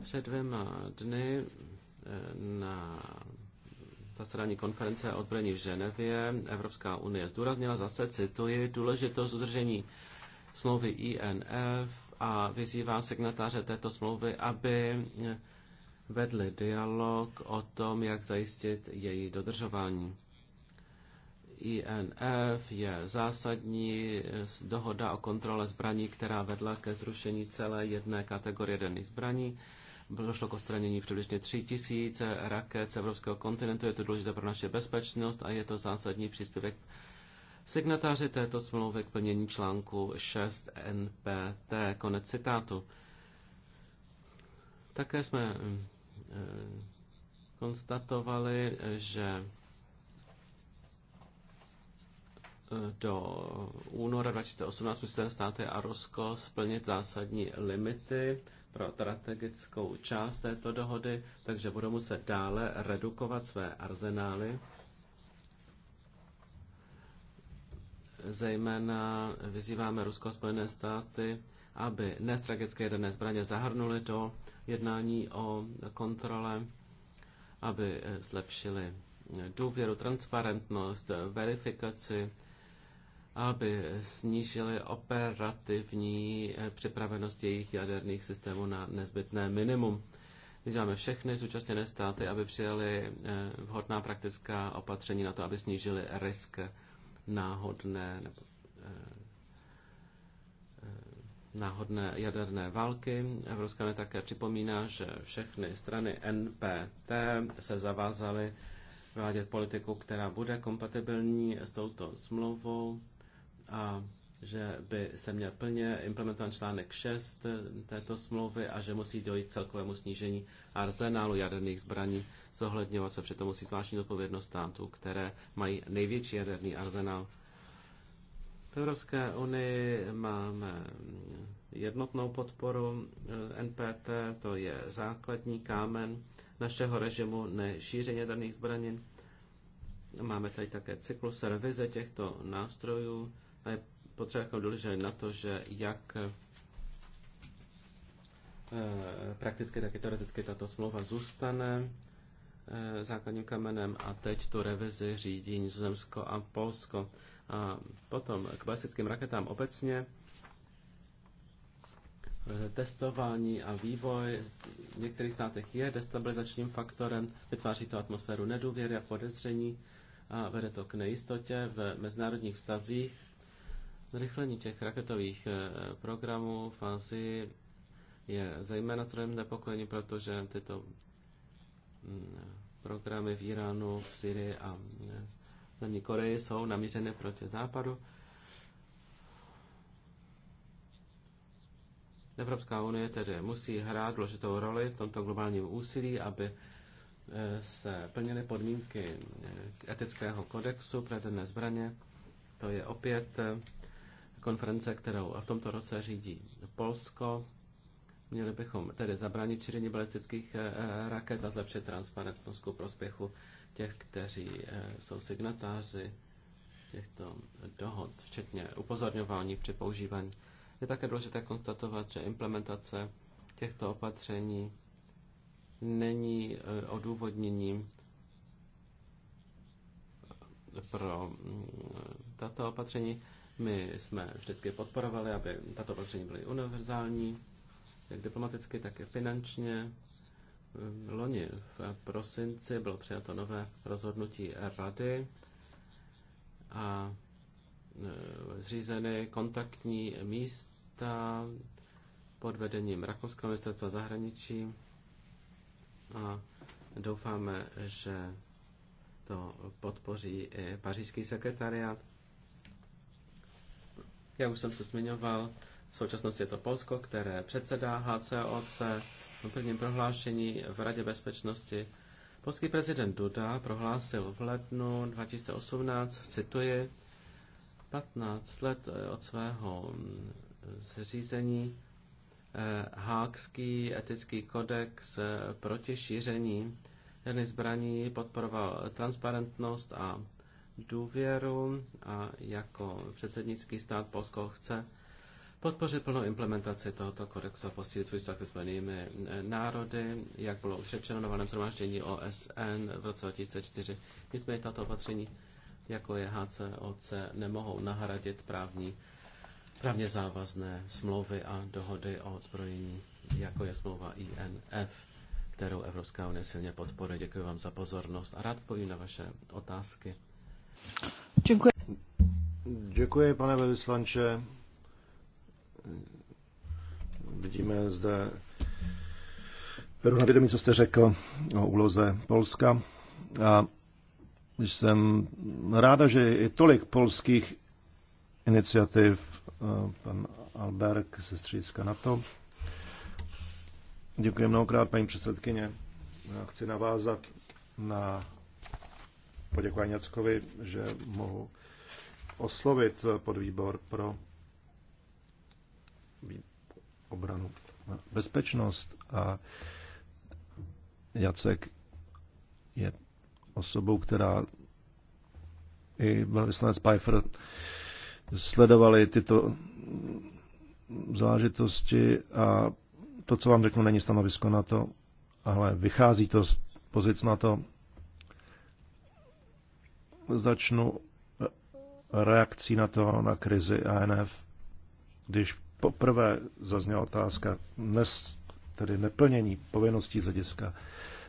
Před dvěma dny eh, na zasedání konference o odbrojení v Ženevě Evropská unie zdůraznila zase, cituji, důležitost udržení smlouvy INF a vyzývá signatáře této smlouvy, aby vedli dialog o tom, jak zajistit její dodržování. INF je zásadní dohoda o kontrole zbraní, která vedla ke zrušení celé jedné kategorie denných zbraní došlo k odstranění přibližně 3 raket z evropského kontinentu. Je to důležité pro naše bezpečnost a je to zásadní příspěvek signatáři této smlouvy k plnění článku 6 NPT. Konec citátu. Také jsme eh, konstatovali, že eh, do února 2018 musí státy a Rusko splnit zásadní limity pro strategickou část této dohody, takže budou muset dále redukovat své arzenály, zejména vyzýváme Rusko a Spojené státy, aby nestrategické jedné zbraně zahrnuli do jednání o kontrole, aby zlepšili důvěru, transparentnost, verifikaci aby snížili operativní eh, připravenost jejich jaderných systémů na nezbytné minimum. Vyzýváme všechny zúčastněné státy, aby přijali eh, vhodná praktická opatření na to, aby snížili risk náhodné nebo eh, náhodné jaderné války. Evropská unie také připomíná, že všechny strany NPT se zavázaly vádět politiku, která bude kompatibilní s touto smlouvou a že by se měl plně implementovat článek 6 eh, této smlouvy a že musí dojít k celkovému snížení arzenálu jaderných zbraní, zohledňovat se přitom musí zvláštní odpovědnost států, které mají největší jaderný arzenál. V Evropské unii máme jednotnou podporu eh, NPT, to je základní kámen našeho režimu nešíření jaderných zbraní. Máme tady také cyklus revize těchto nástrojů a je potřeba jako dohlížet na to, že jak eh, prakticky, tak i teoreticky tato smlouva zůstane eh, základním kamenem a teď tu revizi řídí Nizozemsko a Polsko. A potom k balistickým raketám obecně eh, testování a vývoj v některých státech je destabilizačním faktorem, vytváří to atmosféru nedůvěry a podezření a vede to k nejistotě v mezinárodních vztazích Zrychlení těch raketových eh, programů v Asii je zejména strojem nepokojení, protože tyto mm, programy v Iránu, v Syrii a v eh, Zemní Koreji jsou namířeny proti západu. Evropská unie tedy musí hrát důležitou roli v tomto globálním úsilí, aby eh, se plnily podmínky etického kodexu pro zbraně. To je opět konference, kterou v tomto roce řídí Polsko. Měli bychom tedy zabránit šíření balistických eh, raket a zlepšit transparentnost ku prospěchu těch, kteří eh, jsou signatáři těchto dohod, včetně upozorňování při používání. Je také důležité konstatovat, že implementace těchto opatření není eh, odůvodněním pro mm, tato opatření. My jsme vždycky podporovali, aby tato opatření byly univerzální, jak diplomaticky, tak i finančně. Loni v prosinci bylo přijato nové rozhodnutí rady a e, zřízeny kontaktní místa pod vedením Rakouského ministerstva zahraničí a doufáme, že to podpoří i pařížský sekretariát jak už jsem se zmiňoval, v současnosti je to Polsko, které předsedá HCOC v prvním prohlášení v Radě bezpečnosti. Polský prezident Duda prohlásil v lednu 2018, cituji, 15 let eh, od svého mm, zřízení eh, Hákský etický kodex eh, proti šíření jedné zbraní podporoval transparentnost a důvěru a jako předsednický stát Polsko chce podpořit plnou implementaci tohoto kodexu a posílit svůj vztah se Spojenými eh, národy, jak bylo už řečeno na valném zhromáždění OSN v roce 2004. Nicméně tato opatření, jako je HCOC, nemohou nahradit právní, právně závazné smlouvy a dohody o odzbrojení, jako je smlouva INF, kterou Evropská unie silně podporuje. Děkuji vám za pozornost a rád povím na vaše otázky. Děkuji. pane velvyslanče. Vidíme zde, beru na vědomí, co jste řekl o úloze Polska. A jsem ráda, že je tolik polských iniciativ. Pan Alberg se střízka na to. Děkuji mnohokrát, paní předsedkyně. chci navázat na poděkování Jackovi, že mohu oslovit podvýbor pro obranu a bezpečnost a Jacek je osobou, která i velvyslanec Pfeiffer sledovali tyto záležitosti a to, co vám řeknu, není stanovisko na to, ale vychází to z pozic na to začnu eh, reakcí na to, na krizi ANF, když poprvé zazněla otázka, dnes tedy neplnění povinností z hlediska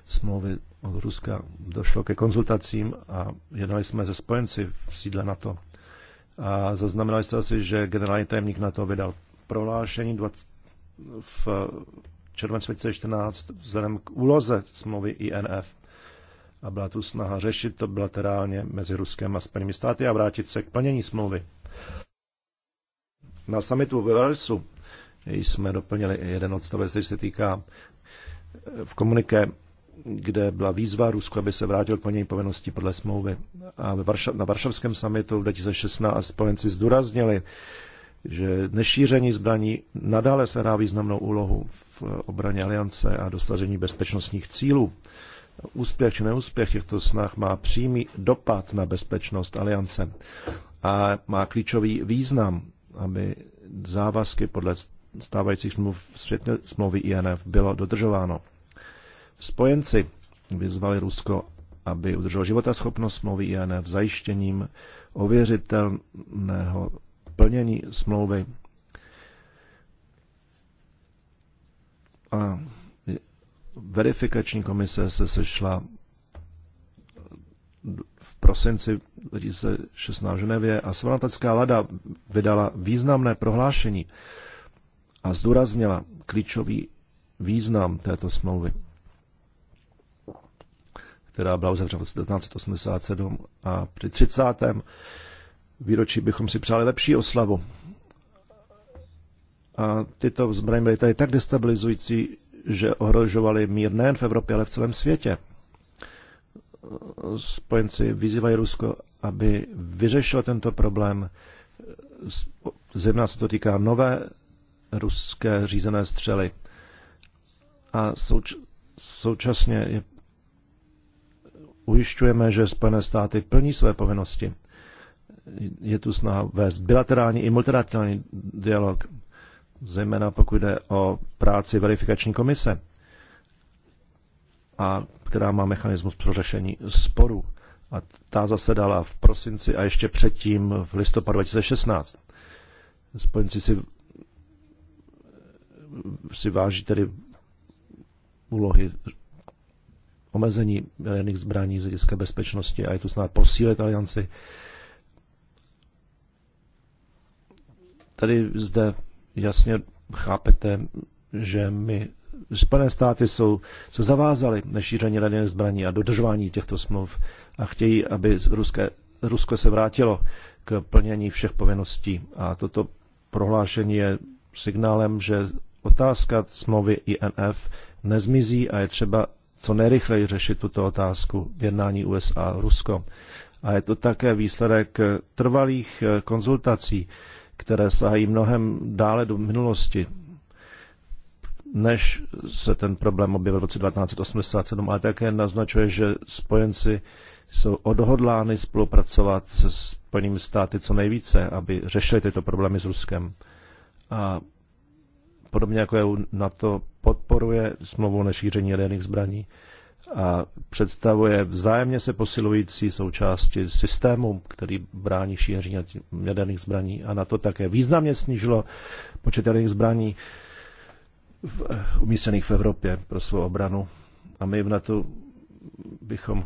smlouvy od Ruska, došlo ke konzultacím a jednali jsme se spojenci v sídle NATO. A zaznamenali jste asi, že generální tajemník NATO vydal prohlášení 20, v červenci 2014 vzhledem k úloze smlouvy INF a byla tu snaha řešit to bilaterálně mezi Ruskem a Spojenými státy a vrátit se k plnění smlouvy. Na samitu ve Velsu jsme doplnili jeden odstavec, který se týká eh, v komuniké, kde byla výzva Rusku, aby se vrátil k plnění povinností podle smlouvy. A na Varšavském samitu v 2016 spojenci zdůraznili, že nešíření zbraní nadále se hrá významnou úlohu v obraně aliance a dosažení bezpečnostních cílů úspěch či neúspěch těchto snah má přímý dopad na bezpečnost aliance a má klíčový význam, aby závazky podle stávajících smluv světně smlouvy INF bylo dodržováno. Spojenci vyzvali Rusko, aby udrželo životaschopnost smlouvy INF zajištěním ověřitelného plnění smlouvy. A verifikační komise se sešla v prosinci 2016 v Ženevě a Svanatecká lada vydala významné prohlášení a zdůraznila klíčový význam této smlouvy, která byla uzavřena v 1987 a při 30. výročí bychom si přáli lepší oslavu. A tyto zbraně byly tady tak destabilizující, že ohrožovali mír nejen v Evropě, ale v celém světě. Spojenci vyzývají Rusko, aby vyřešilo tento problém. Zejména se to týká nové ruské řízené střely. A souč- současně je ujišťujeme, že Spojené státy plní své povinnosti. Je tu snaha vést bilaterální i multilaterální dialog zejména pokud jde o práci verifikační komise, a která má mechanismus pro řešení sporů. A ta zasedala v prosinci a ještě předtím v listopadu 2016. Spojenci si, si váží tedy úlohy omezení jaderných zbraní z hlediska bezpečnosti a je tu snad posílit alianci. Tady zde jasně chápete, že my Spojené státy jsou, se zavázaly šíření jaderných zbraní a dodržování těchto smluv a chtějí, aby ruské, Rusko se vrátilo k plnění všech povinností. A toto prohlášení je signálem, že otázka smlouvy INF nezmizí a je třeba co nejrychleji řešit tuto otázku v jednání USA-Rusko. A je to také výsledek trvalých eh, konzultací které sahají mnohem dále do minulosti, než se ten problém objevil v roce 1987, ale také naznačuje, že spojenci jsou odhodlány spolupracovat se Spojenými státy co nejvíce, aby řešili tyto problémy s Ruskem. A podobně jako EU na to podporuje smlouvu o nešíření jaderných zbraní a představuje vzájemně se posilující součásti systému, který brání šíření jaderných zbraní a na to také významně snížilo počet jaderných zbraní v, eh, umístěných v Evropě pro svou obranu. A my v NATO bychom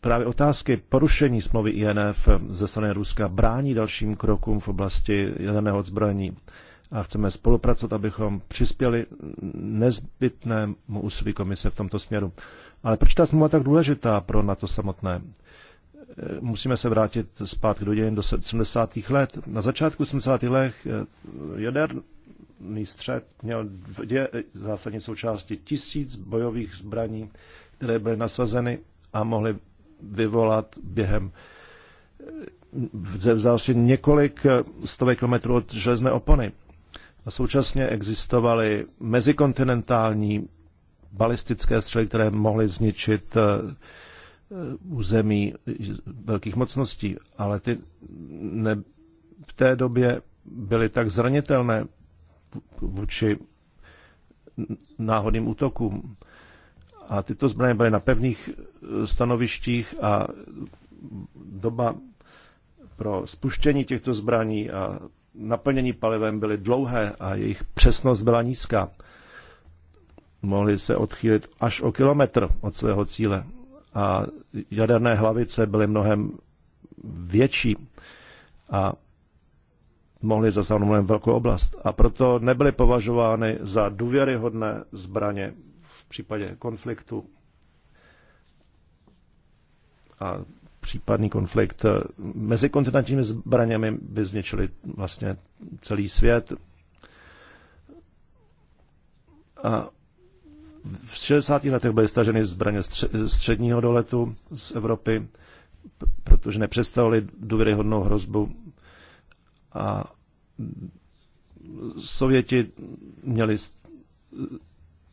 právě otázky porušení smlouvy INF ze strany Ruska brání dalším krokům v oblasti jaderného odzbrojení a chceme spolupracovat, abychom přispěli nezbytnému úsilí komise v tomto směru. Ale proč ta smlouva tak důležitá pro NATO samotné? Eh, musíme se vrátit zpátky do dějin do 70. let. Na začátku 70. let eh, jaderný střed měl dvě zásadní součásti. Tisíc bojových zbraní, které byly nasazeny a mohly vyvolat během eh, vzal několik stovek kilometrů od železné opony. A současně existovaly mezikontinentální balistické střely, které mohly zničit eh, eh, území velkých mocností, ale ty ne, v té době byly tak zranitelné vůči náhodným útokům. A tyto zbraně byly na pevných eh, stanovištích a doba pro spuštění těchto zbraní a naplnění palivem byly dlouhé a jejich přesnost byla nízká. Mohli se odchýlit až o kilometr od svého cíle a jaderné hlavice byly mnohem větší a mohly zasáhnout mnohem velkou oblast. A proto nebyly považovány za důvěryhodné zbraně v případě konfliktu. A případný konflikt mezi kontinentními zbraněmi by zničili vlastně celý svět. A v 60. letech byly staženy zbraně středního doletu z Evropy, protože nepředstavovali důvěryhodnou hrozbu. A Sověti měli,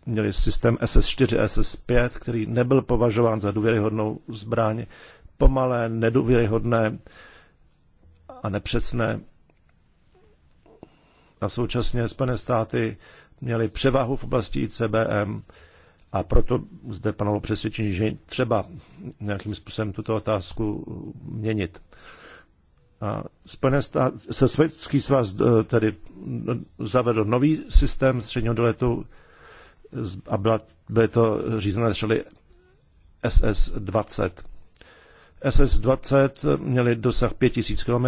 měli systém SS-4, SS-5, který nebyl považován za důvěryhodnou zbraň pomalé, nedůvěryhodné a nepřesné. A současně Spojené státy měly převahu v oblasti ICBM a proto zde panalo přesvědčení, že třeba nějakým způsobem tuto otázku měnit. A se Světský svaz eh, tedy eh, zavedl nový systém středního doletu a byla, byly to řízené střely SS-20. SS-20 měly dosah 5000 km,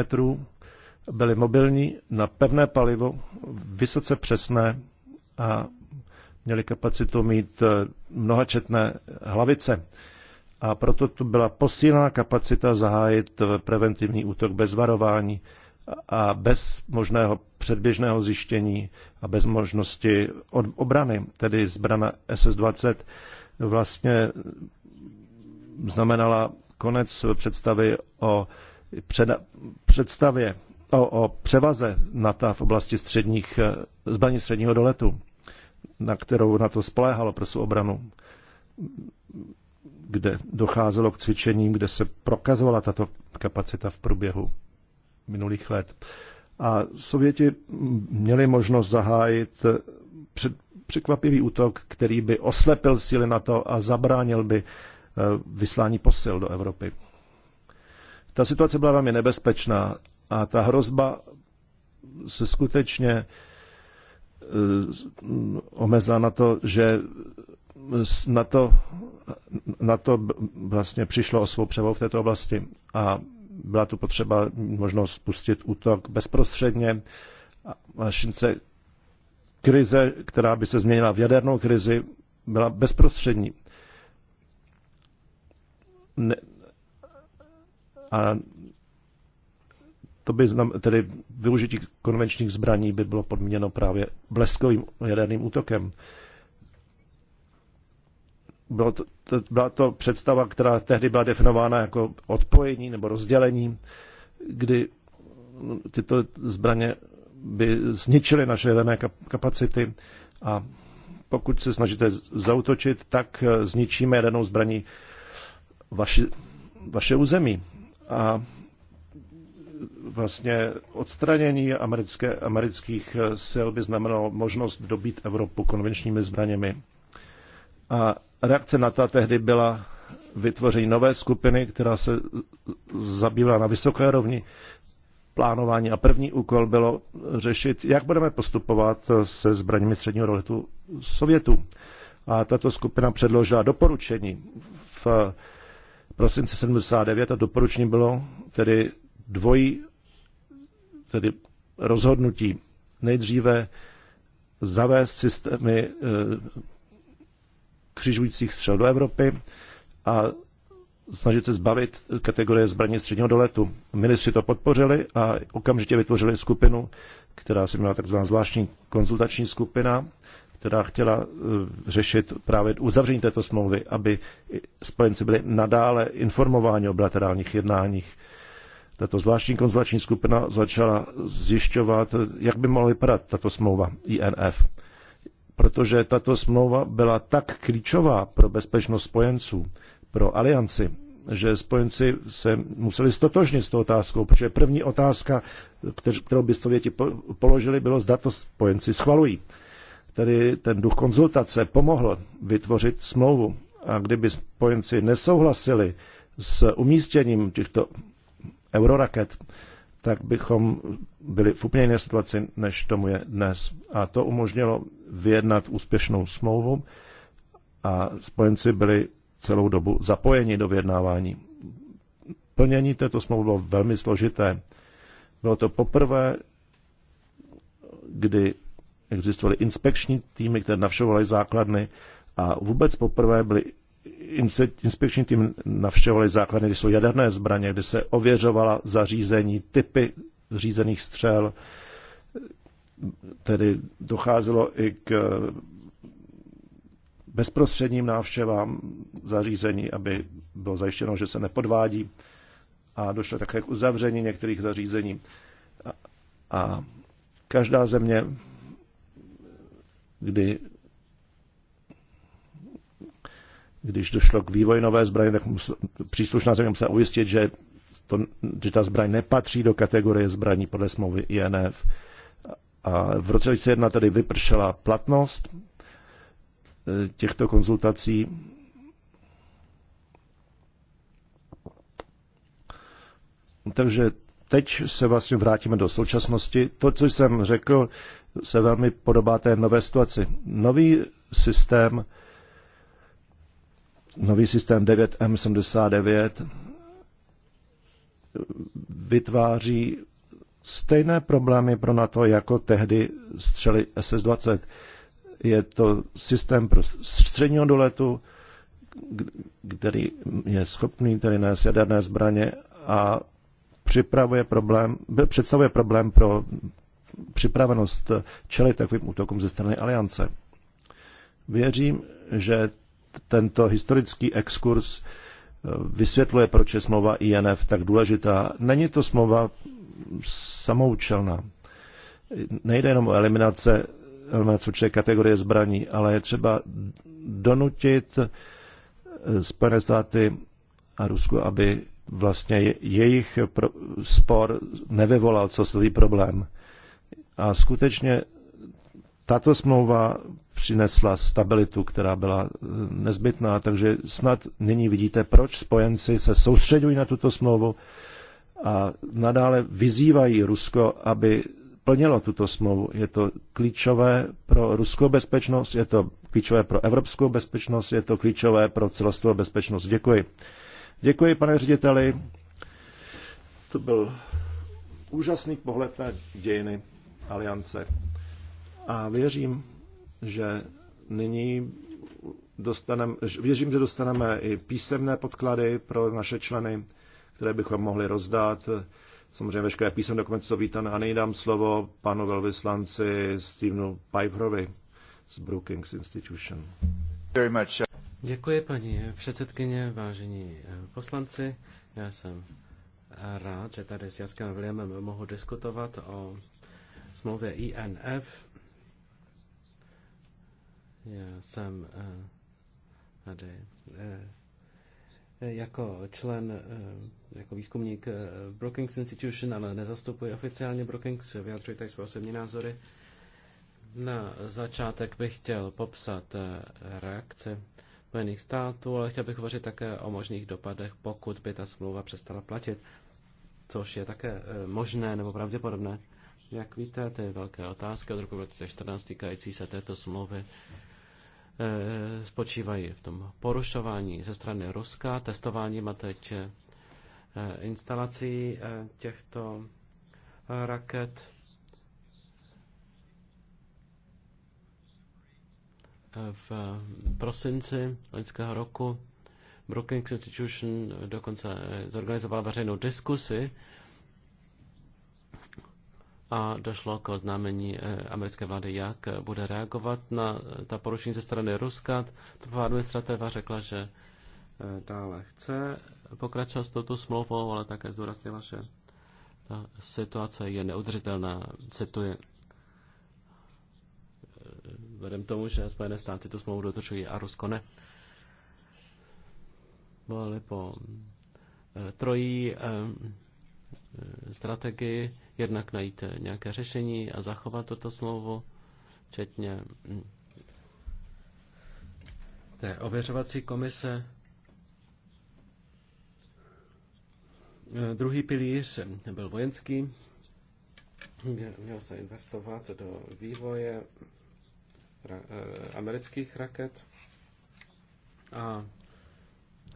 byly mobilní na pevné palivo, vysoce přesné a měly kapacitu mít eh, mnohačetné hlavice. A proto tu byla posílená kapacita zahájit eh, preventivní útok bez varování a bez možného předběžného zjištění a bez možnosti obrany, tedy zbrana SS-20 vlastně znamenala konec představy o představě o, o převaze NATO v oblasti středních, eh, zbraní středního doletu, na kterou NATO spoléhalo pro svou obranu, kde docházelo k cvičením, kde se prokazovala tato kapacita v průběhu minulých let. A Sověti měli možnost zahájit eh, před, překvapivý útok, který by oslepil síly NATO a zabránil by Eh, vyslání posil do Evropy. Ta situace byla velmi nebezpečná a ta hrozba se skutečně eh, omezila na to, že na to, na to vlastně přišlo o svou převou v této oblasti a byla tu potřeba možnost spustit útok bezprostředně a šince krize, která by se změnila v jadernou krizi, byla bezprostřední ne, a to by znam, tedy využití konvenčních zbraní by bylo podmíněno právě bleskovým jaderným útokem. Bylo to, to, byla to představa, která tehdy byla definována jako odpojení nebo rozdělení, kdy tyto zbraně by zničily naše jaderné kapacity a pokud se snažíte zautočit, tak eh, zničíme jadernou zbraní vaši, vaše území. A vlastně odstranění americké, amerických sil by znamenalo možnost dobít Evropu konvenčními zbraněmi. A reakce na ta tehdy byla vytvoření nové skupiny, která se zabývala na vysoké rovni plánování. A první úkol bylo řešit, jak budeme postupovat se zbraněmi středního roletu Sovětu. A tato skupina předložila doporučení v prosince 79 a doporučení bylo tedy dvojí tedy rozhodnutí. Nejdříve zavést systémy eh, křižujících střel do Evropy a snažit se zbavit kategorie zbraní středního doletu. Ministři to podpořili a okamžitě vytvořili skupinu, která se měla takzvaná zvláštní konzultační skupina, která chtěla eh, řešit právě uzavření této smlouvy, aby spojenci byli nadále informováni o bilaterálních jednáních. Tato zvláštní konzulační skupina začala zjišťovat, jak by mohla vypadat tato smlouva INF, protože tato smlouva byla tak klíčová pro bezpečnost spojenců, pro alianci, že spojenci se museli stotožnit s tou otázkou, protože první otázka, kterou by stověti položili, bylo, zda to spojenci schvalují tedy ten duch konzultace pomohl vytvořit smlouvu. A kdyby spojenci nesouhlasili s umístěním těchto euroraket, tak bychom byli v úplně jiné situaci, než tomu je dnes. A to umožnilo vyjednat úspěšnou smlouvu a spojenci byli celou dobu zapojeni do vyjednávání. Plnění této smlouvy bylo velmi složité. Bylo to poprvé, kdy existovaly inspekční týmy, které navštěvovaly základny a vůbec poprvé byly inspekční týmy navštěvovaly základny, kde jsou jaderné zbraně, kde se ověřovala zařízení, typy řízených střel, tedy docházelo i k eh, bezprostředním návštěvám zařízení, aby bylo zajištěno, že se nepodvádí a došlo také k uzavření některých zařízení. a každá země kdy když došlo k vývoji nové zbraně, tak musel, příslušná země musela ujistit, že, to, že ta zbraň nepatří do kategorie zbraní podle smlouvy INF. A v roce 2001 tedy vypršela platnost eh, těchto konzultací. Takže teď se vlastně vrátíme do současnosti. To, co jsem řekl, se velmi podobá té nové situaci. Nový systém, nový systém 9M79 vytváří stejné problémy pro NATO jako tehdy střely SS-20. Je to systém pro středního doletu, který je schopný tedy nést jaderné zbraně a připravuje problém, představuje problém pro připravenost čelit takovým útokům ze strany aliance. Věřím, že tento historický exkurs eh, vysvětluje, proč je smlouva INF tak důležitá. Není to smlouva samoučelná. Nejde jenom o eliminace, eliminace určité kategorie zbraní, ale je třeba donutit eh, Spojené státy a Rusko, aby vlastně jejich spor nevyvolal co svůj problém. A skutečně tato smlouva přinesla stabilitu, která byla eh, nezbytná, takže snad nyní vidíte, proč spojenci se soustředují na tuto smlouvu a nadále vyzývají Rusko, aby plnilo tuto smlouvu. Je to klíčové pro ruskou bezpečnost, je to klíčové pro evropskou bezpečnost, je to klíčové pro celostovou bezpečnost. Děkuji. Děkuji, pane řediteli. To byl úžasný pohled na dějiny aliance. A věřím, že nyní dostaneme, věřím, že dostaneme i písemné podklady pro naše členy, které bychom mohli rozdát. Samozřejmě veškeré písemné dokumenty jsou vítané a nyní dám slovo panu velvyslanci Stevenu Piperovi z Brookings Institution. Děkuji, paní předsedkyně, vážení eh, poslanci. Já jsem rád, že tady s Jaskem Williamem mohu diskutovat o smlouvě INF. Já jsem eh, tady eh, jako člen, eh, jako výzkumník Brookings Institution, ale nezastupuji oficiálně Brookings, vyjadřuji tady své osobní názory. Na začátek bych chtěl popsat reakce Spojených států, ale chtěl bych hovořit také o možných dopadech, pokud by ta smlouva přestala platit, což je také možné nebo pravděpodobné. Jak víte, to je velká otázka od roku 2014 týkající se této smlouvy. Eh, spočívají v tom porušování ze strany Ruska, testování e, instalací eh, těchto raket. V prosinci loňského roku Brookings Institution dokonce zorganizovala veřejnou diskusi a došlo k oznámení eh, americké vlády, jak eh, bude reagovat na eh, ta porušení ze strany Ruska. Trumpová administrativa řekla, že dále chce pokračovat s touto smlouvou, ale také zdůraznila, že ta situace je neudržitelná. Cituji. Vedem tomu, že Spojené státy tu smlouvu dotočují a Rusko ne. Volali po trojí strategii jednak najít nějaké řešení a zachovat toto slovo včetně hm, té ověřovací komise. Eh, druhý pilíř byl vojenský, měl se investovat do vývoje eh, amerických raket a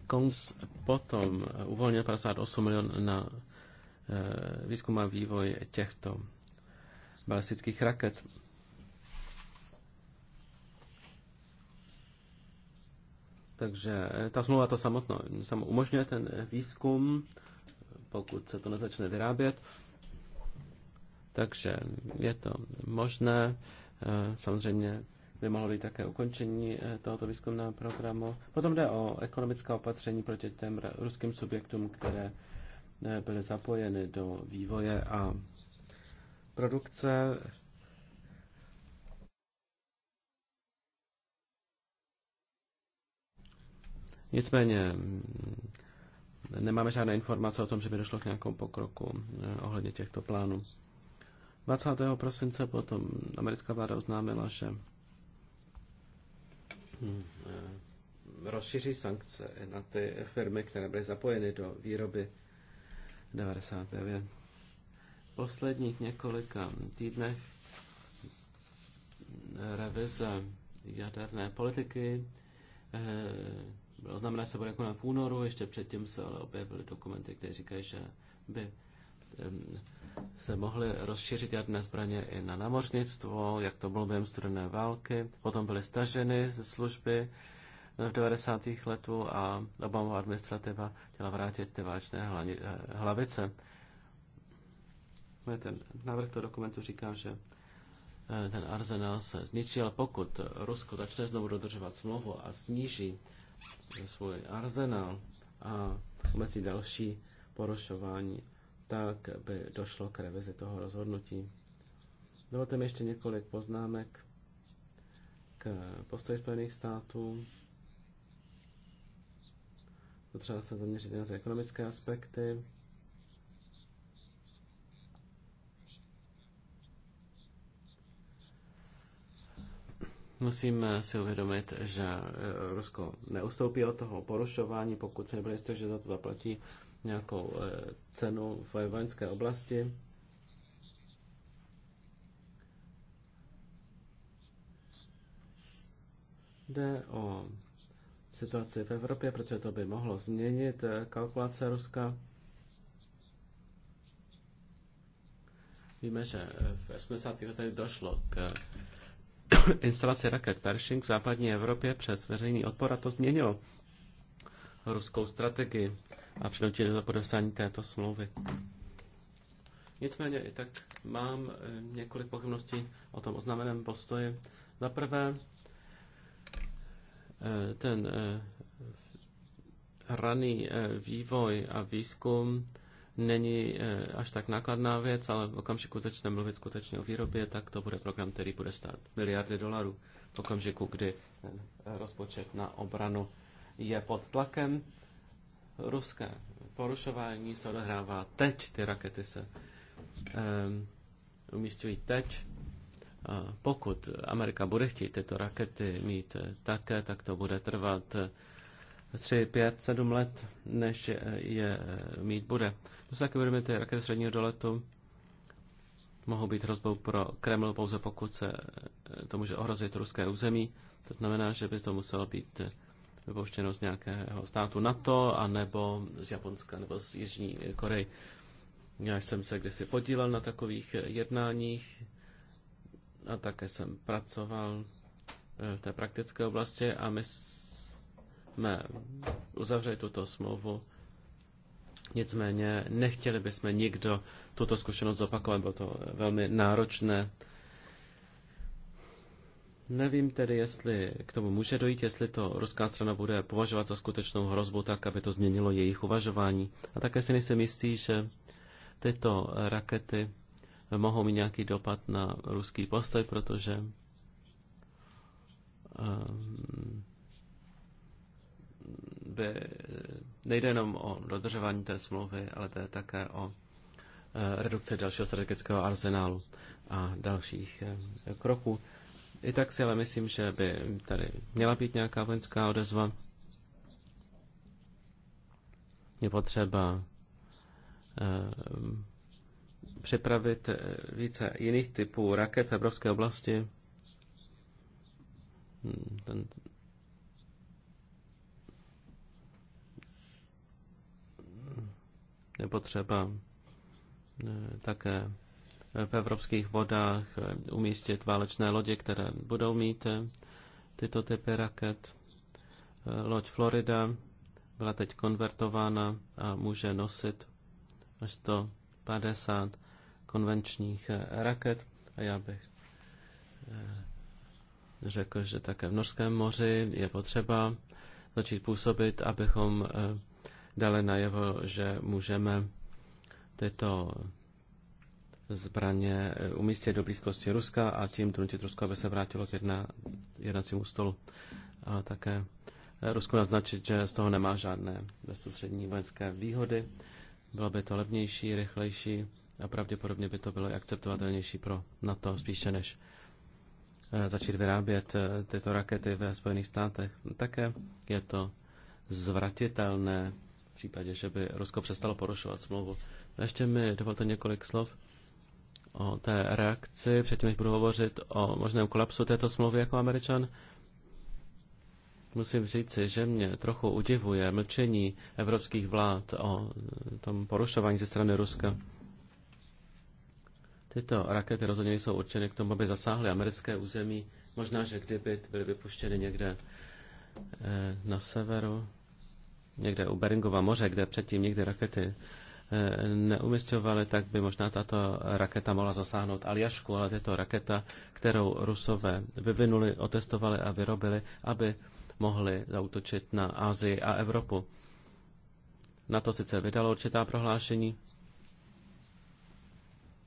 Kongs potom uvolnil 58 milionů na Eh, výzkum a vývoj těchto balistických raket. Takže eh, ta smlouva to samotno, samo umožňuje ten výzkum, pokud se to nezačne vyrábět. Takže je to možné. Eh, samozřejmě by mohlo být také ukončení tohoto výzkumného programu. Potom jde o ekonomické opatření proti těm ruským subjektům, které byly zapojeny do vývoje a produkce. Nicméně mm, nemáme žádné informace o tom, že by došlo k nějakému pokroku eh, ohledně těchto plánů. 20. prosince potom americká vláda oznámila, že hmm, eh, rozšíří sankce na ty firmy, které byly zapojeny do výroby 99. posledních několika týdnech revize jaderné politiky eh, bylo znamená, že se bude konat v únoru, ještě předtím se ale objevily dokumenty, které říkají, že by se mohly rozšířit jaderné zbraně i na námořnictvo, jak to bylo během studené války. Potom byly staženy ze služby v 90. letu a Obama administrativa chtěla vrátit ty válečné eh, hlavice. Ten návrh toho dokumentu říká, že eh, ten arzenál se zničil. pokud Rusko začne znovu dodržovat smlouvu a sníží svůj arzenál a omezí další porušování, tak by došlo k revizi toho rozhodnutí. Dovolte mi ještě několik poznámek k postoji Spojených států potřeba se zaměřit na ty ekonomické aspekty. Musíme si uvědomit, že e, Rusko neustoupí od toho porušování, pokud se nebude že za to zaplatí nějakou e, cenu v vojenské oblasti. Jde o situaci v Evropě, protože to by mohlo změnit eh, kalkulace Ruska. Víme, že eh, v 80. letech došlo k instalaci raket Pershing v západní Evropě přes veřejný odpor a to změnilo ruskou strategii a přinutili za podepsání této smlouvy. Nicméně i tak mám eh, několik pochybností o tom oznámeném postoji. Za prvé, Eh, ten eh, raný eh, vývoj a výzkum není až tak nákladná věc, ale v okamžiku začne mluvit skutečně o výrobě, tak to bude program, který bude stát miliardy dolarů. V okamžiku, kdy ten rozpočet na obranu je pod tlakem, ruské porušování se odehrává teď, ty rakety se um, umístují teď pokud Amerika bude chtít tyto rakety mít eh, také, tak to bude trvat 3, 5, 7 let, než eh, je eh, mít bude. To se taky budeme ty rakety středního doletu mohou být hrozbou pro Kreml pouze pokud se to může ohrozit ruské území. To znamená, že by to muselo být vypouštěno z nějakého státu NATO, anebo z Japonska, nebo z Jižní Koreji. Já jsem se kdysi podílel na takových jednáních, a také jsem pracoval eh, v té praktické oblasti a my jsme uzavřeli tuto smlouvu. Nicméně nechtěli bychom nikdo tuto zkušenost zopakovat, bylo to velmi náročné. Nevím tedy, jestli k tomu může dojít, jestli to ruská strana bude považovat za skutečnou hrozbu tak, aby to změnilo jejich uvažování. A také si nejsem jistý, že tyto rakety mohou mít nějaký dopad na ruský postoj, protože ehm, by nejde jenom o dodržování té smlouvy, ale to je také o eh, redukci dalšího strategického arzenálu a dalších eh, kroků. I tak si ale myslím, že by tady měla být nějaká vojenská odezva. Je potřeba ehm, připravit eh, více jiných typů raket v evropské oblasti. Hmm, ten nebo třeba eh, také v evropských vodách eh, umístit válečné lodě, které budou mít tyto typy raket. Loď Florida byla teď konvertována a může nosit až 150 konvenčních eh, raket. A já bych eh, řekl, že také v Norském moři je potřeba začít působit, abychom eh, dali najevo, že můžeme tyto zbraně umístit do blízkosti Ruska a tím donutit Rusko, aby se vrátilo k jedna, jednacímu stolu. Ale také Rusko naznačit, že z toho nemá žádné bezprostřední vojenské výhody. Bylo by to levnější, rychlejší a pravděpodobně by to bylo akceptovatelnější pro NATO spíše než eh, začít vyrábět eh, tyto rakety ve Spojených státech. No, také je to zvratitelné v případě, že by Rusko přestalo porušovat smlouvu. No, ještě mi dovolte několik slov o té reakci, předtím, než budu hovořit o možném kolapsu této smlouvy jako američan. Musím říci, že mě trochu udivuje mlčení evropských vlád o tom porušování ze strany Ruska. Tyto rakety rozhodně jsou určeny k tomu, aby zasáhly americké území. Možná, že kdyby byly vypuštěny někde eh, na severu, někde u Beringova moře, kde předtím nikdy rakety eh, neumistovaly, tak by možná tato raketa mohla zasáhnout Aljašku, ale tyto raketa, kterou Rusové vyvinuli, otestovali a vyrobili, aby mohli zautočit na Asii a Evropu. Na to sice vydalo určitá prohlášení,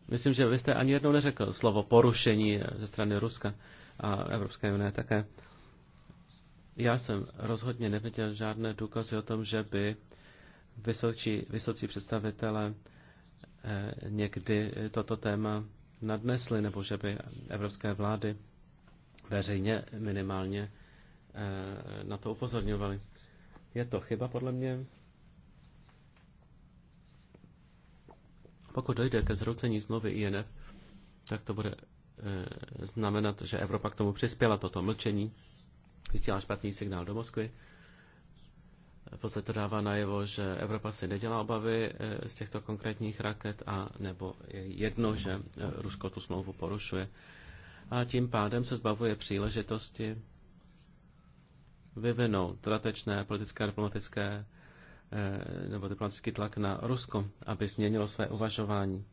Myslím, že vy jste ani jednou neřekl slovo porušení ze strany Ruska a Evropské unie také. Já jsem rozhodně neviděl žádné důkazy o tom, že by vysočí, vysocí představitele eh, někdy toto téma nadnesli, nebo že by evropské vlády veřejně minimálně eh, na to upozorňovali. Je to chyba podle mě, Pokud dojde ke zrucení zmluvy INF, tak to bude e, znamenat, že Evropa k tomu přispěla, toto mlčení, vysílá špatný signál do Moskvy. V podstatě to dává najevo, že Evropa si nedělá obavy eh, z těchto konkrétních raket a nebo je jedno, že eh, Rusko tu smlouvu porušuje. A tím pádem se zbavuje příležitosti vyvinout dodatečné politické a diplomatické Eh, nebo diplomatický tlak na Rusko, aby změnilo své uvažování.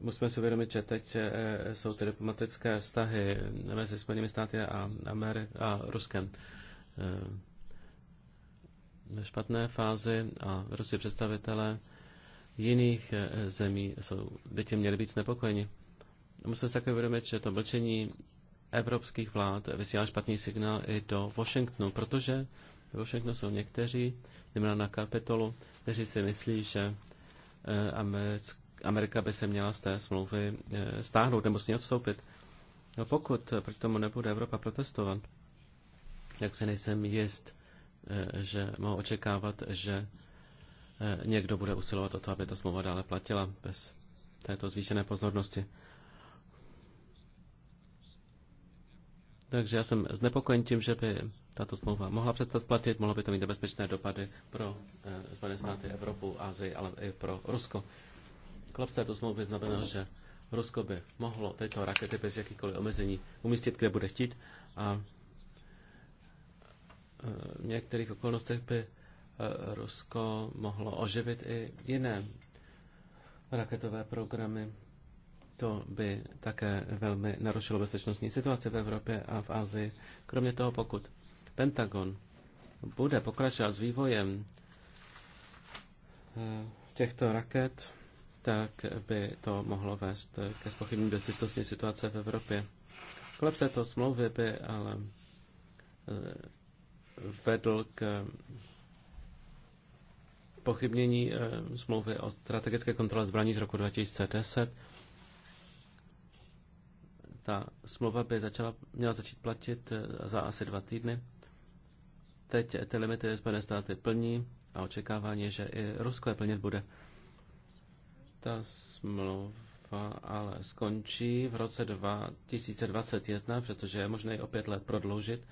Musíme si uvědomit, že teď eh, jsou ty diplomatické vztahy mezi Spojenými státy a, Ameri- a Ruskem eh, ve špatné fázi a ruští představitelé jiných zemí jsou by tě měli být znepokojeni. Musíme se také uvědomit, že to mlčení evropských vlád vysílá špatný signál i do Washingtonu, protože v Washingtonu jsou někteří, zejména na kapitolu, kteří si myslí, že eh, Amerika by se měla z té smlouvy eh, stáhnout nebo s ní odstoupit. No pokud proti tomu nebude Evropa protestovat, tak se nejsem jist, eh, že mohu očekávat, že někdo bude usilovat o to, aby ta smlouva dále platila bez této zvýšené pozornosti. Takže já jsem znepokojen tím, že by tato smlouva mohla přestat platit, mohla by to mít nebezpečné dopady pro eh, Spojené státy, Evropu, Asii, ale i pro Rusko. Klap této smlouvy znamená, že Rusko by mohlo tyto rakety bez jakýkoliv omezení umístit, kde bude chtít a eh, v některých okolnostech by eh, Rusko mohlo oživit i jiné raketové programy to by také velmi narušilo bezpečnostní situaci v Evropě a v Asii. Kromě toho, pokud Pentagon bude pokračovat s vývojem eh, těchto raket, tak by to mohlo vést ke spochybnění bezpečnostní situace v Evropě. Kolep to smlouvy by ale eh, vedl k pochybnění eh, smlouvy o strategické kontrole zbraní z roku 2010 ta smlouva by začala, měla začít platit eh, za asi dva týdny. Teď ty limity Spojené státy plní a očekávání je, že i Rusko je plnit bude. Ta smlouva ale skončí v roce 2021, protože je možné ji o pět let prodloužit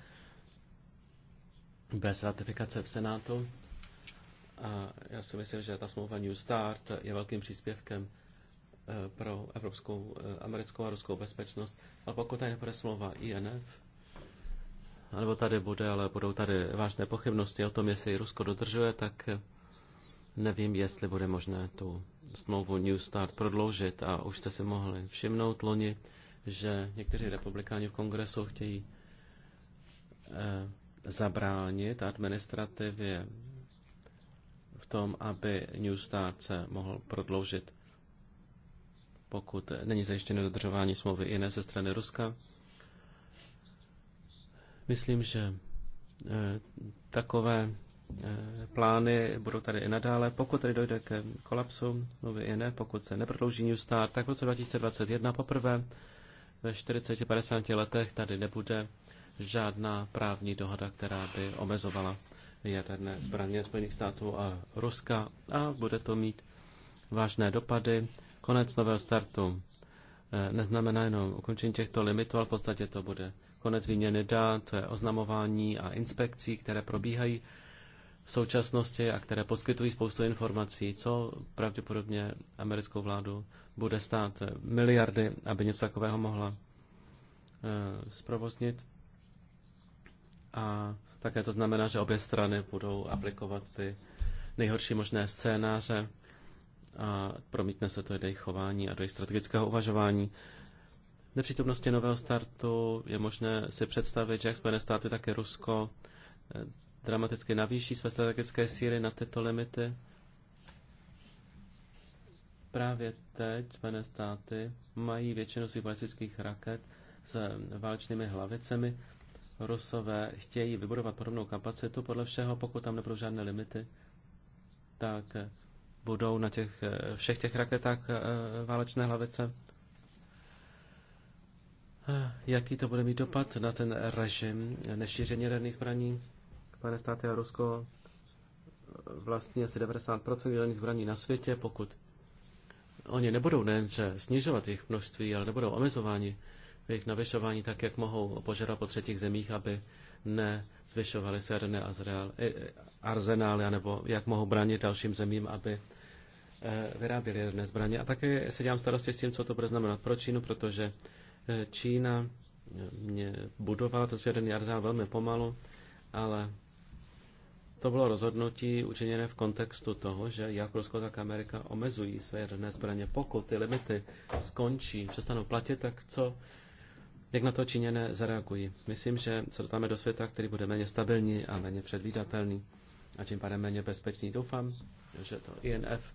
bez ratifikace v Senátu. A já si myslím, že ta smlouva New Start je velkým příspěvkem Eh, pro evropskou, eh, americkou a ruskou bezpečnost, ale pokud tady nebude smlouva INF, nebo tady bude, ale budou tady vážné pochybnosti o tom, jestli Rusko dodržuje, tak eh, nevím, jestli bude možné tu smlouvu New Start prodloužit. A už jste si mohli všimnout loni, že někteří republikáni v kongresu chtějí eh, zabránit administrativě v tom, aby New Start se mohl prodloužit pokud není zajištěno dodržování smlouvy i ne ze strany Ruska. Myslím, že e, takové e, plány budou tady i nadále. Pokud tady dojde k kolapsu, mluví i ne, pokud se neprodlouží New Start, tak v roce 2021 poprvé ve 40-50 letech tady nebude žádná právní dohoda, která by omezovala jaderné zbraně Spojených států a Ruska a bude to mít vážné dopady Konec nového startu eh, neznamená jenom ukončení těchto limitů, ale v podstatě to bude konec výměny dat, to je oznamování a inspekcí, které probíhají v současnosti a které poskytují spoustu informací, co pravděpodobně americkou vládu bude stát miliardy, aby něco takového mohla eh, zprovoznit. A také to znamená, že obě strany budou aplikovat ty nejhorší možné scénáře a promítne se to i do jejich chování a do jejich strategického uvažování. V nepřítomnosti nového startu je možné si představit, že jak Spojené státy, tak i Rusko eh, dramaticky navýší své strategické síly na tyto limity. Právě teď Spojené státy mají většinu svých balistických raket s válečnými hlavicemi. Rusové chtějí vybudovat podobnou kapacitu podle všeho, pokud tam nebudou žádné limity, tak budou na těch, eh, všech těch raketách eh, válečné hlavice. Eh, jaký to bude mít dopad na ten režim nešíření jaderných zbraní? Spojené státy a Rusko vlastní asi 90% jaderných zbraní na světě, pokud oni nebudou nejenže snižovat jejich množství, ale nebudou omezováni, jejich navyšování tak, jak mohou požadovat po třetích zemích, aby nezvyšovali své jaderné e, e, arzenály, nebo jak mohou bránit dalším zemím, aby e, vyráběli jaderné zbraně. A také se dělám starosti s tím, co to bude znamenat pro Čínu, protože Čína mě budovala to jaderný arzenál velmi pomalu, ale to bylo rozhodnutí učiněné v kontextu toho, že jak Rusko, tak Amerika omezují své jaderné zbraně. Pokud ty limity skončí, přestanou platit, tak co jak na to Číňané zareagují. Myslím, že se dotáme do světa, který bude méně stabilní a méně předvídatelný a tím pádem méně bezpečný. Doufám, že to INF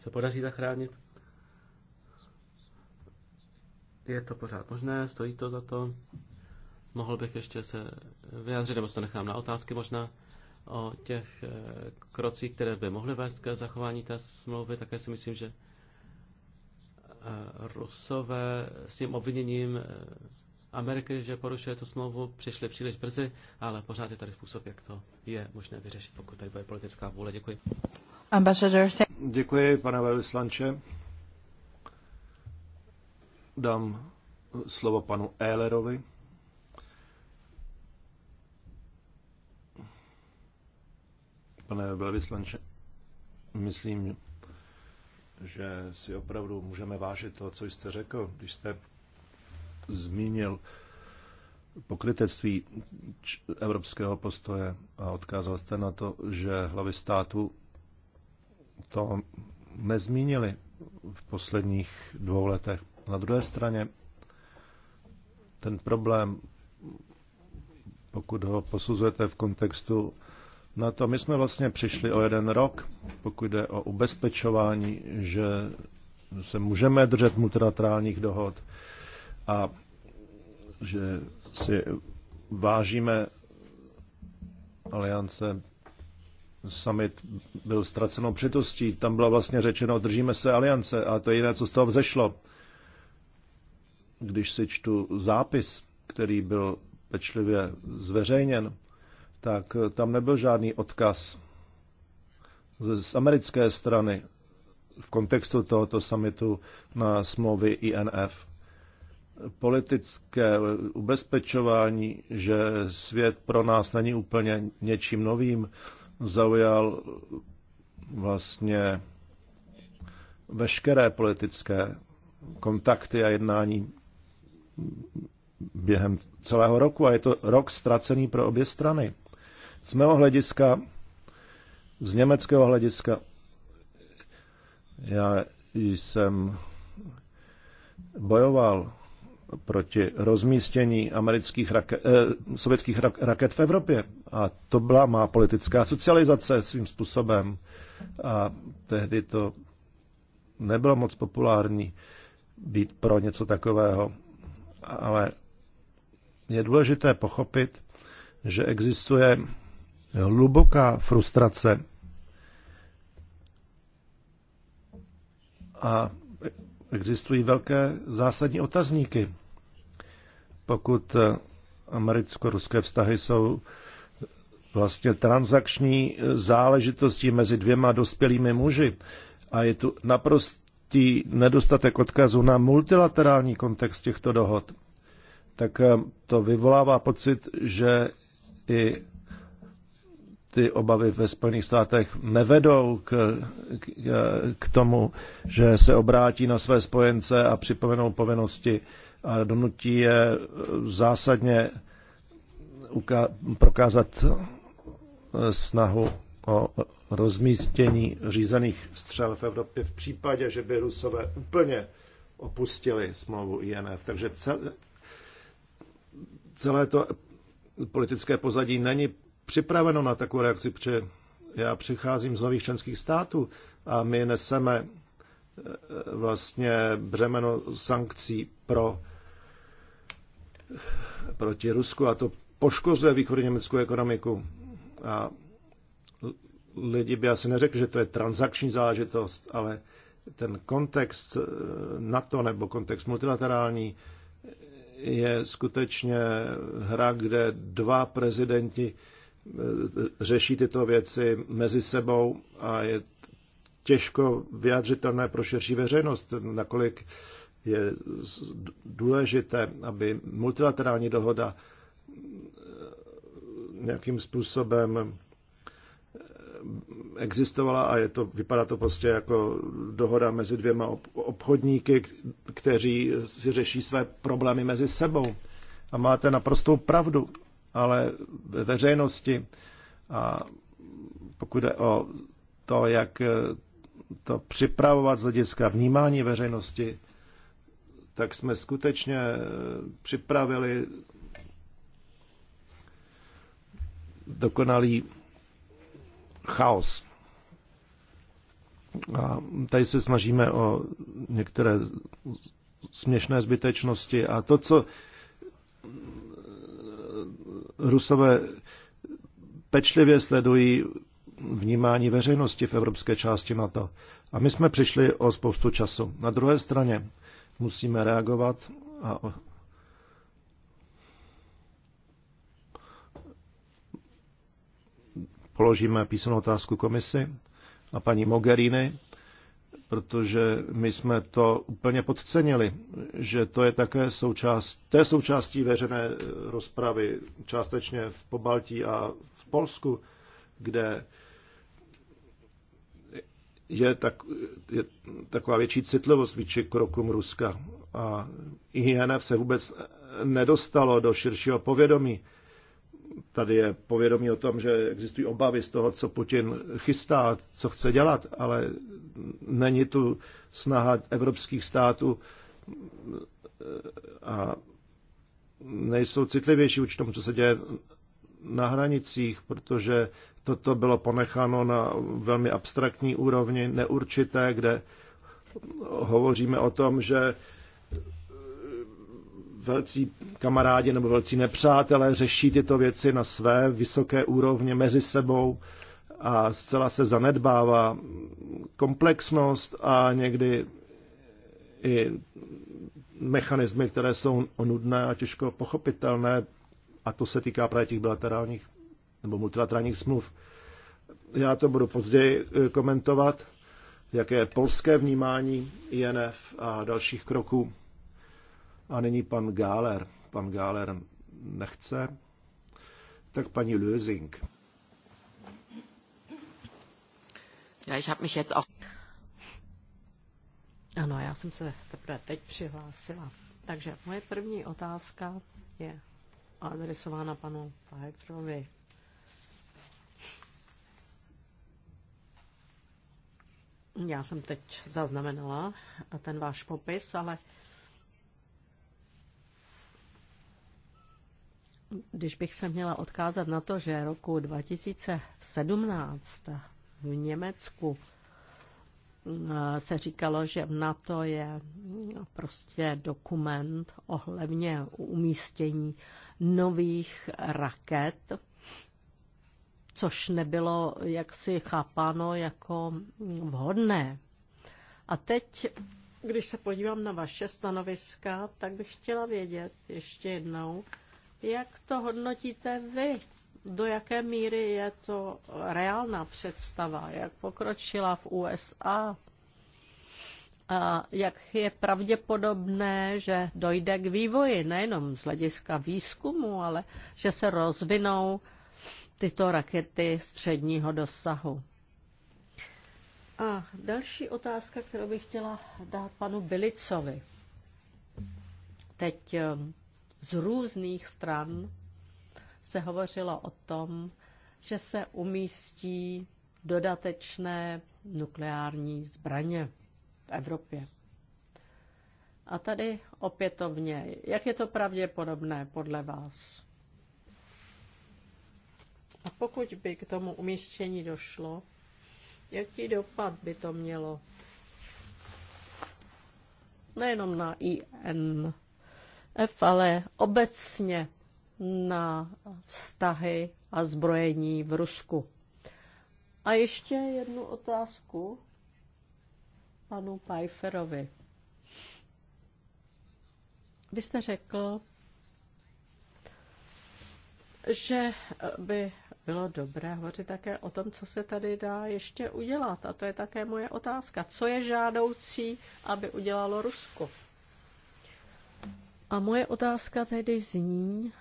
se podaří zachránit. Je to pořád možné, stojí to za to. Mohl bych ještě se vyjádřit, nebo se to nechám na otázky možná, o těch eh, krocích, které by mohly vést k zachování té smlouvy. Také si myslím, že Rusové s tím obviněním eh, Ameriky, že porušuje tu smlouvu, přišli příliš brzy, ale pořád je tady způsob, jak to je možné vyřešit, pokud tady bude politická vůle. Děkuji. Ambassador, Děkuji, pane velvyslanče. Dám slovo panu Ehlerovi. Pane velvyslanče, myslím, že si opravdu můžeme vážit to, co jste řekl, když jste zmínil pokrytectví evropského postoje a odkázal jste na to, že hlavy státu to nezmínili v posledních dvou letech. Na druhé straně ten problém, pokud ho posuzujete v kontextu na to. My jsme vlastně přišli o jeden rok, pokud jde o ubezpečování, že se můžeme držet multilaterálních dohod a že si vážíme aliance. Summit byl ztracenou přitostí. Tam bylo vlastně řečeno, držíme se aliance a to je jiné, co z toho vzešlo. Když si čtu zápis, který byl pečlivě zveřejněn, tak eh, tam nebyl žádný odkaz z americké strany v kontextu tohoto samitu na smlouvy INF. Politické ubezpečování, že svět pro nás není úplně něčím novým, zaujal vlastně veškeré politické kontakty a jednání během celého roku a je to rok ztracený pro obě strany. Z mého hlediska, z německého hlediska, já jsem bojoval proti rozmístění amerických rake, eh, sovětských raket v Evropě. A to byla má politická socializace svým způsobem. A tehdy to nebylo moc populární být pro něco takového. Ale je důležité pochopit, že existuje hluboká frustrace. A existují velké zásadní otazníky. Pokud eh, americko-ruské vztahy jsou vlastně transakční eh, záležitostí mezi dvěma dospělými muži a je tu naprostý nedostatek odkazu na multilaterální kontext těchto dohod, tak eh, to vyvolává pocit, že i ty obavy ve Spojených státech nevedou k, k, k tomu, že se obrátí na své spojence a připomenou povinnosti a donutí je zásadně prokázat snahu o rozmístění řízených střel v Evropě v případě, že by Rusové úplně opustili smlouvu INF. Takže celé, celé to politické pozadí není připraveno na takovou reakci, protože já přicházím z nových členských států a my neseme eh, vlastně břemeno sankcí pro, proti Rusku a to poškozuje východní německou ekonomiku. A lidi by asi neřekli, že to je transakční záležitost, ale ten kontext eh, NATO nebo kontext multilaterální eh, je skutečně hra, kde dva prezidenti Eh, řeší tyto věci mezi sebou a je těžko vyjádřitelné pro širší veřejnost, nakolik je důležité, aby multilaterální dohoda eh, nějakým způsobem eh, existovala a je to, vypadá to prostě jako dohoda mezi dvěma obchodníky, kteří si řeší své problémy mezi sebou. A máte naprostou pravdu ale ve veřejnosti. A pokud jde o to, jak to připravovat z hlediska vnímání veřejnosti, tak jsme skutečně připravili dokonalý chaos. A tady se snažíme o některé směšné zbytečnosti a to, co Rusové pečlivě sledují vnímání veřejnosti v evropské části NATO. A my jsme přišli o spoustu času. Na druhé straně musíme reagovat a položíme písemnou otázku komisi a paní Mogherini protože my jsme to úplně podcenili, že to je také součást, to je součástí veřejné eh, rozpravy, částečně v Pobaltí a v Polsku, kde je, tak, je taková větší citlivost vůči krokům Ruska. A INF se vůbec nedostalo do širšího povědomí tady je povědomí o tom, že existují obavy z toho, co Putin chystá, co chce dělat, ale není tu snaha evropských států eh, a nejsou citlivější už tomu, co se děje na hranicích, protože toto bylo ponecháno na velmi abstraktní úrovni, neurčité, kde hovoříme o tom, že velcí kamarádi nebo velcí nepřátelé řeší tyto věci na své vysoké úrovně mezi sebou a zcela se zanedbává komplexnost a někdy i mechanismy, které jsou onudné a těžko pochopitelné, a to se týká právě těch bilaterálních nebo multilaterálních smluv. Já to budu později eh, komentovat, jaké je polské vnímání INF a dalších kroků a nyní pan Gáler. Pan Gáler nechce. Tak paní Lösing. Ja, ich habe mich jetzt auch... Ano, já jsem se teprve teď přihlásila. Takže moje první otázka je adresována panu Pajtrovi. Já jsem teď zaznamenala ten váš popis, ale když bych se měla odkázat na to, že roku 2017 v Německu eh, se říkalo, že NATO je prostě dokument ohledně umístění nových raket, což nebylo jaksi chápáno jako vhodné. A teď, když se podívám na vaše stanoviska, tak bych chtěla vědět ještě jednou, jak to hodnotíte vy? Do jaké míry je to reálná představa? Jak pokročila v USA? A jak je pravděpodobné, že dojde k vývoji nejenom z hlediska výzkumu, ale že se rozvinou tyto rakety středního dosahu? A další otázka, kterou bych chtěla dát panu Bilicovi. Teď um, z různých stran se hovořilo o tom, že se umístí dodatečné nukleární zbraně v Evropě. A tady opětovně, jak je to pravděpodobné podle vás? A pokud by k tomu umístění došlo, jaký dopad by to mělo? Nejenom na IN, E F, ale obecně na vztahy a zbrojení v Rusku. A ještě jednu otázku panu Pajferovi. Vy jste řekl, že by bylo dobré hovořit také o tom, co se tady dá ještě udělat. A to je také moje otázka. Co je žádoucí, aby udělalo Rusko? A moje otázka tedy zní,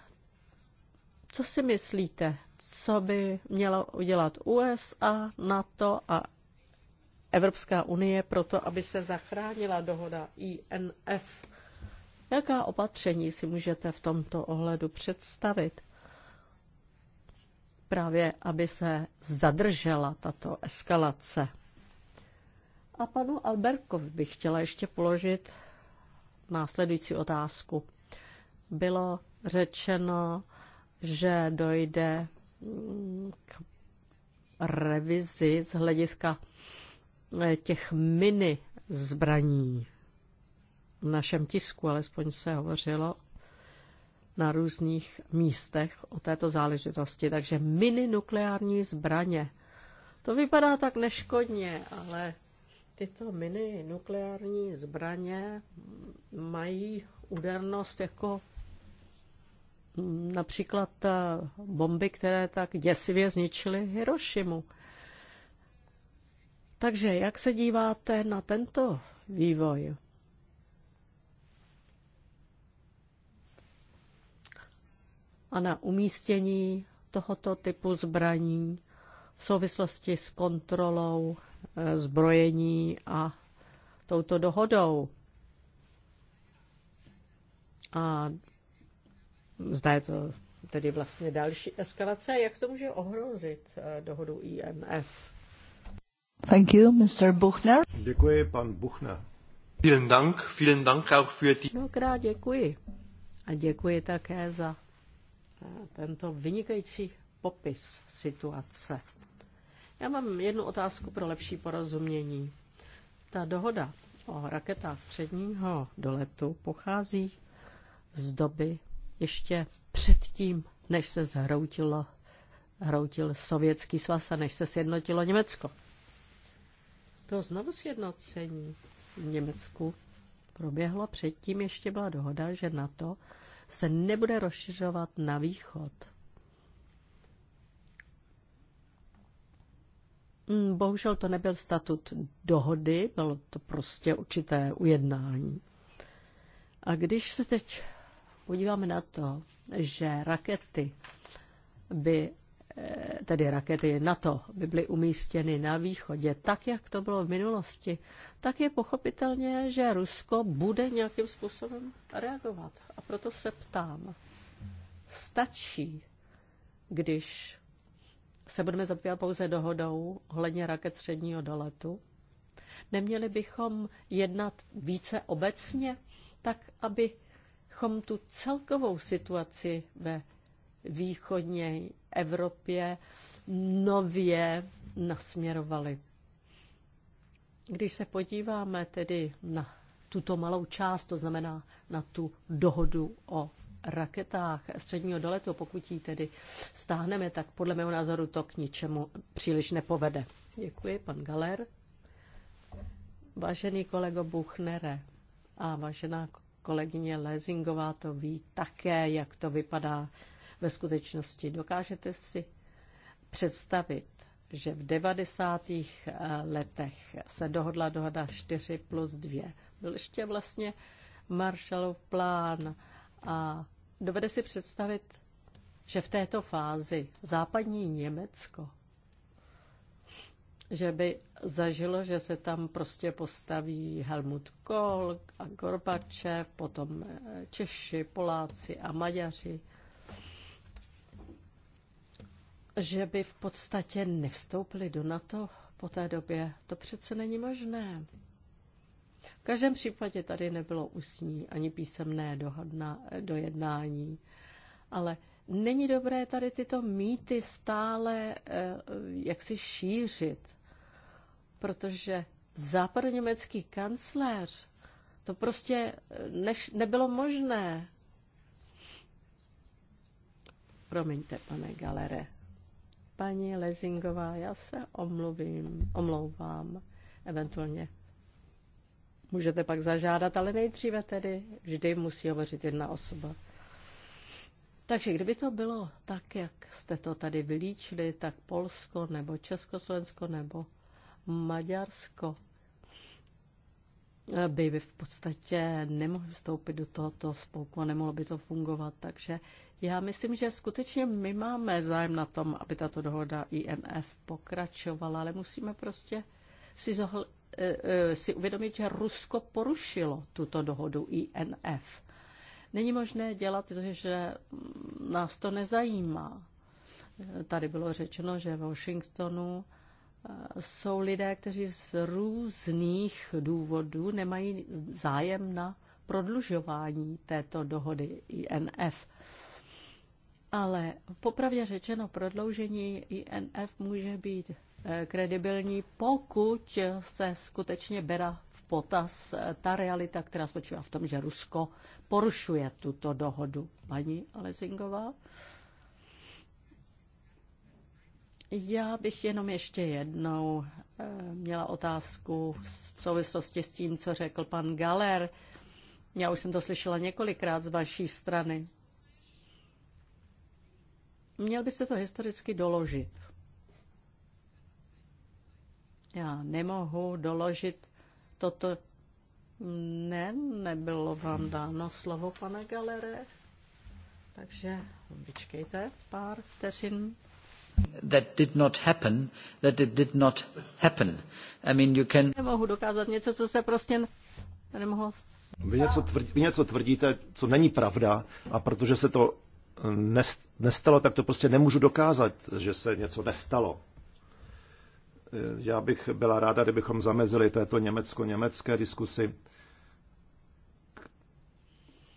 co si myslíte, co by mělo udělat USA, NATO a Evropská unie pro to, aby se zachránila dohoda INF? Jaká opatření si můžete v tomto ohledu představit? Právě, aby se zadržela tato eskalace. A panu Alberkov bych chtěla ještě položit následující otázku. Bylo řečeno, že dojde mm, k revizi z hlediska eh, těch mini zbraní. V našem tisku alespoň se hovořilo na různých místech o této záležitosti. Takže mini nukleární zbraně. To vypadá tak neškodně, ale tyto mini nukleární zbraně mají údernost jako například eh, bomby, které tak děsivě zničily Hirošimu. Takže jak se díváte na tento vývoj? A na umístění tohoto typu zbraní v souvislosti s kontrolou zbrojení a touto dohodou. A zda je to tedy vlastně další eskalace. Jak to může ohrozit eh, dohodu INF? Thank you, Mr. Buchner. Děkuji, pan Buchner. Vielen Dank, vielen Dank auch für die... Mnohokrát děkuji. A děkuji také za eh, tento vynikající popis situace. Já mám jednu otázku pro lepší porozumění. Ta dohoda o raketách středního doletu pochází z doby ještě předtím, než se zhroutilo, hroutil Sovětský svaz a než se sjednotilo Německo. To znovu sjednocení v Německu proběhlo předtím, ještě byla dohoda, že NATO se nebude rozšiřovat na východ. Mm, bohužel to nebyl statut dohody, bylo to prostě určité ujednání. A když se teď podíváme na to, že rakety by, eh, tedy rakety NATO, by byly umístěny na východě, tak jak to bylo v minulosti, tak je pochopitelně, že Rusko bude nějakým způsobem reagovat. A proto se ptám, stačí, když se budeme zabývat pouze dohodou ohledně raket středního doletu, neměli bychom jednat více obecně, tak abychom tu celkovou situaci ve východní Evropě nově nasměrovali. Když se podíváme tedy na tuto malou část, to znamená na tu dohodu o raketách středního doletu, pokud ji tedy stáhneme, tak podle mého názoru to k ničemu příliš nepovede. Děkuji, pan Galer. Vážený kolego Buchnere a vážená kolegyně Lezingová to ví také, jak to vypadá ve skutečnosti. Dokážete si představit, že v 90. Eh, letech se dohodla dohoda 4 plus 2. Byl ještě vlastně Marshallův plán a dovede si představit, že v této fázi západní Německo, že by zažilo, že se tam prostě postaví Helmut Kohl a Gorbačev, potom eh, Češi, Poláci a Maďaři, že by v podstatě nevstoupili do NATO po té době, to přece není možné. V každém případě tady nebylo ústní ani písemné dohodna, dojednání, ale není dobré tady tyto mýty stále eh, jaksi šířit, protože západoněmecký kancléř to prostě eh, než, nebylo možné. Promiňte, pane Galere. Paní Lezingová, já se omluvím, omlouvám, eventuálně Můžete pak zažádat, ale nejdříve tedy vždy musí hovořit jedna osoba. Takže kdyby to bylo tak, jak jste to tady vylíčili, tak Polsko nebo Československo nebo Maďarsko eh, by, v podstatě nemohli vstoupit do tohoto spolku a nemohlo by to fungovat. Takže já myslím, že skutečně my máme zájem na tom, aby tato dohoda INF pokračovala, ale musíme prostě si E, e, si uvědomit, že Rusko porušilo tuto dohodu INF. Není možné dělat, že nás to nezajímá. Tady bylo řečeno, že v Washingtonu e, jsou lidé, kteří z různých důvodů nemají zájem na prodlužování této dohody INF. Ale popravdě řečeno, prodloužení INF může být Eh, kredibilní, pokud se skutečně bera v potaz eh, ta realita, která spočívá v tom, že Rusko porušuje tuto dohodu. Paní Alezingová? Já bych jenom ještě jednou eh, měla otázku v souvislosti s tím, co řekl pan Galer. Já už jsem to slyšela několikrát z vaší strany. Měl byste to historicky doložit. Já nemohu doložit toto. Ne, nebylo vám dáno slovo, pane Galere. Takže vyčkejte pár vteřin. That did not happen, that it did not happen. I mean, you can... Nemohu dokázat něco, co se prostě nemohlo... Vy něco, tvrdí, vy něco tvrdíte, co není pravda, a protože se to eh, nestalo, tak to prostě nemůžu dokázat, že se něco nestalo. Já bych byla ráda, kdybychom zamezili této německo-německé diskusi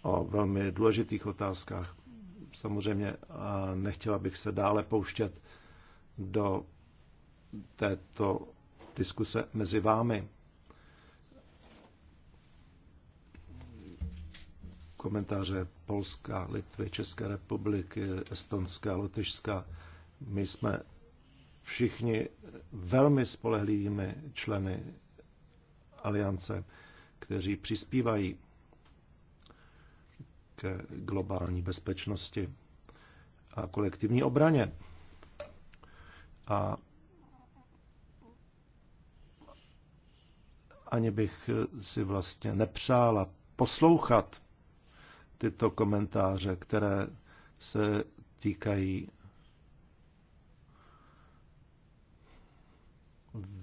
o velmi důležitých otázkách. Samozřejmě nechtěla bych se dále pouštět do této diskuse mezi vámi. Komentáře Polska, Litvy, České republiky, Estonska, Lotyšska. My jsme všichni velmi spolehlivými členy aliance, kteří přispívají k globální bezpečnosti a kolektivní obraně. A ani bych si vlastně nepřála poslouchat tyto komentáře, které se týkají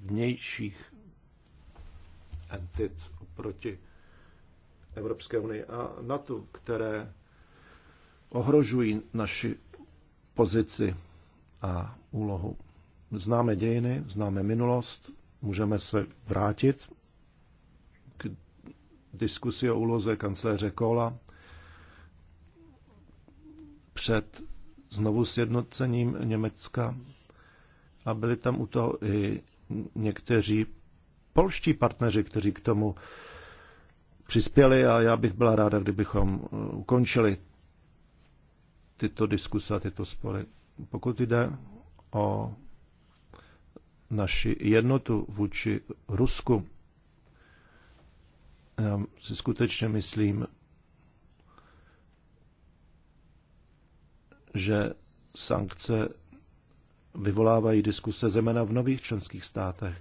vnějších entit oproti Evropské unii a NATO, které ohrožují naši pozici a úlohu. Známe dějiny, známe minulost, můžeme se vrátit k diskusi o úloze kancléře Kola před znovu sjednocením Německa a byli tam u toho i někteří polští partneři, kteří k tomu přispěli a já bych byla ráda, kdybychom uh, ukončili tyto diskuse a tyto spory. Pokud jde o naši jednotu vůči Rusku, já si skutečně myslím, že sankce vyvolávají diskuse zemena v nových členských státech,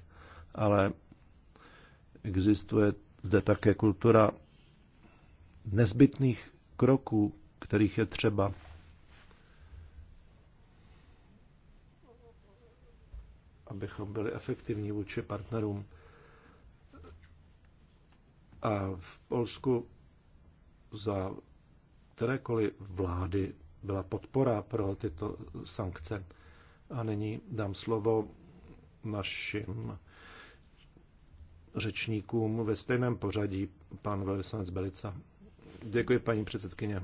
ale existuje zde také kultura nezbytných kroků, kterých je třeba. abychom byli efektivní vůči partnerům. A v Polsku za kterékoliv vlády byla podpora pro tyto sankce. A nyní dám slovo našim řečníkům ve stejném pořadí, pan velvyslanec Belica. Děkuji, paní předsedkyně.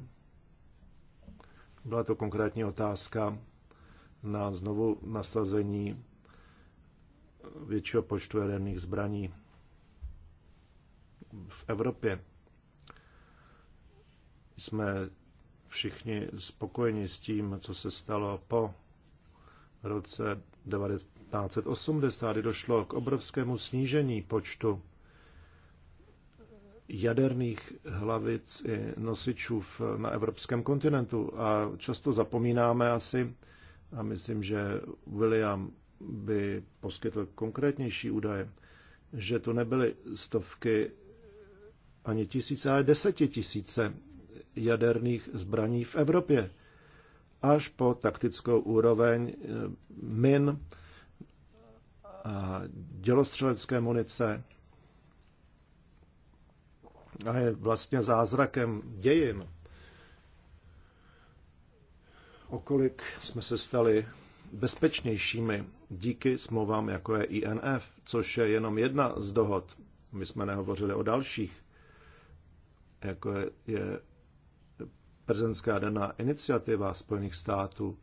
Byla to konkrétní otázka na znovu nasazení většího počtu jaderných zbraní v Evropě. Jsme všichni spokojeni s tím, co se stalo po v roce 1980 došlo k obrovskému snížení počtu jaderných hlavic i nosičů na evropském kontinentu a často zapomínáme asi, a myslím, že William by poskytl konkrétnější údaje, že to nebyly stovky ani tisíce, ale desetitisíce jaderných zbraní v Evropě až po taktickou úroveň eh, min a dělostřelecké munice. A je vlastně zázrakem dějin, okolik jsme se stali bezpečnějšími díky smlouvám, jako je INF, což je jenom jedna z dohod. My jsme nehovořili o dalších, jako je, je prezidentská daná iniciativa Spojených států,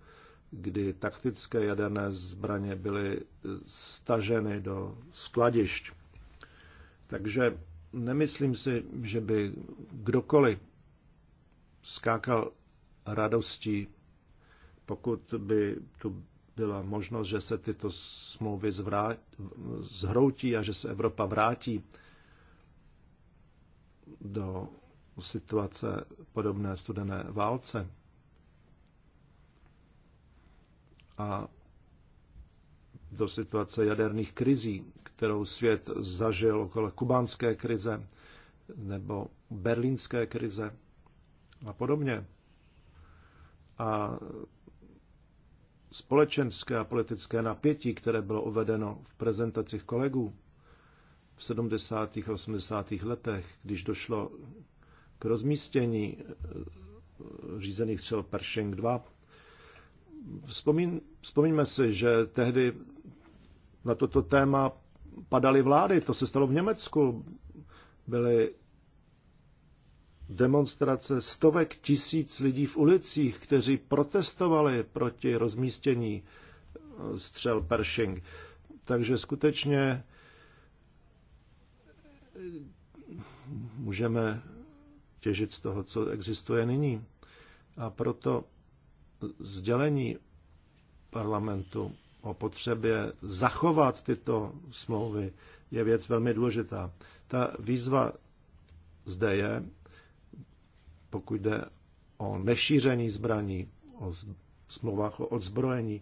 kdy taktické jaderné zbraně byly staženy do skladišť. Takže nemyslím si, že by kdokoliv skákal radostí, pokud by tu byla možnost, že se tyto smlouvy zvrá... zhroutí a že se Evropa vrátí do situace podobné studené válce. A do situace jaderných krizí, kterou svět zažil okolo kubánské krize nebo berlínské krize a podobně. A společenské a politické napětí, které bylo uvedeno v prezentacích kolegů v 70. a 80. letech, když došlo k rozmístění eh, řízených střel Pershing 2. Vzpomín, vzpomíňme si, že tehdy na toto téma padaly vlády. To se stalo v Německu. Byly demonstrace stovek tisíc lidí v ulicích, kteří protestovali proti rozmístění eh, střel Pershing. Takže skutečně eh, můžeme těžit z toho, co existuje nyní. A proto sdělení parlamentu o potřebě zachovat tyto smlouvy je věc velmi důležitá. Ta výzva zde je, pokud jde o nešíření zbraní, o smlouvách o odzbrojení,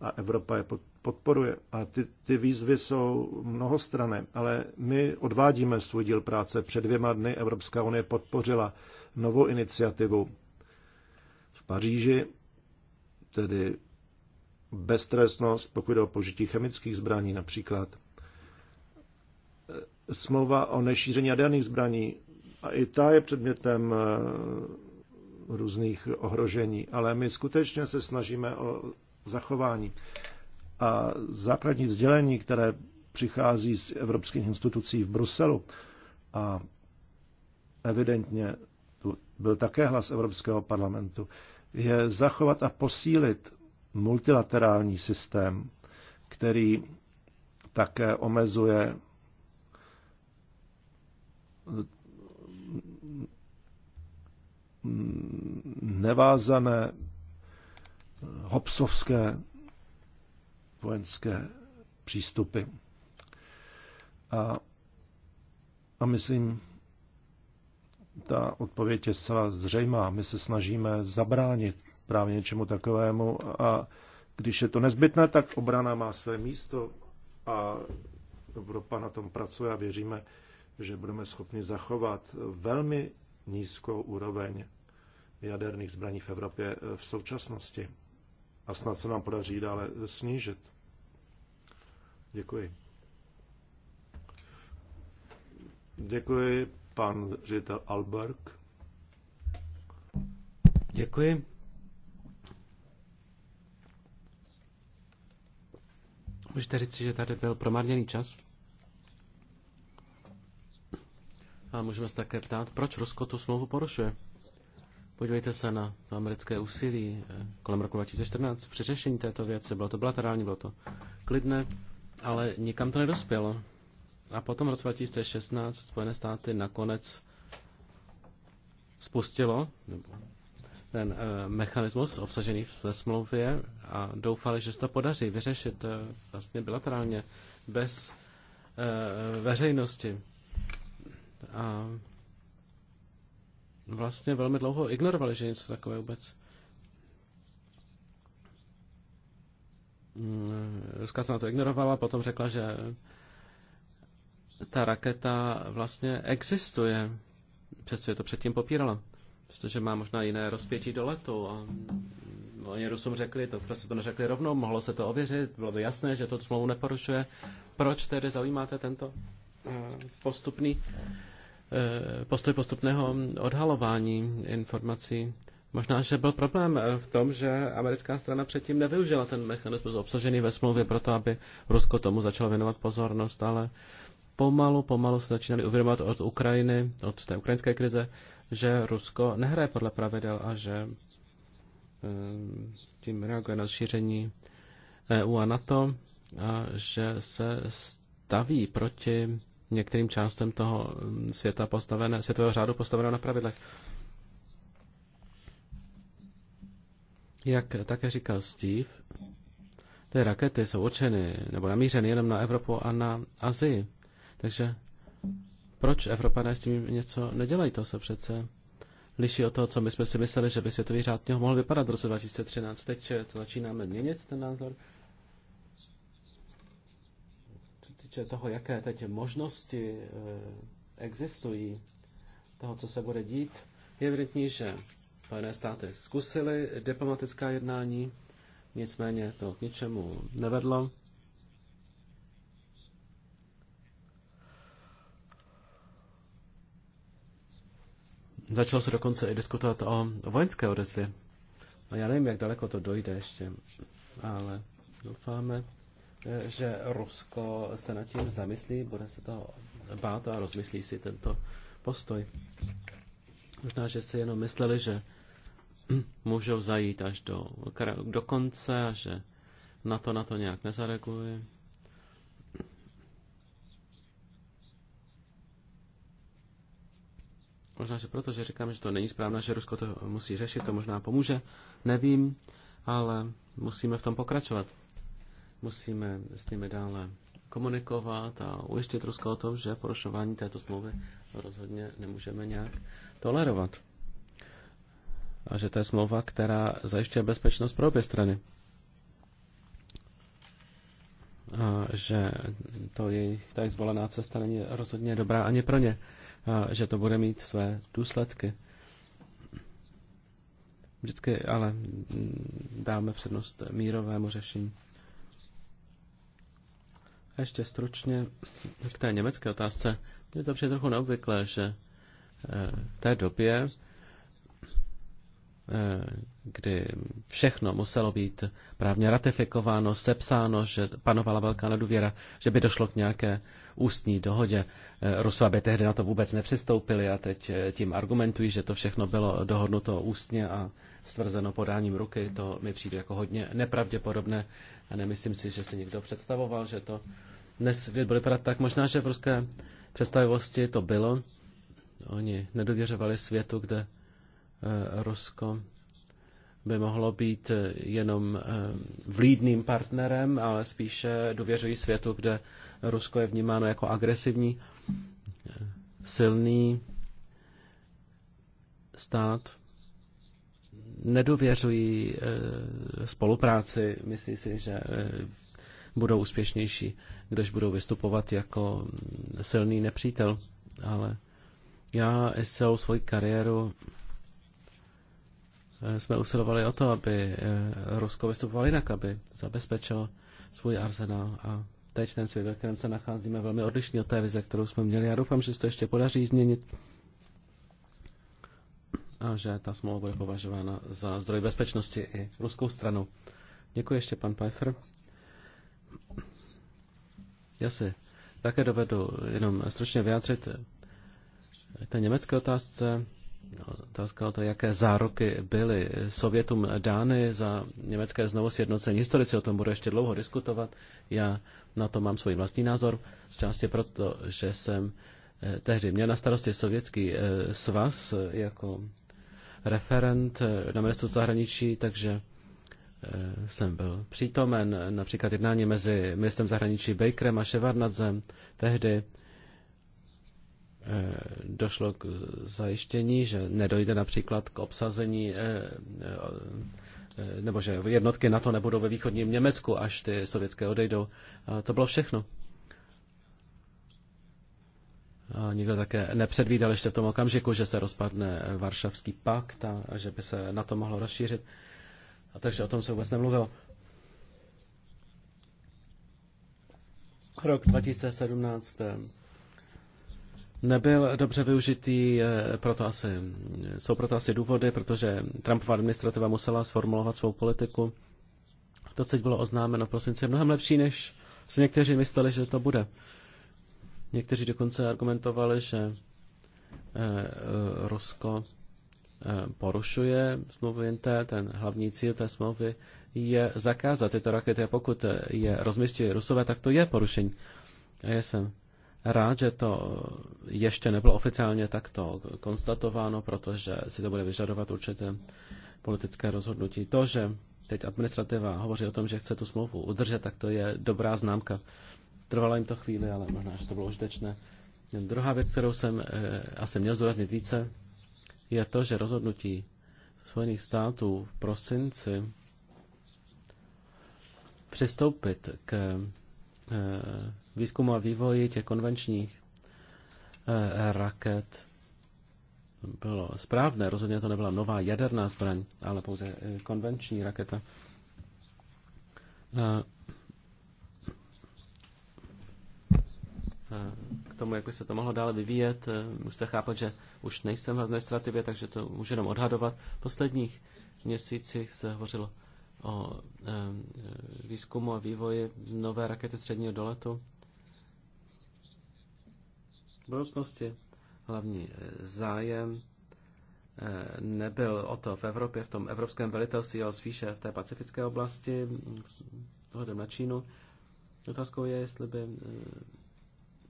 a Evropa je pod podporuje. A ty, ty výzvy jsou mnohostrané, ale my odvádíme svůj díl práce. Před dvěma dny Evropská unie podpořila novou iniciativu v Paříži, tedy beztrestnost, pokud jde o požití chemických zbraní například. Smlouva o nešíření jaderných zbraní, a i ta je předmětem eh, různých ohrožení, ale my skutečně se snažíme o zachování a základní sdělení, které přichází z evropských institucí v Bruselu a evidentně tu byl také hlas Evropského parlamentu, je zachovat a posílit multilaterální systém, který také omezuje nevázané hopsovské vojenské přístupy. A, a myslím, ta odpověď je zcela zřejmá. My se snažíme zabránit právě něčemu takovému a když je to nezbytné, tak obrana má své místo a Evropa na tom pracuje a věříme, že budeme schopni zachovat velmi nízkou úroveň jaderných zbraní v Evropě v současnosti. A snad se nám podaří dále snížit. Děkuji. Děkuji, pan ředitel Alberg. Děkuji. Můžete říct, že tady byl promarněný čas? A můžeme se také ptát, proč Rusko tu smlouvu porušuje? Podívejte se na americké úsilí eh, kolem roku 2014 při řešení této věci. Bylo to bilaterální, bylo to klidné ale nikam to nedospělo. A potom v roce 2016 Spojené státy nakonec spustilo nebo ten e, mechanismus obsažený ve smlouvě a doufali, že se to podaří vyřešit e, vlastně bilaterálně bez e, veřejnosti. A vlastně velmi dlouho ignorovali, že něco takové vůbec Mm, Ruska na to ignorovala, potom řekla, že ta raketa vlastně existuje, přesto je to předtím popírala, přestože má možná jiné rozpětí do letu a oni Rusům řekli, to prostě to neřekli rovnou, mohlo se to ověřit, bylo by jasné, že to smlouvu neporušuje. Proč tedy zaujímáte tento eh, postupný eh, postoj postupného odhalování informací? Možná, že byl problém eh, v tom, že americká strana předtím nevyužila ten mechanismus obsažený ve smlouvě proto, aby Rusko tomu začalo věnovat pozornost, ale pomalu, pomalu se začínali uvědomovat od Ukrajiny, od té ukrajinské krize, že Rusko nehraje podle pravidel a že eh, tím reaguje na šíření EU a NATO a že se staví proti některým částem toho mm, světa postavené, světového řádu postaveného na pravidlech. Jak také říkal Steve, ty rakety jsou určeny nebo namířeny jenom na Evropu a na Azii. Takže proč Evropané s tím něco nedělají? To se přece liší od toho, co my jsme si mysleli, že by světový řád mohl vypadat v roce 2013. Teď to eh, začínáme měnit, ten názor. Co týče toho, jaké teď možnosti eh, existují, toho, co se bude dít, je evidentní, že Spojené státy zkusili diplomatická jednání, nicméně to k ničemu nevedlo. Začalo se dokonce i diskutovat o vojenské odezvě. A já nevím, jak daleko to dojde ještě, ale doufáme, že Rusko se nad tím zamyslí, bude se to bát a rozmyslí si tento postoj. Možná, že si jenom mysleli, že Mm. můžou zajít až do, do konce a že na to na to nějak nezareaguje. Možná, že proto, že říkáme, že to není správné, že Rusko to musí řešit, to možná pomůže, nevím, ale musíme v tom pokračovat. Musíme s nimi dále komunikovat a ujistit Rusko o tom, že porušování této smlouvy rozhodně nemůžeme nějak tolerovat a že to je smlouva, která zajišťuje bezpečnost pro obě strany. A že to jejich tak zvolená cesta není rozhodně dobrá ani pro ně. A že to bude mít své důsledky. Vždycky ale dáme přednost mírovému řešení. A ještě stručně k té německé otázce. Mně to přijde trochu neobvyklé, že eh, v té době Eh, kdy všechno muselo být právně ratifikováno, sepsáno, že panovala velká nedůvěra, že by došlo k nějaké ústní dohodě. Eh, Rusové by tehdy na to vůbec nepřistoupili a teď eh, tím argumentují, že to všechno bylo dohodnuto ústně a stvrzeno podáním ruky. To mi přijde jako hodně nepravděpodobné a nemyslím si, že si někdo představoval, že to dnes bude vypadat tak. Možná, že v ruské představivosti to bylo. Oni nedověřovali světu, kde Eh, Rusko by mohlo být eh, jenom eh, vlídným partnerem, ale spíše důvěřují světu, kde Rusko je vnímáno jako agresivní, silný stát. Nedověřují spolupráci, myslí si, že budou úspěšnější, když budou vystupovat jako mm, silný nepřítel. Ale já i celou svoji kariéru Eh, jsme usilovali o to, aby eh, Rusko vystupovalo jinak, aby zabezpečilo svůj arzenál a teď ten svět, ve kterém se nacházíme, velmi odlišný od té vize, kterou jsme měli. Já doufám, že se to ještě podaří změnit a že ta smlouva bude považována za zdroj bezpečnosti i ruskou stranu. Děkuji ještě pan Pfeiffer. Já si také dovedu jenom stručně vyjádřit té německé otázce. No, otázka o to, jaké zároky byly Sovětům dány za německé znovu sjednocení. Historici o tom budou ještě dlouho diskutovat. Já na to mám svůj vlastní názor, z části proto, že jsem eh, tehdy měl na starosti sovětský eh, svaz eh, jako referent na ministerstvu zahraničí, takže jsem byl přítomen například jednání mezi ministrem zahraničí Bakerem a Ševarnadzem tehdy Eh, došlo k zajištění, že nedojde například k obsazení eh, eh, nebo že jednotky NATO nebudou ve východním Německu, až ty sovětské odejdou. A to bylo všechno. A nikdo také nepředvídal ještě v tom okamžiku, že se rozpadne Varšavský pakt a, a že by se na to mohlo rozšířit. A takže o tom se vůbec nemluvilo. Rok 2017 nebyl dobře využitý, eh, proto asi, jsou proto asi důvody, protože Trumpova administrativa musela sformulovat svou politiku. To, co bylo oznámeno v prosinci, je mnohem lepší, než si někteří mysleli, že to bude. Někteří dokonce argumentovali, že eh, eh, Rusko porušuje smlouvu INT, ten hlavní cíl té smlouvy je zakázat tyto rakety a pokud je rozmístí rusové, tak to je porušení. A já jsem rád, že to ještě nebylo oficiálně takto konstatováno, protože si to bude vyžadovat určité politické rozhodnutí. To, že teď administrativa hovoří o tom, že chce tu smlouvu udržet, tak to je dobrá známka. Trvalo jim to chvíli, ale možná, že to bylo užitečné. Druhá věc, kterou jsem eh, asi měl zdůraznit více, je to, že rozhodnutí Spojených států v prosinci přistoupit k eh, výzkumu a vývoji těch konvenčních eh, raket bylo správné. Rozhodně to nebyla nová jaderná zbraň, ale pouze eh, konvenční raketa. Eh, k tomu, jak by se to mohlo dále vyvíjet, musíte chápat, že už nejsem v administrativě, takže to můžu jenom odhadovat. V posledních měsících se hovořilo o výzkumu a vývoji nové rakety středního doletu budoucnosti. Hlavní eh, zájem eh, nebyl o to v Evropě, v tom evropském velitelství, ale spíše v té pacifické oblasti, vzhledem na Čínu. Otázkou je, jestli by eh,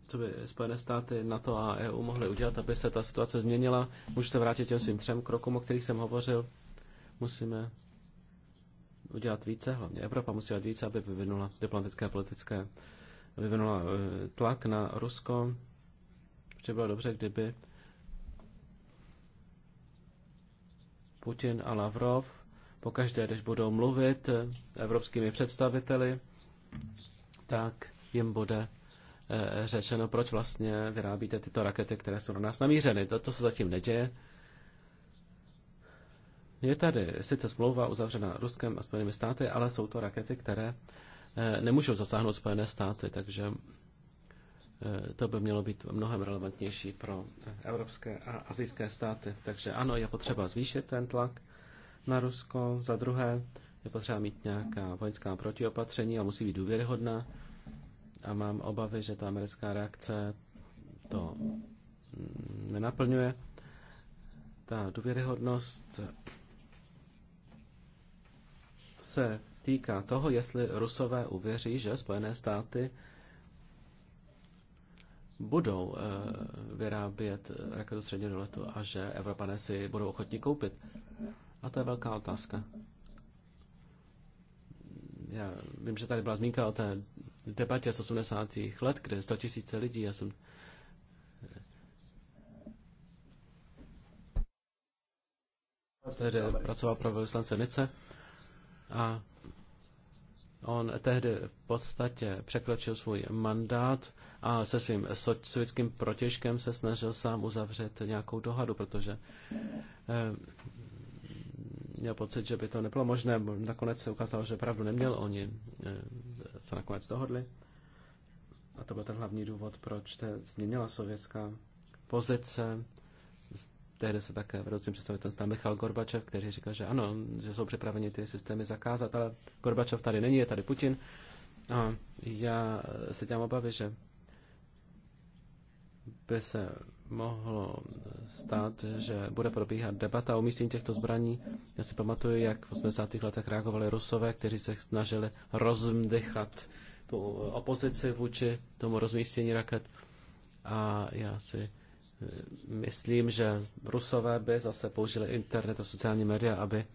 co by Spojené státy, NATO a EU mohly udělat, aby se ta situace změnila. Můžu se vrátit těm svým třem krokům, o kterých jsem hovořil. Musíme udělat více, hlavně Evropa musí udělat více, aby vyvinula diplomatické a politické, vyvinula tlak na Rusko, ještě bylo dobře, kdyby Putin a Lavrov pokaždé, když budou mluvit eh, evropskými představiteli, tak jim bude eh, řečeno, proč vlastně vyrábíte tyto rakety, které jsou na nás namířeny. To, to se zatím neděje. Je tady sice smlouva uzavřena Ruskem a Spojenými státy, ale jsou to rakety, které eh, nemůžou zasáhnout Spojené státy, takže Eh, to by mělo být mnohem relevantnější pro eh, evropské a azijské státy. Takže ano, je potřeba zvýšit ten tlak na Rusko. Za druhé, je potřeba mít nějaká vojenská protiopatření a musí být důvěryhodná. A mám obavy, že ta americká reakce to mm, nenaplňuje. Ta důvěryhodnost se týká toho, jestli Rusové uvěří, že Spojené státy budou uh, vyrábět raketu středního doletu a že Evropané si budou ochotni koupit. A to je velká otázka. Já vím, že tady byla zmínka o té debatě z 80. let, kde 100 000 lidí, já jsem tedy pracoval pro vyslance Nice a On tehdy v podstatě překročil svůj mandát a se svým sovětským protěžkem se snažil sám uzavřet nějakou dohadu, protože eh, měl pocit, že by to nebylo možné. Nakonec se ukázalo, že pravdu neměl. Oni eh, se nakonec dohodli. A to byl ten hlavní důvod, proč se změnila sovětská pozice Tehdy se také vedoucím představitel stal Michal Gorbačev, který říkal, že ano, že jsou připraveni ty systémy zakázat, ale Gorbačov tady není, je tady Putin. A já se dělám obavy, že by se mohlo stát, že bude probíhat debata o umístění těchto zbraní. Já si pamatuju, jak v 80. letech reagovali Rusové, kteří se snažili rozmdychat tu opozici vůči tomu rozmístění raket. A já si Myslím, že Rusové by zase použili internet a sociální média, aby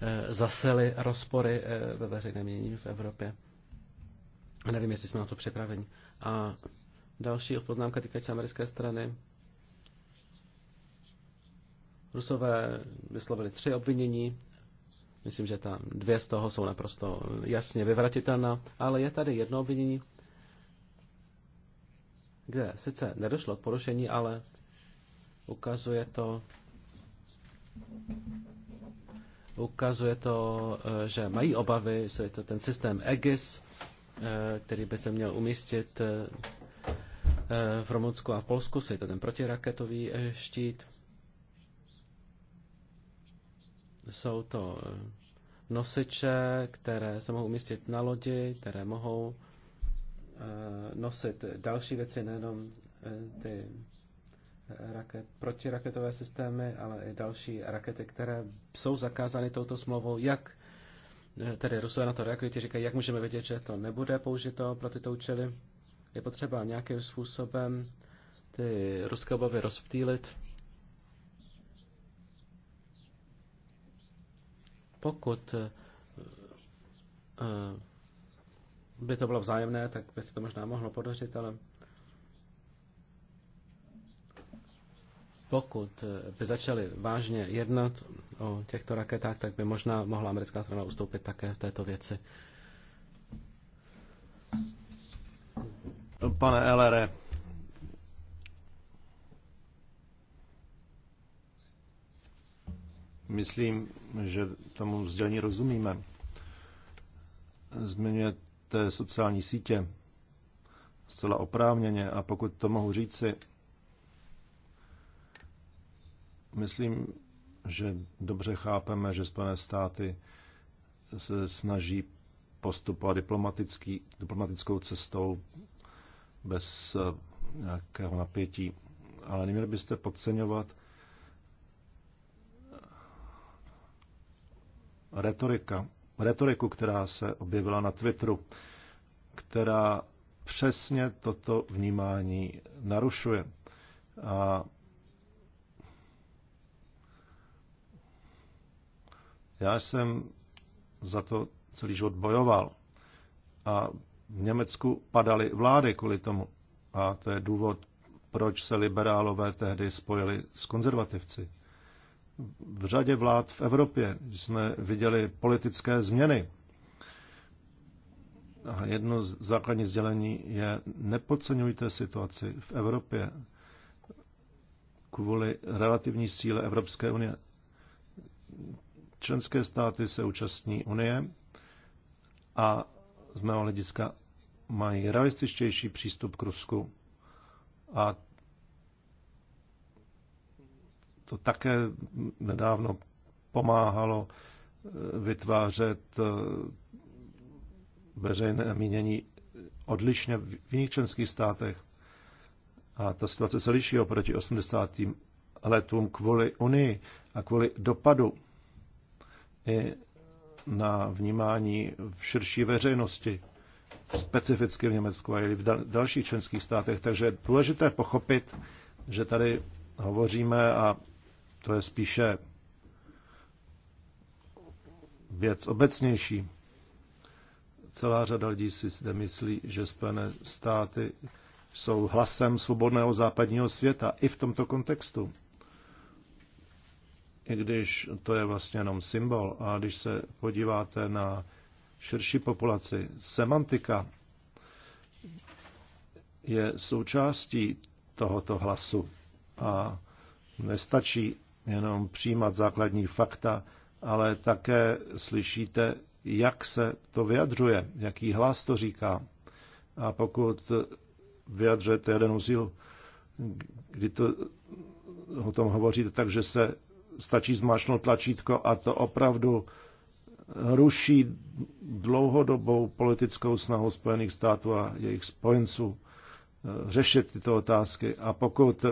eh, zasely rozpory eh, ve veřejném mění v Evropě. A nevím, jestli jsme na to připraveni. A další poznámka týkající americké strany. Rusové vyslovili tři obvinění. Myslím, že tam dvě z toho jsou naprosto jasně vyvratitelná, ale je tady jedno obvinění, kde sice nedošlo k porušení, ale ukazuje to, ukazuje to, eh, že mají obavy, že je to ten systém EGIS, eh, který by se měl umístit eh, v Rumunsku a v Polsku, je to ten protiraketový štít. Jsou to nosiče, které se mohou umístit na lodi, které mohou Eh, nosit další věci, nejenom eh, ty eh, raket, protiraketové systémy, ale i další rakety, které jsou zakázány touto smlouvou, jak tedy Rusové na to reagují, ti říkají, jak můžeme vědět, že to nebude použito pro tyto účely. Je potřeba nějakým způsobem ty ruské obavy rozptýlit. Pokud uh, by to bylo vzájemné, tak by se to možná mohlo podařit, ale pokud by začali vážně jednat o těchto raketách, tak by možná mohla americká strana ustoupit také v této věci. Pane Elere, myslím, že tomu vzdělení rozumíme. Zmiňuje té sociální sítě zcela oprávněně a pokud to mohu říci, myslím, že dobře chápeme, že Spojené státy se snaží postupovat diplomatický, diplomatickou cestou bez eh, nějakého napětí. Ale neměli byste podceňovat eh, retorika retoriku, která se objevila na Twitteru, která přesně toto vnímání narušuje. A já jsem za to celý život bojoval. A v Německu padaly vlády kvůli tomu. A to je důvod, proč se liberálové tehdy spojili s konzervativci v řadě vlád v Evropě jsme viděli politické změny. A jedno z základních sdělení je, nepodceňujte situaci v Evropě kvůli relativní síle Evropské unie. Členské státy se účastní unie a z mého hlediska mají realističtější přístup k Rusku a to také nedávno pomáhalo eh, vytvářet eh, veřejné mínění odlišně v jiných členských státech. A ta situace se liší oproti 80. letům kvůli Unii a kvůli dopadu i na vnímání v širší veřejnosti, specificky v Německu a i v dalších členských státech. Takže je důležité pochopit, že tady hovoříme a to je spíše věc obecnější. Celá řada lidí si zde myslí, že Spojené státy jsou hlasem svobodného západního světa i v tomto kontextu. I když to je vlastně jenom symbol. A když se podíváte na širší populaci, semantika je součástí tohoto hlasu. A nestačí jenom přijímat základní fakta, ale také slyšíte, jak se to vyjadřuje, jaký hlas to říká. A pokud vyjadřujete jeden úsil, kdy to, o tom hovoříte, takže se stačí zmáčnout tlačítko a to opravdu ruší dlouhodobou politickou snahu Spojených států a jejich spojenců eh, řešit tyto otázky. A pokud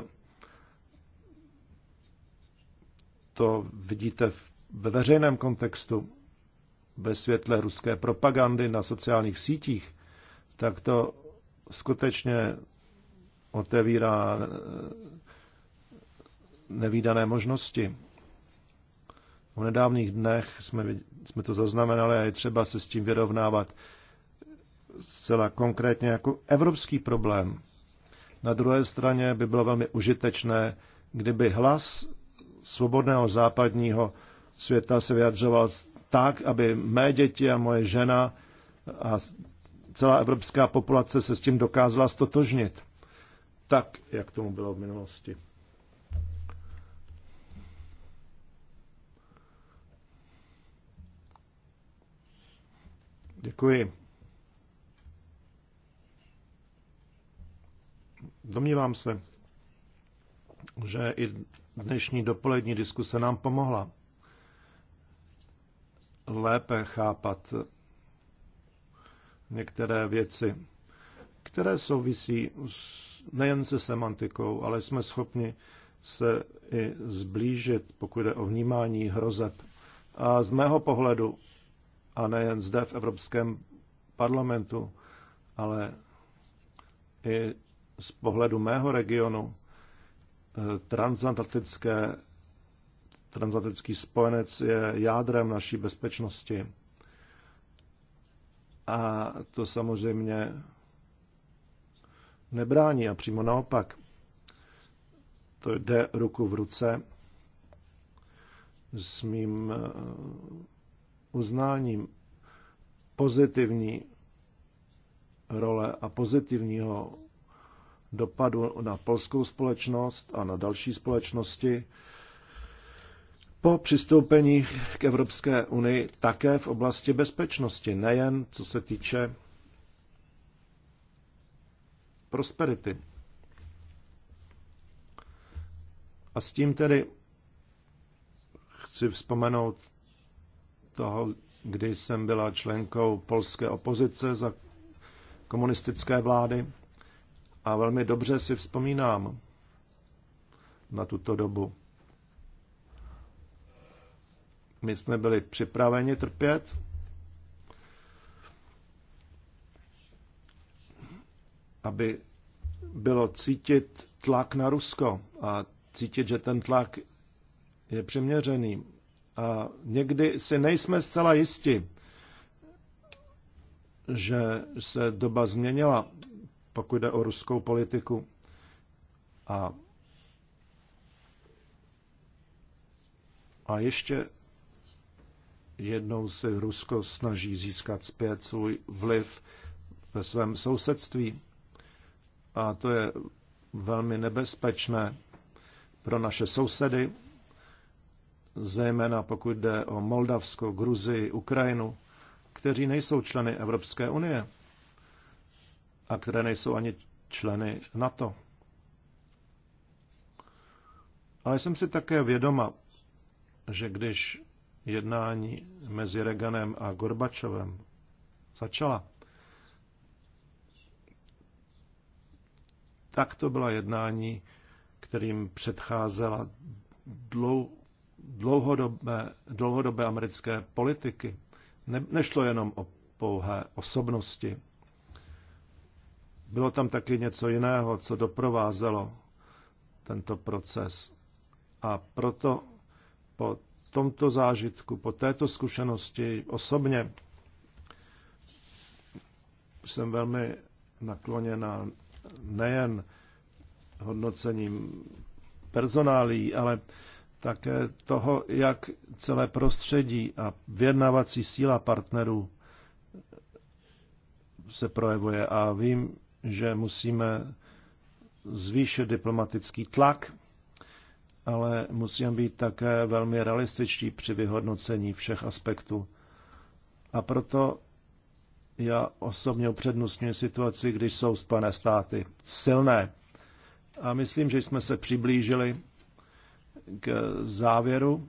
to vidíte ve veřejném kontextu, ve světle ruské propagandy na sociálních sítích, tak to skutečně otevírá eh, nevýdané možnosti. V nedávných dnech jsme, jsme to zaznamenali a je třeba se s tím vyrovnávat zcela konkrétně jako evropský problém. Na druhé straně by bylo velmi užitečné, kdyby hlas svobodného západního světa se vyjadřoval tak, aby mé děti a moje žena a celá evropská populace se s tím dokázala stotožnit. Tak, jak tomu bylo v minulosti. Děkuji. Domnívám se, že i dnešní dopolední diskuse nám pomohla lépe chápat některé věci, které souvisí nejen se semantikou, ale jsme schopni se i zblížit, pokud jde o vnímání hrozeb. A z mého pohledu, a nejen zde v Evropském parlamentu, ale i z pohledu mého regionu, transatlantické, transatlantický spojenec je jádrem naší bezpečnosti. A to samozřejmě nebrání a přímo naopak. To jde ruku v ruce s mým eh, uznáním pozitivní role a pozitivního dopadu na polskou společnost a na další společnosti po přistoupení k Evropské unii také v oblasti bezpečnosti, nejen co se týče prosperity. A s tím tedy chci vzpomenout toho, kdy jsem byla členkou polské opozice za komunistické vlády a velmi dobře si vzpomínám na tuto dobu. My jsme byli připraveni trpět. Aby bylo cítit tlak na Rusko a cítit, že ten tlak je přiměřený. A někdy si nejsme zcela jisti, že se doba změnila pokud jde o ruskou politiku. A, a ještě jednou se Rusko snaží získat zpět svůj vliv ve svém sousedství. A to je velmi nebezpečné pro naše sousedy, zejména pokud jde o Moldavsko, Gruzii, Ukrajinu, kteří nejsou členy Evropské unie a které nejsou ani členy NATO. Ale jsem si také vědoma, že když jednání mezi Reganem a Gorbačovem začala, tak to byla jednání, kterým předcházela dlouhodobé, dlouhodobé americké politiky. Ne, nešlo jenom o pouhé osobnosti, bylo tam taky něco jiného, co doprovázelo tento proces. A proto po tomto zážitku, po této zkušenosti osobně jsem velmi nakloněna nejen hodnocením personálí, ale také toho, jak celé prostředí a vyjednávací síla partnerů se projevuje. A vím, že musíme zvýšit diplomatický tlak, ale musíme být také velmi realističtí při vyhodnocení všech aspektů. A proto já osobně upřednostňuji situaci, kdy jsou Spojené státy silné. A myslím, že jsme se přiblížili k závěru.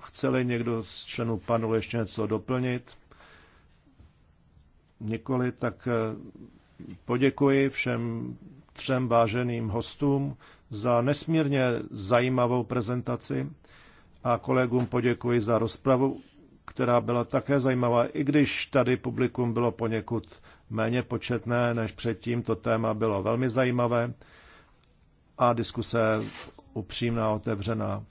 Chceli někdo z členů panelu ještě něco doplnit? Nikoli, tak poděkuji všem třem váženým hostům za nesmírně zajímavou prezentaci a kolegům poděkuji za rozpravu, která byla také zajímavá, i když tady publikum bylo poněkud méně početné než předtím. To téma bylo velmi zajímavé a diskuse upřímná, otevřená.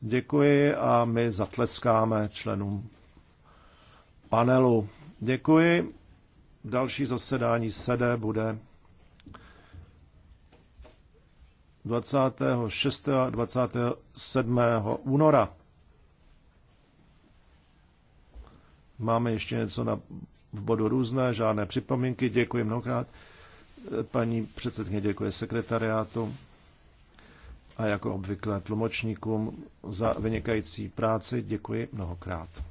Děkuji a my zatleskáme členům panelu. Děkuji. Další zasedání sede bude 26. a 27. února. Máme ještě něco na, v bodu různé, žádné připomínky. Děkuji mnohokrát. Paní předsedkyně děkuje sekretariátu a jako obvykle tlumočníkům za vynikající práci děkuji mnohokrát.